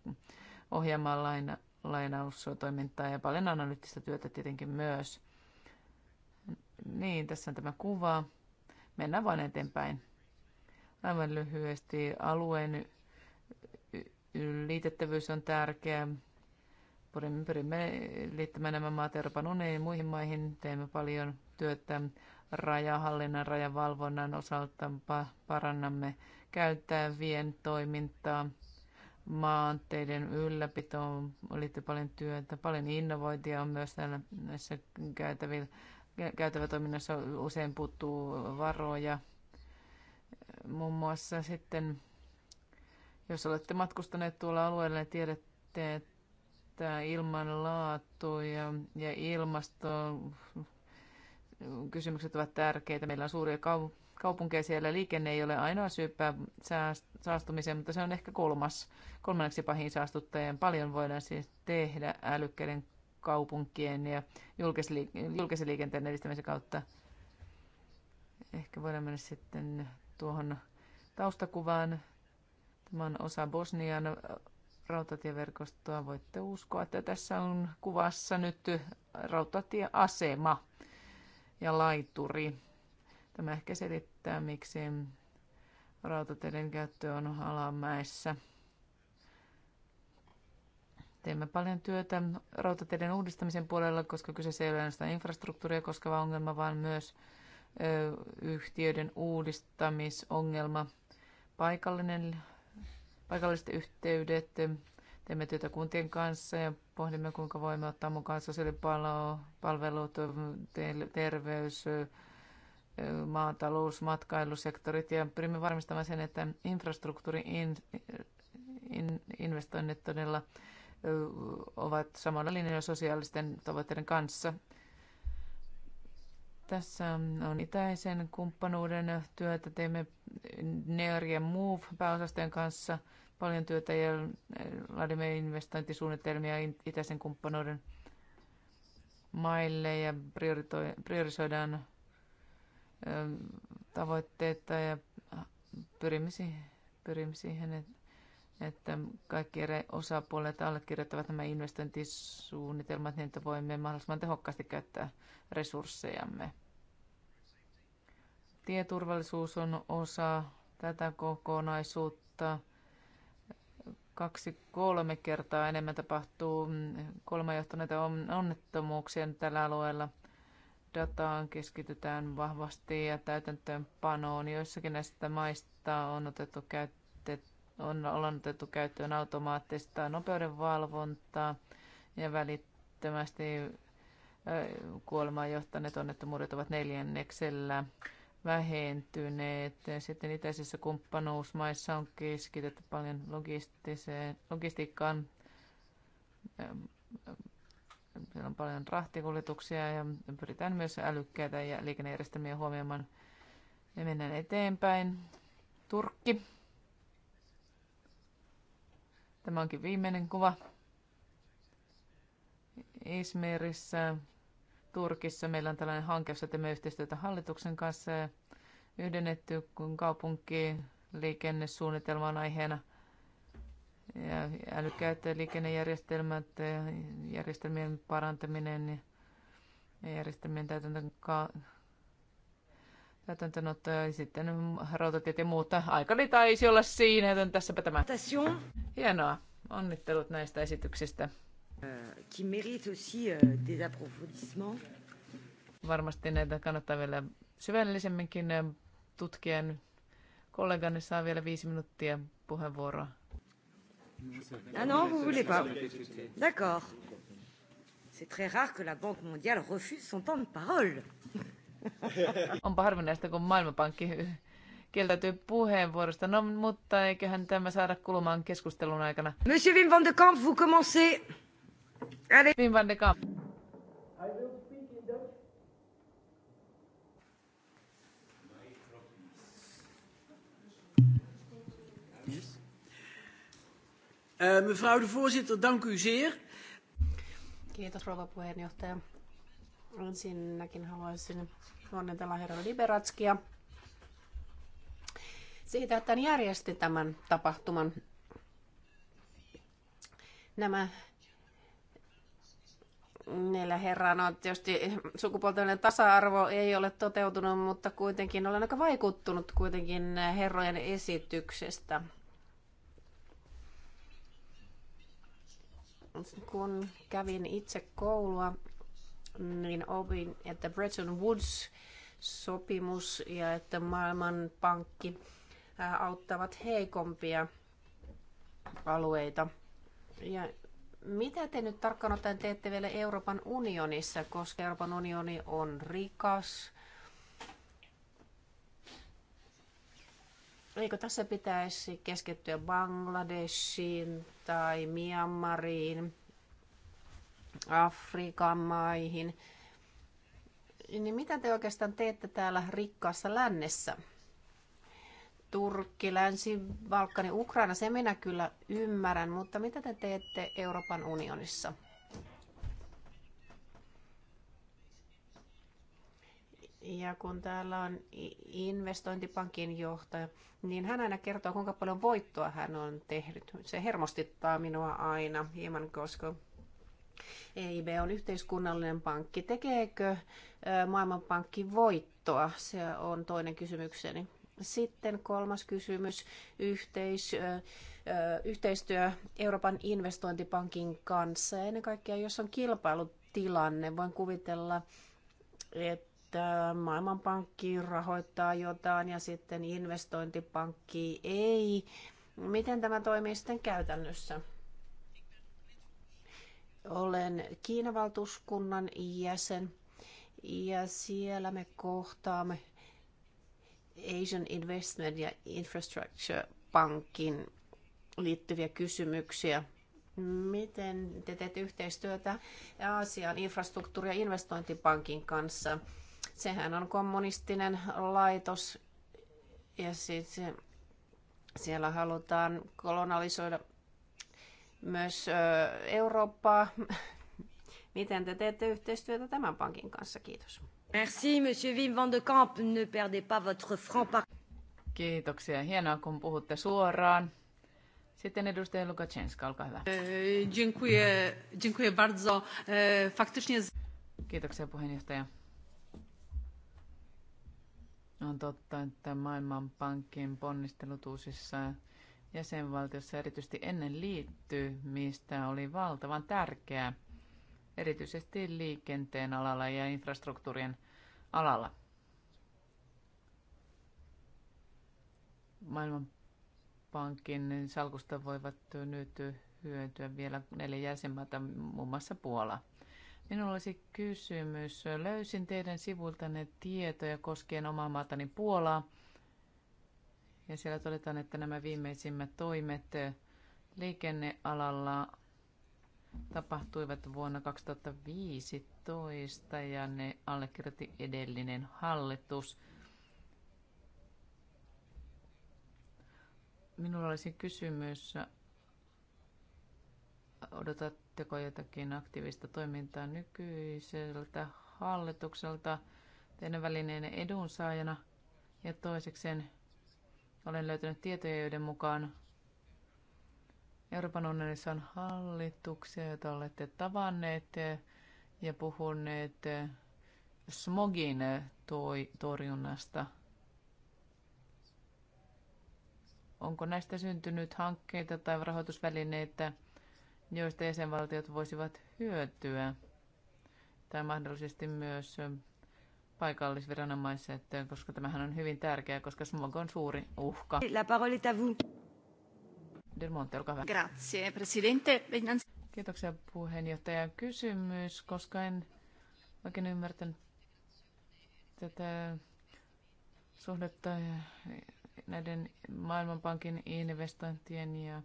Speaker 1: ohjelmaan laina, lainaustoimintaa ja paljon analyyttistä työtä tietenkin myös. Niin, tässä on tämä kuva mennään vain eteenpäin. Aivan lyhyesti alueen liitettävyys on tärkeä. Pyrimme, pyrimme liittämään nämä maat Euroopan unioniin muihin maihin. Teemme paljon työtä rajahallinnan, rajavalvonnan osalta. Parannamme vien toimintaa maanteiden ylläpitoon liittyy paljon työtä, paljon innovointia on myös täällä näissä käytävillä käytävätoiminnassa usein puuttuu varoja. Muun muassa sitten, jos olette matkustaneet tuolla alueella, tiedätte, että ilmanlaatu ja, ja ilmasto kysymykset ovat tärkeitä. Meillä on suuria kau- kaupunkeja siellä. Liikenne ei ole ainoa syypää saastumiseen, mutta se on ehkä kolmas, kolmanneksi pahin saastuttajien Paljon voidaan siis tehdä älykkäiden kaupunkien ja julkisen liikenteen edistämisen kautta. Ehkä voidaan mennä sitten tuohon taustakuvaan. Tämä on osa Bosnian rautatieverkostoa. Voitte uskoa, että tässä on kuvassa nyt rautatieasema ja laituri. Tämä ehkä selittää, miksi rautateiden käyttö on alamäessä. Teemme paljon työtä rautateiden uudistamisen puolella, koska kyseessä ei ole ainoastaan infrastruktuuria koskeva ongelma, vaan myös yhtiöiden uudistamisongelma, paikallinen, paikalliset yhteydet. Teemme työtä kuntien kanssa ja pohdimme, kuinka voimme ottaa mukaan sosiaalipalvelut, terveys, maatalous, matkailusektorit ja pyrimme varmistamaan sen, että infrastruktuurin in, in, investoinnit todella ovat samalla linjalla sosiaalisten tavoitteiden kanssa. Tässä on itäisen kumppanuuden työtä. Teemme NER MOVE pääosastojen kanssa paljon työtä ja laadimme investointisuunnitelmia itäisen kumppanuuden maille ja priorisoidaan tavoitteita ja pyrimme siihen, pyrimme siihen että että kaikki osapuolet allekirjoittavat nämä investointisuunnitelmat niin, että voimme mahdollisimman tehokkaasti käyttää resurssejamme. Tieturvallisuus on osa tätä kokonaisuutta. Kaksi-kolme kertaa enemmän tapahtuu kolmajohtuneita onnettomuuksia tällä alueella. Dataan keskitytään vahvasti ja täytäntöönpanoon. Joissakin näistä maista on otettu käyttöön on, on otettu käyttöön automaattista nopeudenvalvontaa ja välittömästi kuolemaan johtaneet onnettomuudet ovat neljänneksellä vähentyneet. Sitten itäisissä kumppanuusmaissa on keskitetty paljon logistiikkaan. Siellä on paljon rahtikuljetuksia ja pyritään myös älykkäitä ja liikennejärjestelmiä huomioimaan. Ja mennään eteenpäin. Turkki Tämä onkin viimeinen kuva. Ismirissä, Turkissa meillä on tällainen hanke, jossa teemme yhteistyötä hallituksen kanssa. Yhdennetty kaupunki liikennesuunnitelma on aiheena ja ja liikennejärjestelmät, järjestelmien parantaminen ja järjestelmien täytäntöönotto ja sitten rautatiet ja muuta. Aikani taisi olla siinä, joten tässäpä tämä. Hienoa. Onnittelut näistä esityksistä. Euh,
Speaker 3: qui mérite aussi euh, des approfondissements.
Speaker 1: Varmasti näitä kannattaa vielä syvällisemminkin äh, tutkien Kollegani niin saa vielä viisi minuuttia puheenvuoroa.
Speaker 3: Ah non, vous voulez pas. D'accord.
Speaker 1: C'est très rare que la Banque mondiale refuse son temps de parole. Onpa harvinaista, kun maailmanpankki kieltäytyy puheenvuorosta. No, mutta eiköhän tämä saada kulumaan keskustelun aikana.
Speaker 3: Monsieur Wim van de Kamp, vous commencez.
Speaker 1: Allez. Wim van de Kamp. Uh, mevrouw de voorzitter, dank u zeer.
Speaker 2: Kiitos rouva puheenjohtaja. Ensinnäkin haluaisin onnitella herra Liberatskia siitä, että hän järjesti tämän tapahtuman. Nämä neljä herraa, no tietysti sukupuolten tasa-arvo ei ole toteutunut, mutta kuitenkin olen aika vaikuttunut kuitenkin herrojen esityksestä. Kun kävin itse koulua, niin opin, että Bretton Woods sopimus ja että Maailmanpankki Äh, auttavat heikompia alueita. Ja mitä te nyt tarkkaan ottaen teette vielä Euroopan unionissa, koska Euroopan unioni on rikas? Eikö tässä pitäisi keskittyä Bangladeshiin tai Myanmariin, Afrikan maihin? Niin mitä te oikeastaan teette täällä rikkaassa lännessä? Turkki, Länsi-Balkani, Ukraina, se minä kyllä ymmärrän, mutta mitä te teette Euroopan unionissa? Ja kun täällä on investointipankin johtaja, niin hän aina kertoo, kuinka paljon voittoa hän on tehnyt. Se hermostittaa minua aina hieman, koska EIB on yhteiskunnallinen pankki. Tekeekö Maailmanpankki voittoa? Se on toinen kysymykseni. Sitten kolmas kysymys, yhteis, yhteistyö Euroopan investointipankin kanssa. Ja ennen kaikkea, jos on kilpailutilanne, voin kuvitella, että Maailmanpankki rahoittaa jotain ja sitten investointipankki ei. Miten tämä toimii sitten käytännössä? Olen Kiinan valtuuskunnan jäsen ja siellä me kohtaamme Asian Investment ja Infrastructure Bankin liittyviä kysymyksiä. Miten te teette yhteistyötä Aasian infrastruktuuri- ja investointipankin kanssa? Sehän on kommunistinen laitos ja siis siellä halutaan kolonalisoida myös Eurooppaa. Miten te teette yhteistyötä tämän pankin kanssa? Kiitos. Merci, monsieur Wim van
Speaker 1: de Kamp. Ne perdez pas votre franc par... Kiitoksia. Hienoa, kun puhutte suoraan. Sitten edustaja Lukaczenska, olkaa hyvä.
Speaker 2: E, dziękuję, dziękuję
Speaker 1: bardzo. E, faktycznie... Kiitoksia puheenjohtaja. On totta, että Maailmanpankin ponnistelut uusissa jäsenvaltiossa erityisesti ennen liittyy, mistä oli valtavan tärkeää erityisesti liikenteen alalla ja infrastruktuurien alalla. Maailmanpankin salkusta voivat nyt hyötyä vielä neljä jäsenmaata, muun muassa Puola. Minulla olisi kysymys. Löysin teidän sivultanne tietoja koskien omaa maatani Puolaa. Ja siellä todetaan, että nämä viimeisimmät toimet liikennealalla tapahtuivat vuonna 2015 ja ne allekirjoitti edellinen hallitus. Minulla olisi kysymys, odotatteko jotakin aktiivista toimintaa nykyiseltä hallitukselta teidän välineen edunsaajana? Ja toisekseen olen löytänyt tietoja, joiden mukaan Euroopan unionissa on hallituksia, joita olette tavanneet ja puhuneet smogin torjunnasta. Onko näistä syntynyt hankkeita tai rahoitusvälineitä, joista jäsenvaltiot voisivat hyötyä? Tai mahdollisesti myös paikallisviranomaiset, koska tämähän on hyvin tärkeää, koska smog on suuri uhka. La parole est à vous olkaa hyvä. Grazie, presidente. Kiitoksia puheenjohtaja. Kysymys, koska en oikein ymmärtänyt tätä suhdetta näiden Maailmanpankin investointien ja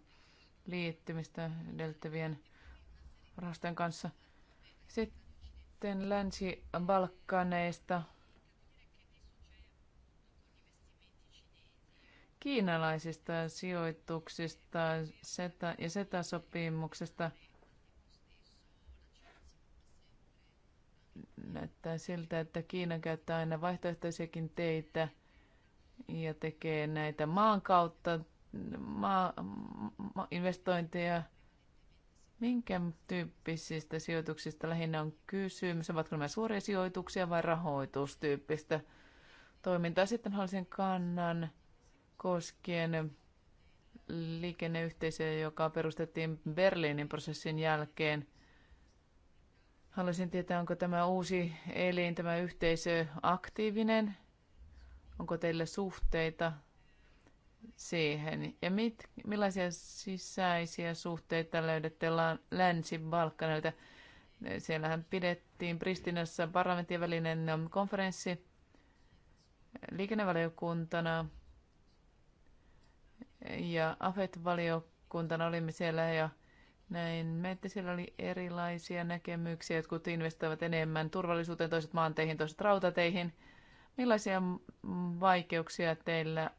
Speaker 1: liittymistä edeltävien rahastojen kanssa. Sitten Länsi-Balkaneista kiinalaisista sijoituksista SETA- ja setasopimuksesta sopimuksesta Näyttää siltä, että Kiina käyttää aina vaihtoehtoisiakin teitä ja tekee näitä maan kautta maa, ma, investointeja. Minkä tyyppisistä sijoituksista lähinnä on kysymys? Ovatko nämä suoria sijoituksia vai rahoitustyyppistä toimintaa? Sitten haluaisin kannan koskien liikenneyhteisöä, joka perustettiin Berliinin prosessin jälkeen. Haluaisin tietää, onko tämä uusi elin, tämä yhteisö aktiivinen? Onko teillä suhteita siihen? Ja mit, millaisia sisäisiä suhteita löydätte Länsi-Balkanilta? Siellähän pidettiin Pristinassa parlamenttien välinen konferenssi liikennevaliokuntana ja AFET-valiokuntana olimme siellä ja näin me, että siellä oli erilaisia näkemyksiä. Jotkut investoivat enemmän turvallisuuteen, toiset maanteihin, toiset rautateihin. Millaisia vaikeuksia teillä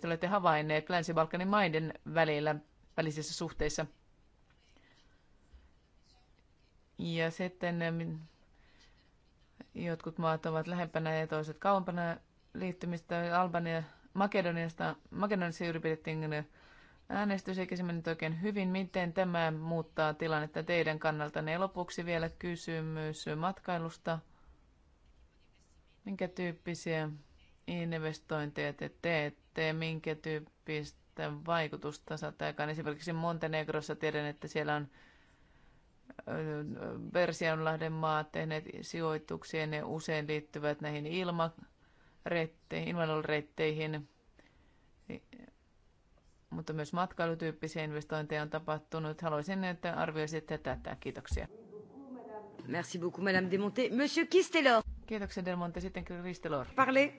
Speaker 1: te olette havainneet Länsi-Balkanin maiden välillä, välisissä suhteissa? Ja sitten jotkut maat ovat lähempänä ja toiset kauempana liittymistä. Albania Makedoniasta, Makedoniassa juuri pidettiin äh, äänestys, eikä se mennyt oikein hyvin. Miten tämä muuttaa tilannetta teidän kannalta? ne lopuksi vielä kysymys matkailusta. Minkä tyyppisiä investointeja te teette? Minkä tyyppistä vaikutusta saattaa aikaan? Esimerkiksi Montenegrossa tiedän, että siellä on Versianlahden äh, maat tehneet sijoituksien ne usein liittyvät näihin ilma reitteihin, invalidireitteihin, mutta myös matkailutyyppisiä investointeja on tapahtunut. Haluaisin, että arvioisitte tätä. Kiitoksia. Merci beaucoup, Madame Demonte. Monsieur Kistelor. Kiitoksia, Delmonte. Sitten Kristelor.
Speaker 2: Parle.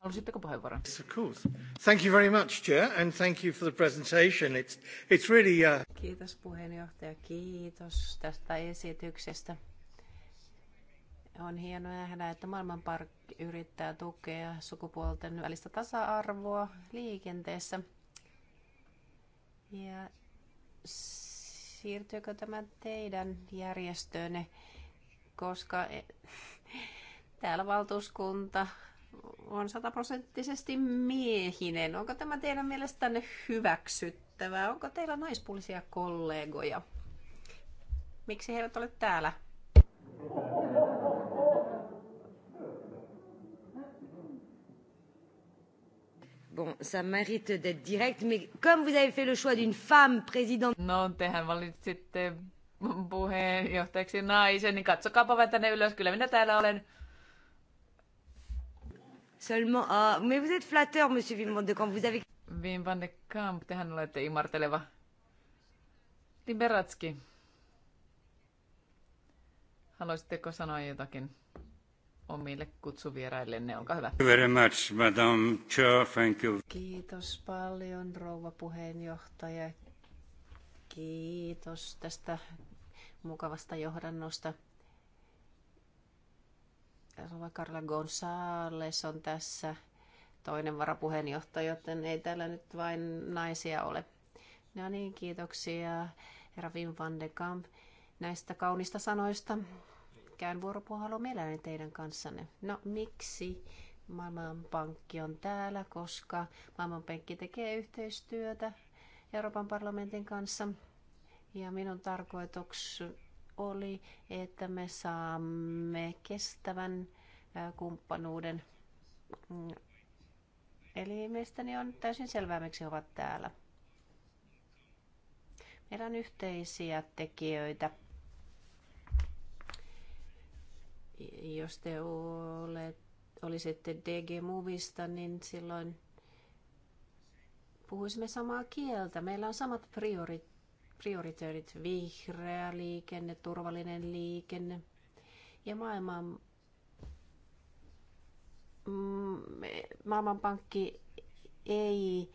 Speaker 2: Haluaisitteko puheenvuoron? Yes, of course. Thank you very much, Chair, and thank you
Speaker 3: for the presentation. It's, it's really... Uh...
Speaker 2: Kiitos puheenjohtaja, kiitos tästä esityksestä. On hienoa nähdä, että Maailmanparkki yrittää tukea sukupuolten välistä tasa-arvoa liikenteessä. Ja siirtyykö tämä teidän järjestöönne, koska e, täällä valtuuskunta on sataprosenttisesti miehinen. Onko tämä teidän mielestänne hyväksyttävää? Onko teillä naispuolisia kollegoja? Miksi he eivät ole täällä? Bon, ça mérite d'être direct, mais
Speaker 1: comme vous avez fait le choix d'une femme présidente... No, tehän valitsitte puheenjohtajaksi naisen, niin katsokaapa vain tänne ylös. Kyllä minä täällä olen. Seulement, ah, uh, mais vous êtes flatteur, monsieur Vimbande de Camp, Vous avez... Vimbande van de Kamp, tehän olette imarteleva. Liberatski. Haluaisitteko sanoa jotakin? omille kutsuvieraillenne.
Speaker 2: Olkaa hyvä.
Speaker 3: Very much, Madam Chair. Thank you.
Speaker 2: Kiitos paljon, rouva puheenjohtaja. Kiitos tästä mukavasta johdannosta. Rouva Carla Gonzales on tässä toinen varapuheenjohtaja, joten ei täällä nyt vain naisia ole. No niin, kiitoksia herra Wim van de Kamp näistä kaunista sanoista käyn vuoropuhelua mielelläni teidän kanssanne. No miksi Maailmanpankki on täällä, koska Maailmanpankki tekee yhteistyötä Euroopan parlamentin kanssa. Ja minun tarkoitukseni oli, että me saamme kestävän kumppanuuden. Eli mielestäni on täysin selvää, miksi he ovat täällä. Meillä on yhteisiä tekijöitä. Jos te olet, olisitte DG Movista, niin silloin puhuisimme samaa kieltä. Meillä on samat priori, prioriteetit, vihreä liikenne, turvallinen liikenne ja maailman, mm, maailmanpankki ei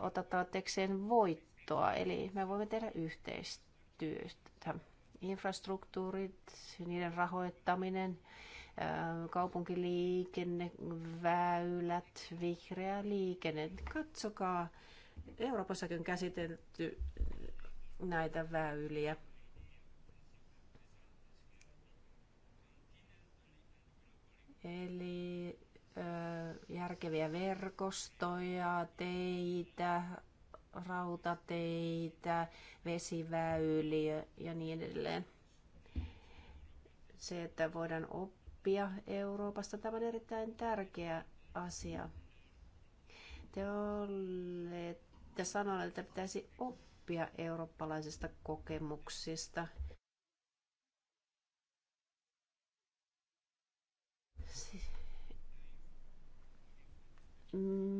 Speaker 2: ota tavoitteekseen voittoa, eli me voimme tehdä yhteistyötä infrastruktuurit, niiden rahoittaminen, kaupunkiliikenne, väylät, vihreä liikenne. Katsokaa, Euroopassakin on käsitelty näitä väyliä. Eli järkeviä verkostoja, teitä, rautateitä, vesiväyliä ja niin edelleen. Se, että voidaan oppia Euroopasta, tämä on erittäin tärkeä asia. Te olette sanoneet, että pitäisi oppia eurooppalaisista kokemuksista.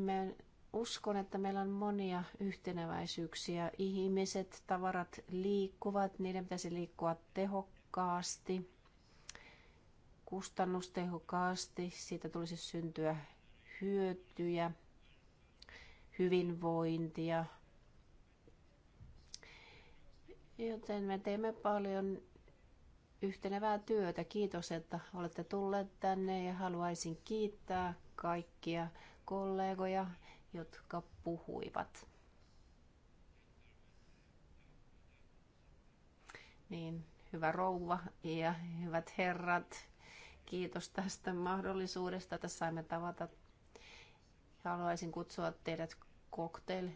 Speaker 2: me uskon, että meillä on monia yhteneväisyyksiä. Ihmiset, tavarat liikkuvat, niiden pitäisi liikkua tehokkaasti, kustannustehokkaasti. Siitä tulisi syntyä hyötyjä, hyvinvointia. Joten me teemme paljon yhtenevää työtä. Kiitos, että olette tulleet tänne ja haluaisin kiittää kaikkia kollegoja jotka puhuivat. Niin, hyvä rouva ja hyvät herrat, kiitos tästä mahdollisuudesta, että saimme tavata. Haluaisin kutsua teidät cocktail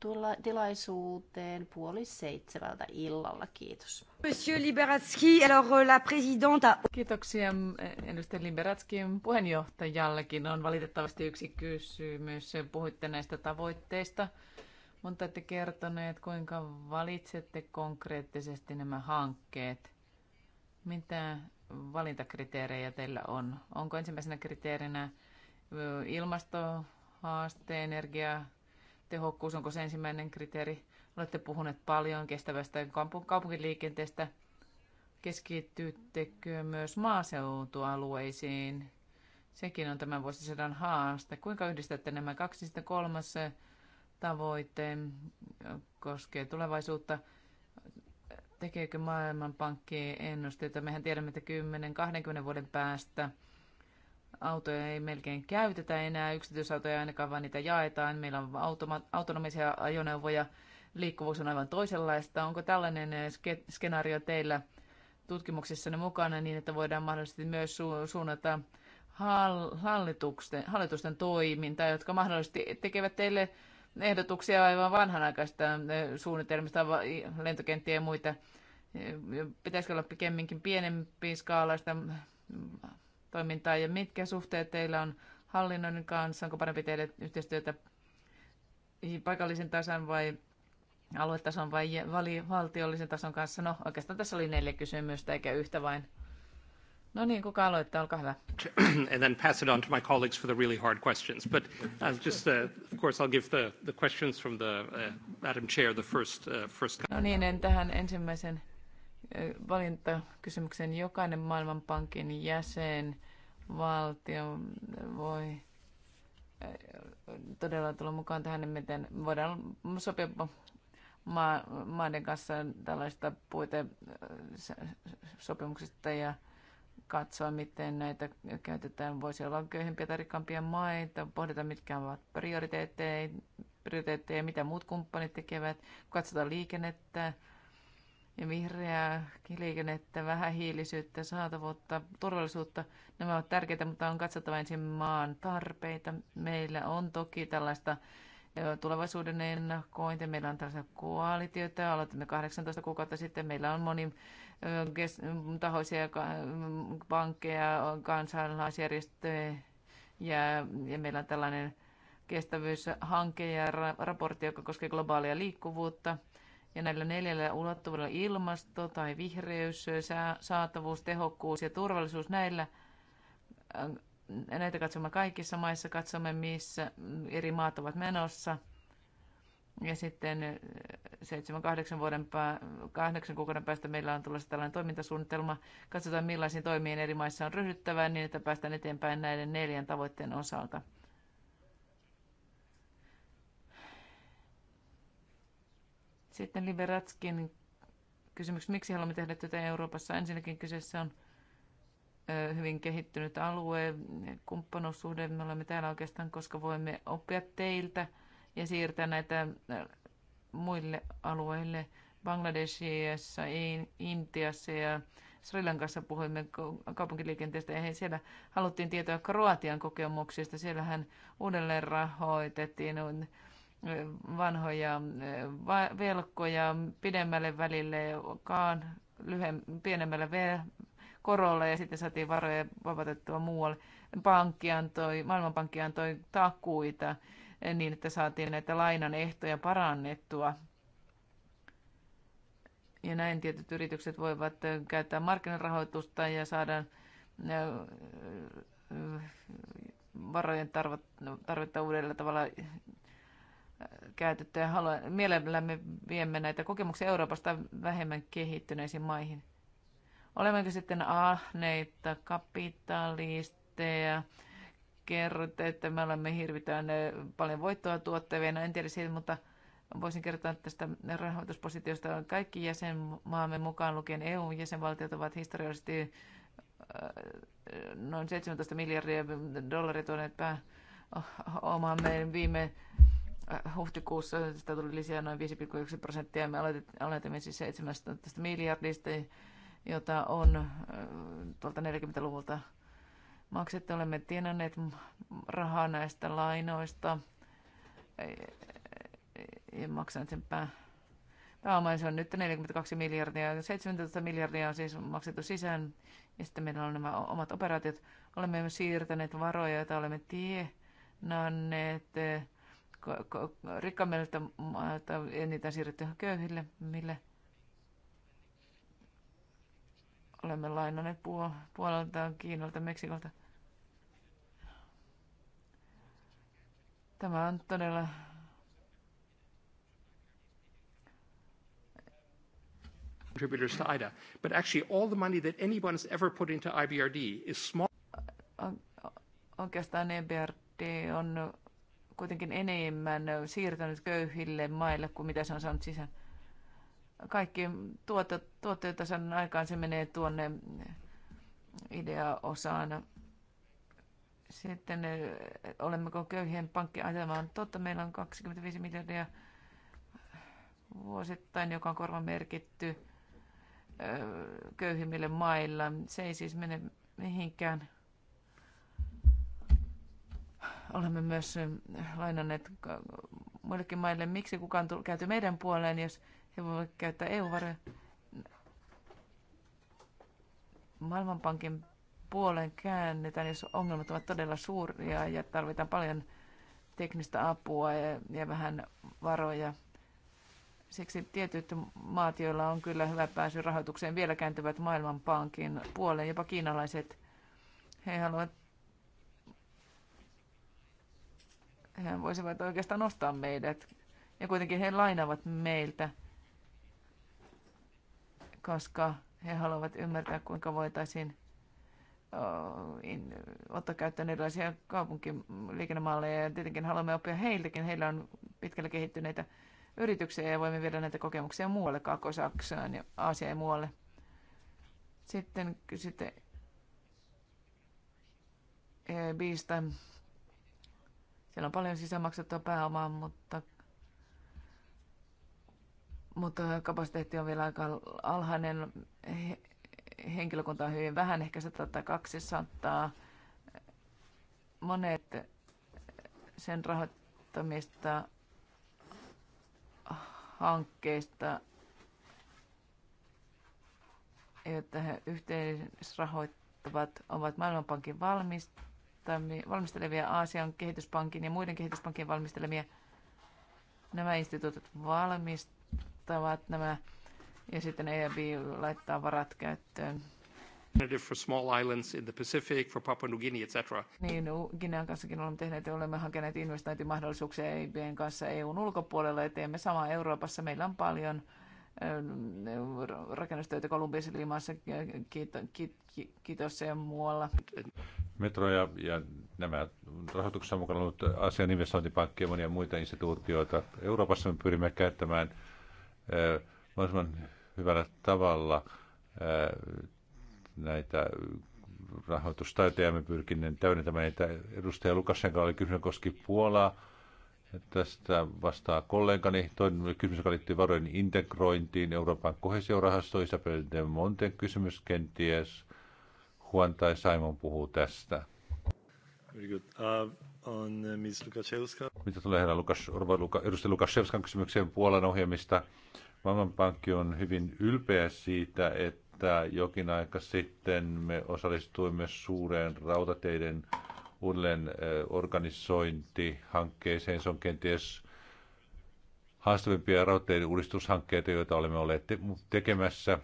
Speaker 2: tulla tilaisuuteen puoli seitsemältä illalla. Kiitos. Monsieur
Speaker 1: Liberatski, alors euh, la présidente Kiitoksia edustaja Liberatskin puheenjohtajallekin. On valitettavasti yksi kysymys. Puhuitte näistä tavoitteista, mutta ette kertoneet, kuinka valitsette konkreettisesti nämä hankkeet. Mitä valintakriteerejä teillä on? Onko ensimmäisenä kriteerinä ilmastohaaste, energia, tehokkuus, onko se ensimmäinen kriteeri. Olette puhuneet paljon kestävästä kaupunkiliikenteestä. Keskittyttekö myös maaseutualueisiin? Sekin on tämän vuosisadan haaste. Kuinka yhdistätte nämä kaksi? Sitten kolmas tavoite koskee tulevaisuutta. Tekeekö Maailmanpankki ennusteita? Mehän tiedämme, että 10-20 vuoden päästä – autoja ei melkein käytetä enää, yksityisautoja ainakaan, vaan niitä jaetaan. Meillä on automa- autonomisia ajoneuvoja, liikkuvuus on aivan toisenlaista. Onko tällainen eh, ske- skenaario teillä tutkimuksissanne mukana niin, että voidaan mahdollisesti myös su- suunnata hallitusten, hallitusten toimintaa, jotka mahdollisesti tekevät teille ehdotuksia aivan vanhanaikaista eh, suunnitelmista, lentokenttiä ja muita. Eh, pitäisikö olla pikemminkin pienempi skaalaista toimintaa ja mitkä suhteet teillä on hallinnon kanssa? Onko parempi tehdä yhteistyötä paikallisen tasan vai aluetason vai vali- valtiollisen tason kanssa? No oikeastaan tässä oli neljä kysymystä eikä yhtä vain. No niin, kuka aloittaa? Olkaa hyvä.
Speaker 2: [clears throat] And then pass it on to my colleagues for the really hard questions. But I'll uh, just, uh, of course, I'll give the, the questions from the uh, Madam Chair the first, uh, first. No
Speaker 1: niin, en tähän ensimmäisen valintakysymyksen jokainen Maailmanpankin jäsen valtio voi eh, todella tulla mukaan tähän, niin miten voidaan sopia maiden kanssa tällaista puitesopimuksista ja katsoa, miten näitä käytetään. Voisi olla köyhempiä tai rikkaampia maita, pohdita, mitkä ovat prioriteetteja, prioriteetteja mitä muut kumppanit tekevät, katsotaan liikennettä, ja vihreää liikennettä, hiilisyyttä, saatavuutta, turvallisuutta. Nämä ovat tärkeitä, mutta on katsottava ensin maan tarpeita. Meillä on toki tällaista tulevaisuuden ennakointia. Meillä on tällaista koalitiota, aloitimme 18 kuukautta sitten. Meillä on moni tahoisia pankkeja, kansalaisjärjestöjä ja, ja meillä on tällainen kestävyyshanke ja raportti, joka koskee globaalia liikkuvuutta. Ja näillä neljällä ulottuvuudella ilmasto tai vihreys, saatavuus, tehokkuus ja turvallisuus näillä äh, näitä katsomme kaikissa maissa, katsomme missä eri maat ovat menossa. Ja sitten 7-8 äh, vuoden pää, 8 kuukauden päästä meillä on tulossa tällainen toimintasuunnitelma. Katsotaan millaisiin toimiin eri maissa on ryhdyttävää niin, että päästään eteenpäin näiden neljän tavoitteen osalta. Sitten Liberatskin kysymys, miksi haluamme tehdä tätä Euroopassa? Ensinnäkin kyseessä on hyvin kehittynyt alue, kumppanuussuhde. Me olemme täällä oikeastaan, koska voimme oppia teiltä ja siirtää näitä muille alueille. Bangladeshissa, Intiassa ja Sri Lankassa puhuimme kaupunkiliikenteestä ja siellä haluttiin tietoa Kroatian kokemuksista. Siellähän uudelleen rahoitettiin vanhoja velkoja pidemmälle välille, kaan lyhem- pienemmälle korolle ja sitten saatiin varoja vapautettua muualle. Pankki antoi, maailmanpankki antoi takuita niin, että saatiin näitä lainan ehtoja parannettua. Ja näin tietyt yritykset voivat käyttää markkinarahoitusta ja saada varojen tarvetta uudella tavalla käytetty ja haluan, mielellämme viemme näitä kokemuksia Euroopasta vähemmän kehittyneisiin maihin. Olemmeko sitten ahneita, kapitalisteja, kerrotte, että me olemme hirvitään paljon voittoa tuottavia, no en tiedä siitä, mutta voisin kertoa tästä rahoituspositiosta. Kaikki jäsenmaamme mukaan lukien EU-jäsenvaltiot ovat historiallisesti äh, noin 17 miljardia dollaria tuoneet pää omaan meidän viime Äh, huhtikuussa sitä tuli lisää noin 5,1 prosenttia. Me aloitimme siis 17 miljardista, jota on äh, tuolta 40-luvulta maksettu. Olemme tienanneet rahaa näistä lainoista ja maksaneet sen pää, Pääoma Se on nyt 42 miljardia. 17 miljardia on siis maksettu sisään. Ja sitten meillä on nämä omat operaatiot. Olemme myös siirtäneet varoja, joita olemme tienanneet rikkaamilta maalta eniten siirretty köyhille, mille olemme lainanneet puolelta Kiinalta, Meksikolta. Tämä on todella
Speaker 2: contributors to IDA. But actually, all the money that anyone has ever put into IBRD is small.
Speaker 1: Oikeastaan EBRD on kuitenkin enemmän siirtänyt köyhille maille kuin mitä se on saanut sisään. Kaikki tuote, tuotteita saanut aikaan, se menee tuonne ideaosaan. Sitten eh, olemmeko köyhien pankki totta, meillä on 25 miljardia vuosittain, joka on korvamerkitty eh, köyhimmille mailla. Se ei siis mene mihinkään olemme myös lainanneet muillekin maille. Miksi kukaan käyty meidän puoleen, jos he voivat käyttää EU-varoja? Maailmanpankin puoleen käännetään, jos ongelmat ovat todella suuria ja tarvitaan paljon teknistä apua ja, ja vähän varoja. Siksi tietyt maat, joilla on kyllä hyvä pääsy rahoitukseen, vielä kääntyvät maailmanpankin puoleen, jopa kiinalaiset. He haluavat he voisivat oikeastaan ostaa meidät. Ja kuitenkin he lainaavat meiltä, koska he haluavat ymmärtää, kuinka voitaisiin ottaa käyttöön erilaisia kaupunkiliikennemalleja ja tietenkin haluamme oppia heiltäkin. Heillä on pitkälle kehittyneitä yrityksiä ja voimme viedä näitä kokemuksia muualle, Kaakko-Saksaan ja Aasiaan ja muualle. Sitten kysytte e, Biista siellä on paljon sisämaksettua pääomaa, mutta, mutta kapasiteetti on vielä aika alhainen. Henkilökunta on hyvin vähän, ehkä 100 tai 200. Monet sen rahoittamista hankkeista, joita he yhteisrahoittavat, ovat Maailmanpankin valmistelua valmistelevia Aasian kehityspankin ja muiden kehityspankin valmistelemia. Nämä instituutit valmistavat nämä ja sitten EIB laittaa varat käyttöön.
Speaker 2: For small islands in the Pacific, for Papua New Guinea, etc.
Speaker 1: Niin, Guinean kanssakin olemme tehneet ja olemme hakeneet investointimahdollisuuksia EIBn kanssa EUn ulkopuolella ja teemme samaa Euroopassa. Meillä on paljon rakennustöitä Kolumbiassa, Limassa, Kiitossa ja muualla.
Speaker 3: Metro ja nämä rahoituksessa mukana ollut Asian investointipankki ja monia muita instituutioita. Euroopassa me pyrimme käyttämään eh, mahdollisimman hyvällä tavalla eh, näitä rahoitustaitoja me pyrkimme täydentämään. Että edustaja Lukashenka oli kysymys koski Puolaa. Tästä vastaa kollegani. Toinen kysymys, joka liittyy varojen integrointiin Euroopan kohesiorahasto, Isabel de Monten kysymys kenties. Juan tai Simon puhuu tästä. Very good. Uh, on uh, Ms. Lukashevska. Mitä tulee herra Lukas, Luka, edustaja Lukashevskan kysymykseen Puolan ohjelmista, Maailmanpankki on hyvin ylpeä siitä, että jokin aika sitten me osallistuimme suureen rautateiden uudelleen uh, organisointihankkeeseen. Se on kenties haastavimpia rautateiden uudistushankkeita, joita olemme olleet tekemässä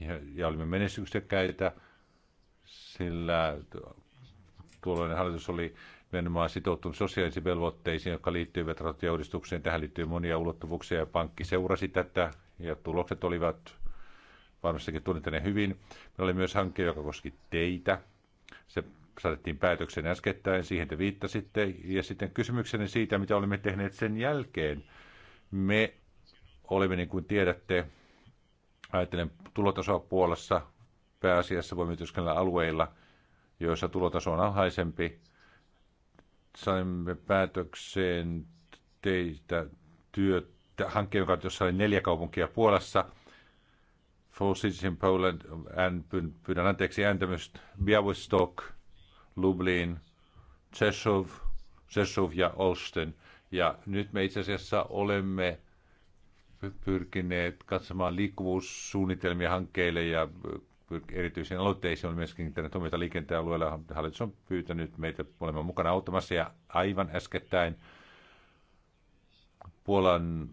Speaker 3: ja, ja olimme menestyksekkäitä – sillä tuolloinen hallitus oli nimenomaan sitoutunut sosiaalisiin velvoitteisiin, jotka liittyivät rautatieuudistukseen. Tähän liittyy monia ulottuvuuksia ja pankki seurasi tätä ja tulokset olivat varmastikin tunnetane hyvin. Meillä oli myös hanke, joka koski teitä. Se saatettiin päätöksen äskettäin, siihen te viittasitte. Ja sitten kysymyksenne siitä, mitä olemme tehneet sen jälkeen. Me olemme, niin kuin tiedätte, ajattelen tulotasoa Puolassa pääasiassa työskennellä alueilla, joissa tulotaso on alhaisempi. Saimme päätökseen teitä työtä hankkeen, jossa oli neljä kaupunkia Puolassa. Four Cities in Poland, and, pyydän anteeksi ääntämystä, Białystok, Lublin, Czeszów, Czeszów ja Olsten. Ja nyt me itse asiassa olemme pyrkineet katsomaan liikkuvuussuunnitelmia hankkeille ja erityisiin aloitteisiin on myöskin kiinnittänyt huomiota liikenteen alueella. Hallitus on pyytänyt meitä olemaan mukana auttamassa ja aivan äskettäin Puolan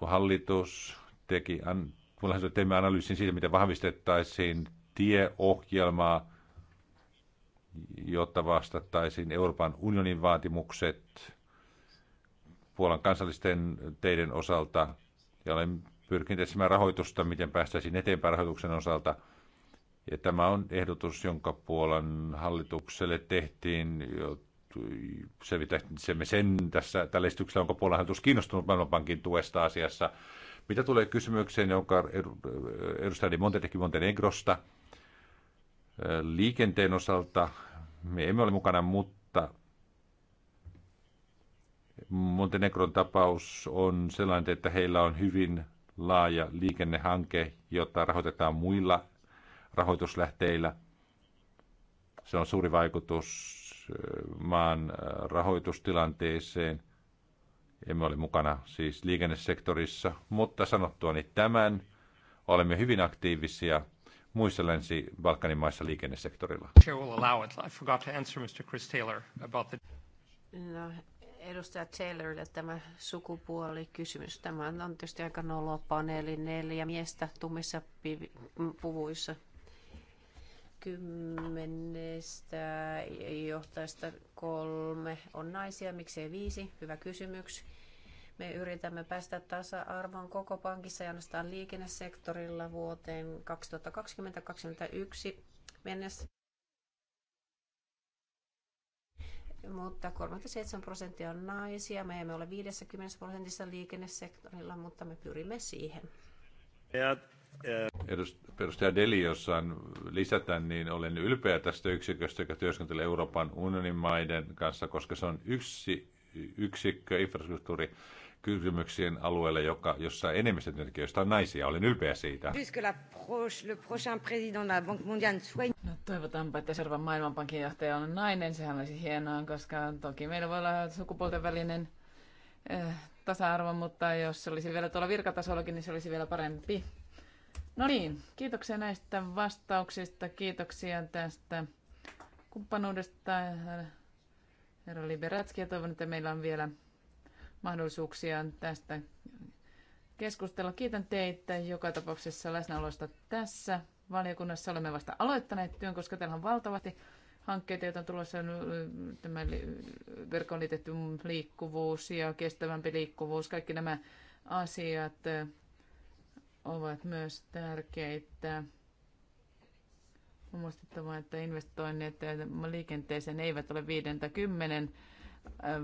Speaker 3: hallitus teki, an, Puolan hallitus teimme analyysin siitä, miten vahvistettaisiin tieohjelmaa, jotta vastattaisiin Euroopan unionin vaatimukset Puolan kansallisten teiden osalta. Ja olen pyrkinyt etsimään rahoitusta, miten päästäisiin eteenpäin rahoituksen osalta – ja tämä on ehdotus, jonka Puolan hallitukselle tehtiin, se me sen tässä tällä esityksellä, onko Puolan hallitus kiinnostunut Maailmanpankin tuesta asiassa. Mitä tulee kysymykseen, jonka edustaja Monte teki Montenegrosta, liikenteen osalta me emme ole mukana, mutta Montenegron tapaus on sellainen, että heillä on hyvin laaja liikennehanke, jota rahoitetaan muilla rahoituslähteillä. Se on suuri vaikutus maan rahoitustilanteeseen. Emme ole mukana siis liikennesektorissa, mutta sanottuani tämän olemme hyvin aktiivisia muissa länsi-Balkanin maissa liikennesektorilla.
Speaker 2: No, edustaja Taylorille tämä sukupuolikysymys. Tämä on tietysti aika paneeli. neljä miestä tummissa puvuissa kymmenestä johtajasta kolme on naisia, miksei viisi? Hyvä kysymys. Me yritämme päästä tasa-arvoon koko pankissa ja ainoastaan liikennesektorilla vuoteen 2020-2021 mennessä. Mutta 37 prosenttia on naisia. Me emme ole 50 prosentissa liikennesektorilla, mutta me pyrimme siihen.
Speaker 3: Ja Edustaja Deli, jossa lisätä, niin olen ylpeä tästä yksiköstä, joka työskentelee Euroopan unionin maiden kanssa, koska se on yksi yksikkö infrastruktuuri kysymyksien alueelle, joka, jossa enemmistö työntekijöistä on naisia. Olen ylpeä siitä.
Speaker 1: No, toivotaanpa, että seuraavan maailmanpankin johtaja on nainen. Sehän olisi hienoa, koska toki meillä voi olla sukupuolten välinen eh, tasa-arvo, mutta jos se olisi vielä tuolla virkatasollakin, niin se olisi vielä parempi. No niin, kiitoksia näistä vastauksista, kiitoksia tästä kumppanuudesta, herra Liberatski, ja toivon, että meillä on vielä mahdollisuuksia tästä keskustella. Kiitän teitä joka tapauksessa läsnäolosta tässä valiokunnassa. Olemme vasta aloittaneet työn, koska täällä on valtavasti hankkeita, joita on tulossa no, tämä verkon liikkuvuus ja kestävämpi liikkuvuus, kaikki nämä asiat ovat myös tärkeitä. On muistettava, että investoinnit liikenteeseen eivät ole 50 äh,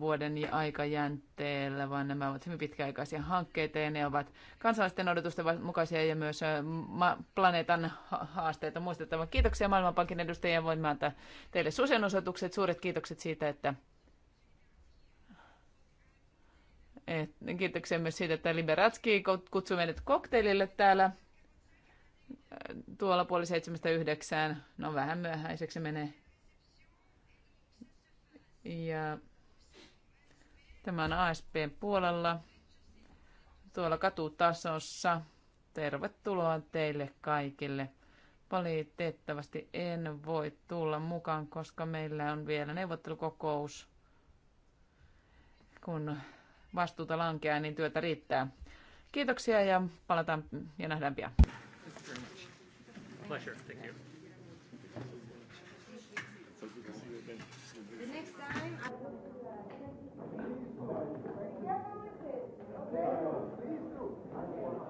Speaker 1: vuoden aikajänteellä, vaan nämä ovat hyvin pitkäaikaisia hankkeita ja ne ovat kansalaisten odotusten mukaisia ja myös äh, planeetan haasteita muistettava. Kiitoksia Maailmanpankin edustajien Voin teille suosien osoitukset. Suuret kiitokset siitä, että Kiitoksia myös siitä, että Liberatski kutsui meidät kokteilille täällä äh, tuolla puoli seitsemästä yhdeksään. No vähän myöhäiseksi menee. Ja tämä on ASP puolella tuolla katutasossa. Tervetuloa teille kaikille. Valitettavasti en voi tulla mukaan, koska meillä on vielä neuvottelukokous, kun vastuuta lankeaa, niin työtä riittää. Kiitoksia ja palataan ja nähdään pian.
Speaker 2: Thank you.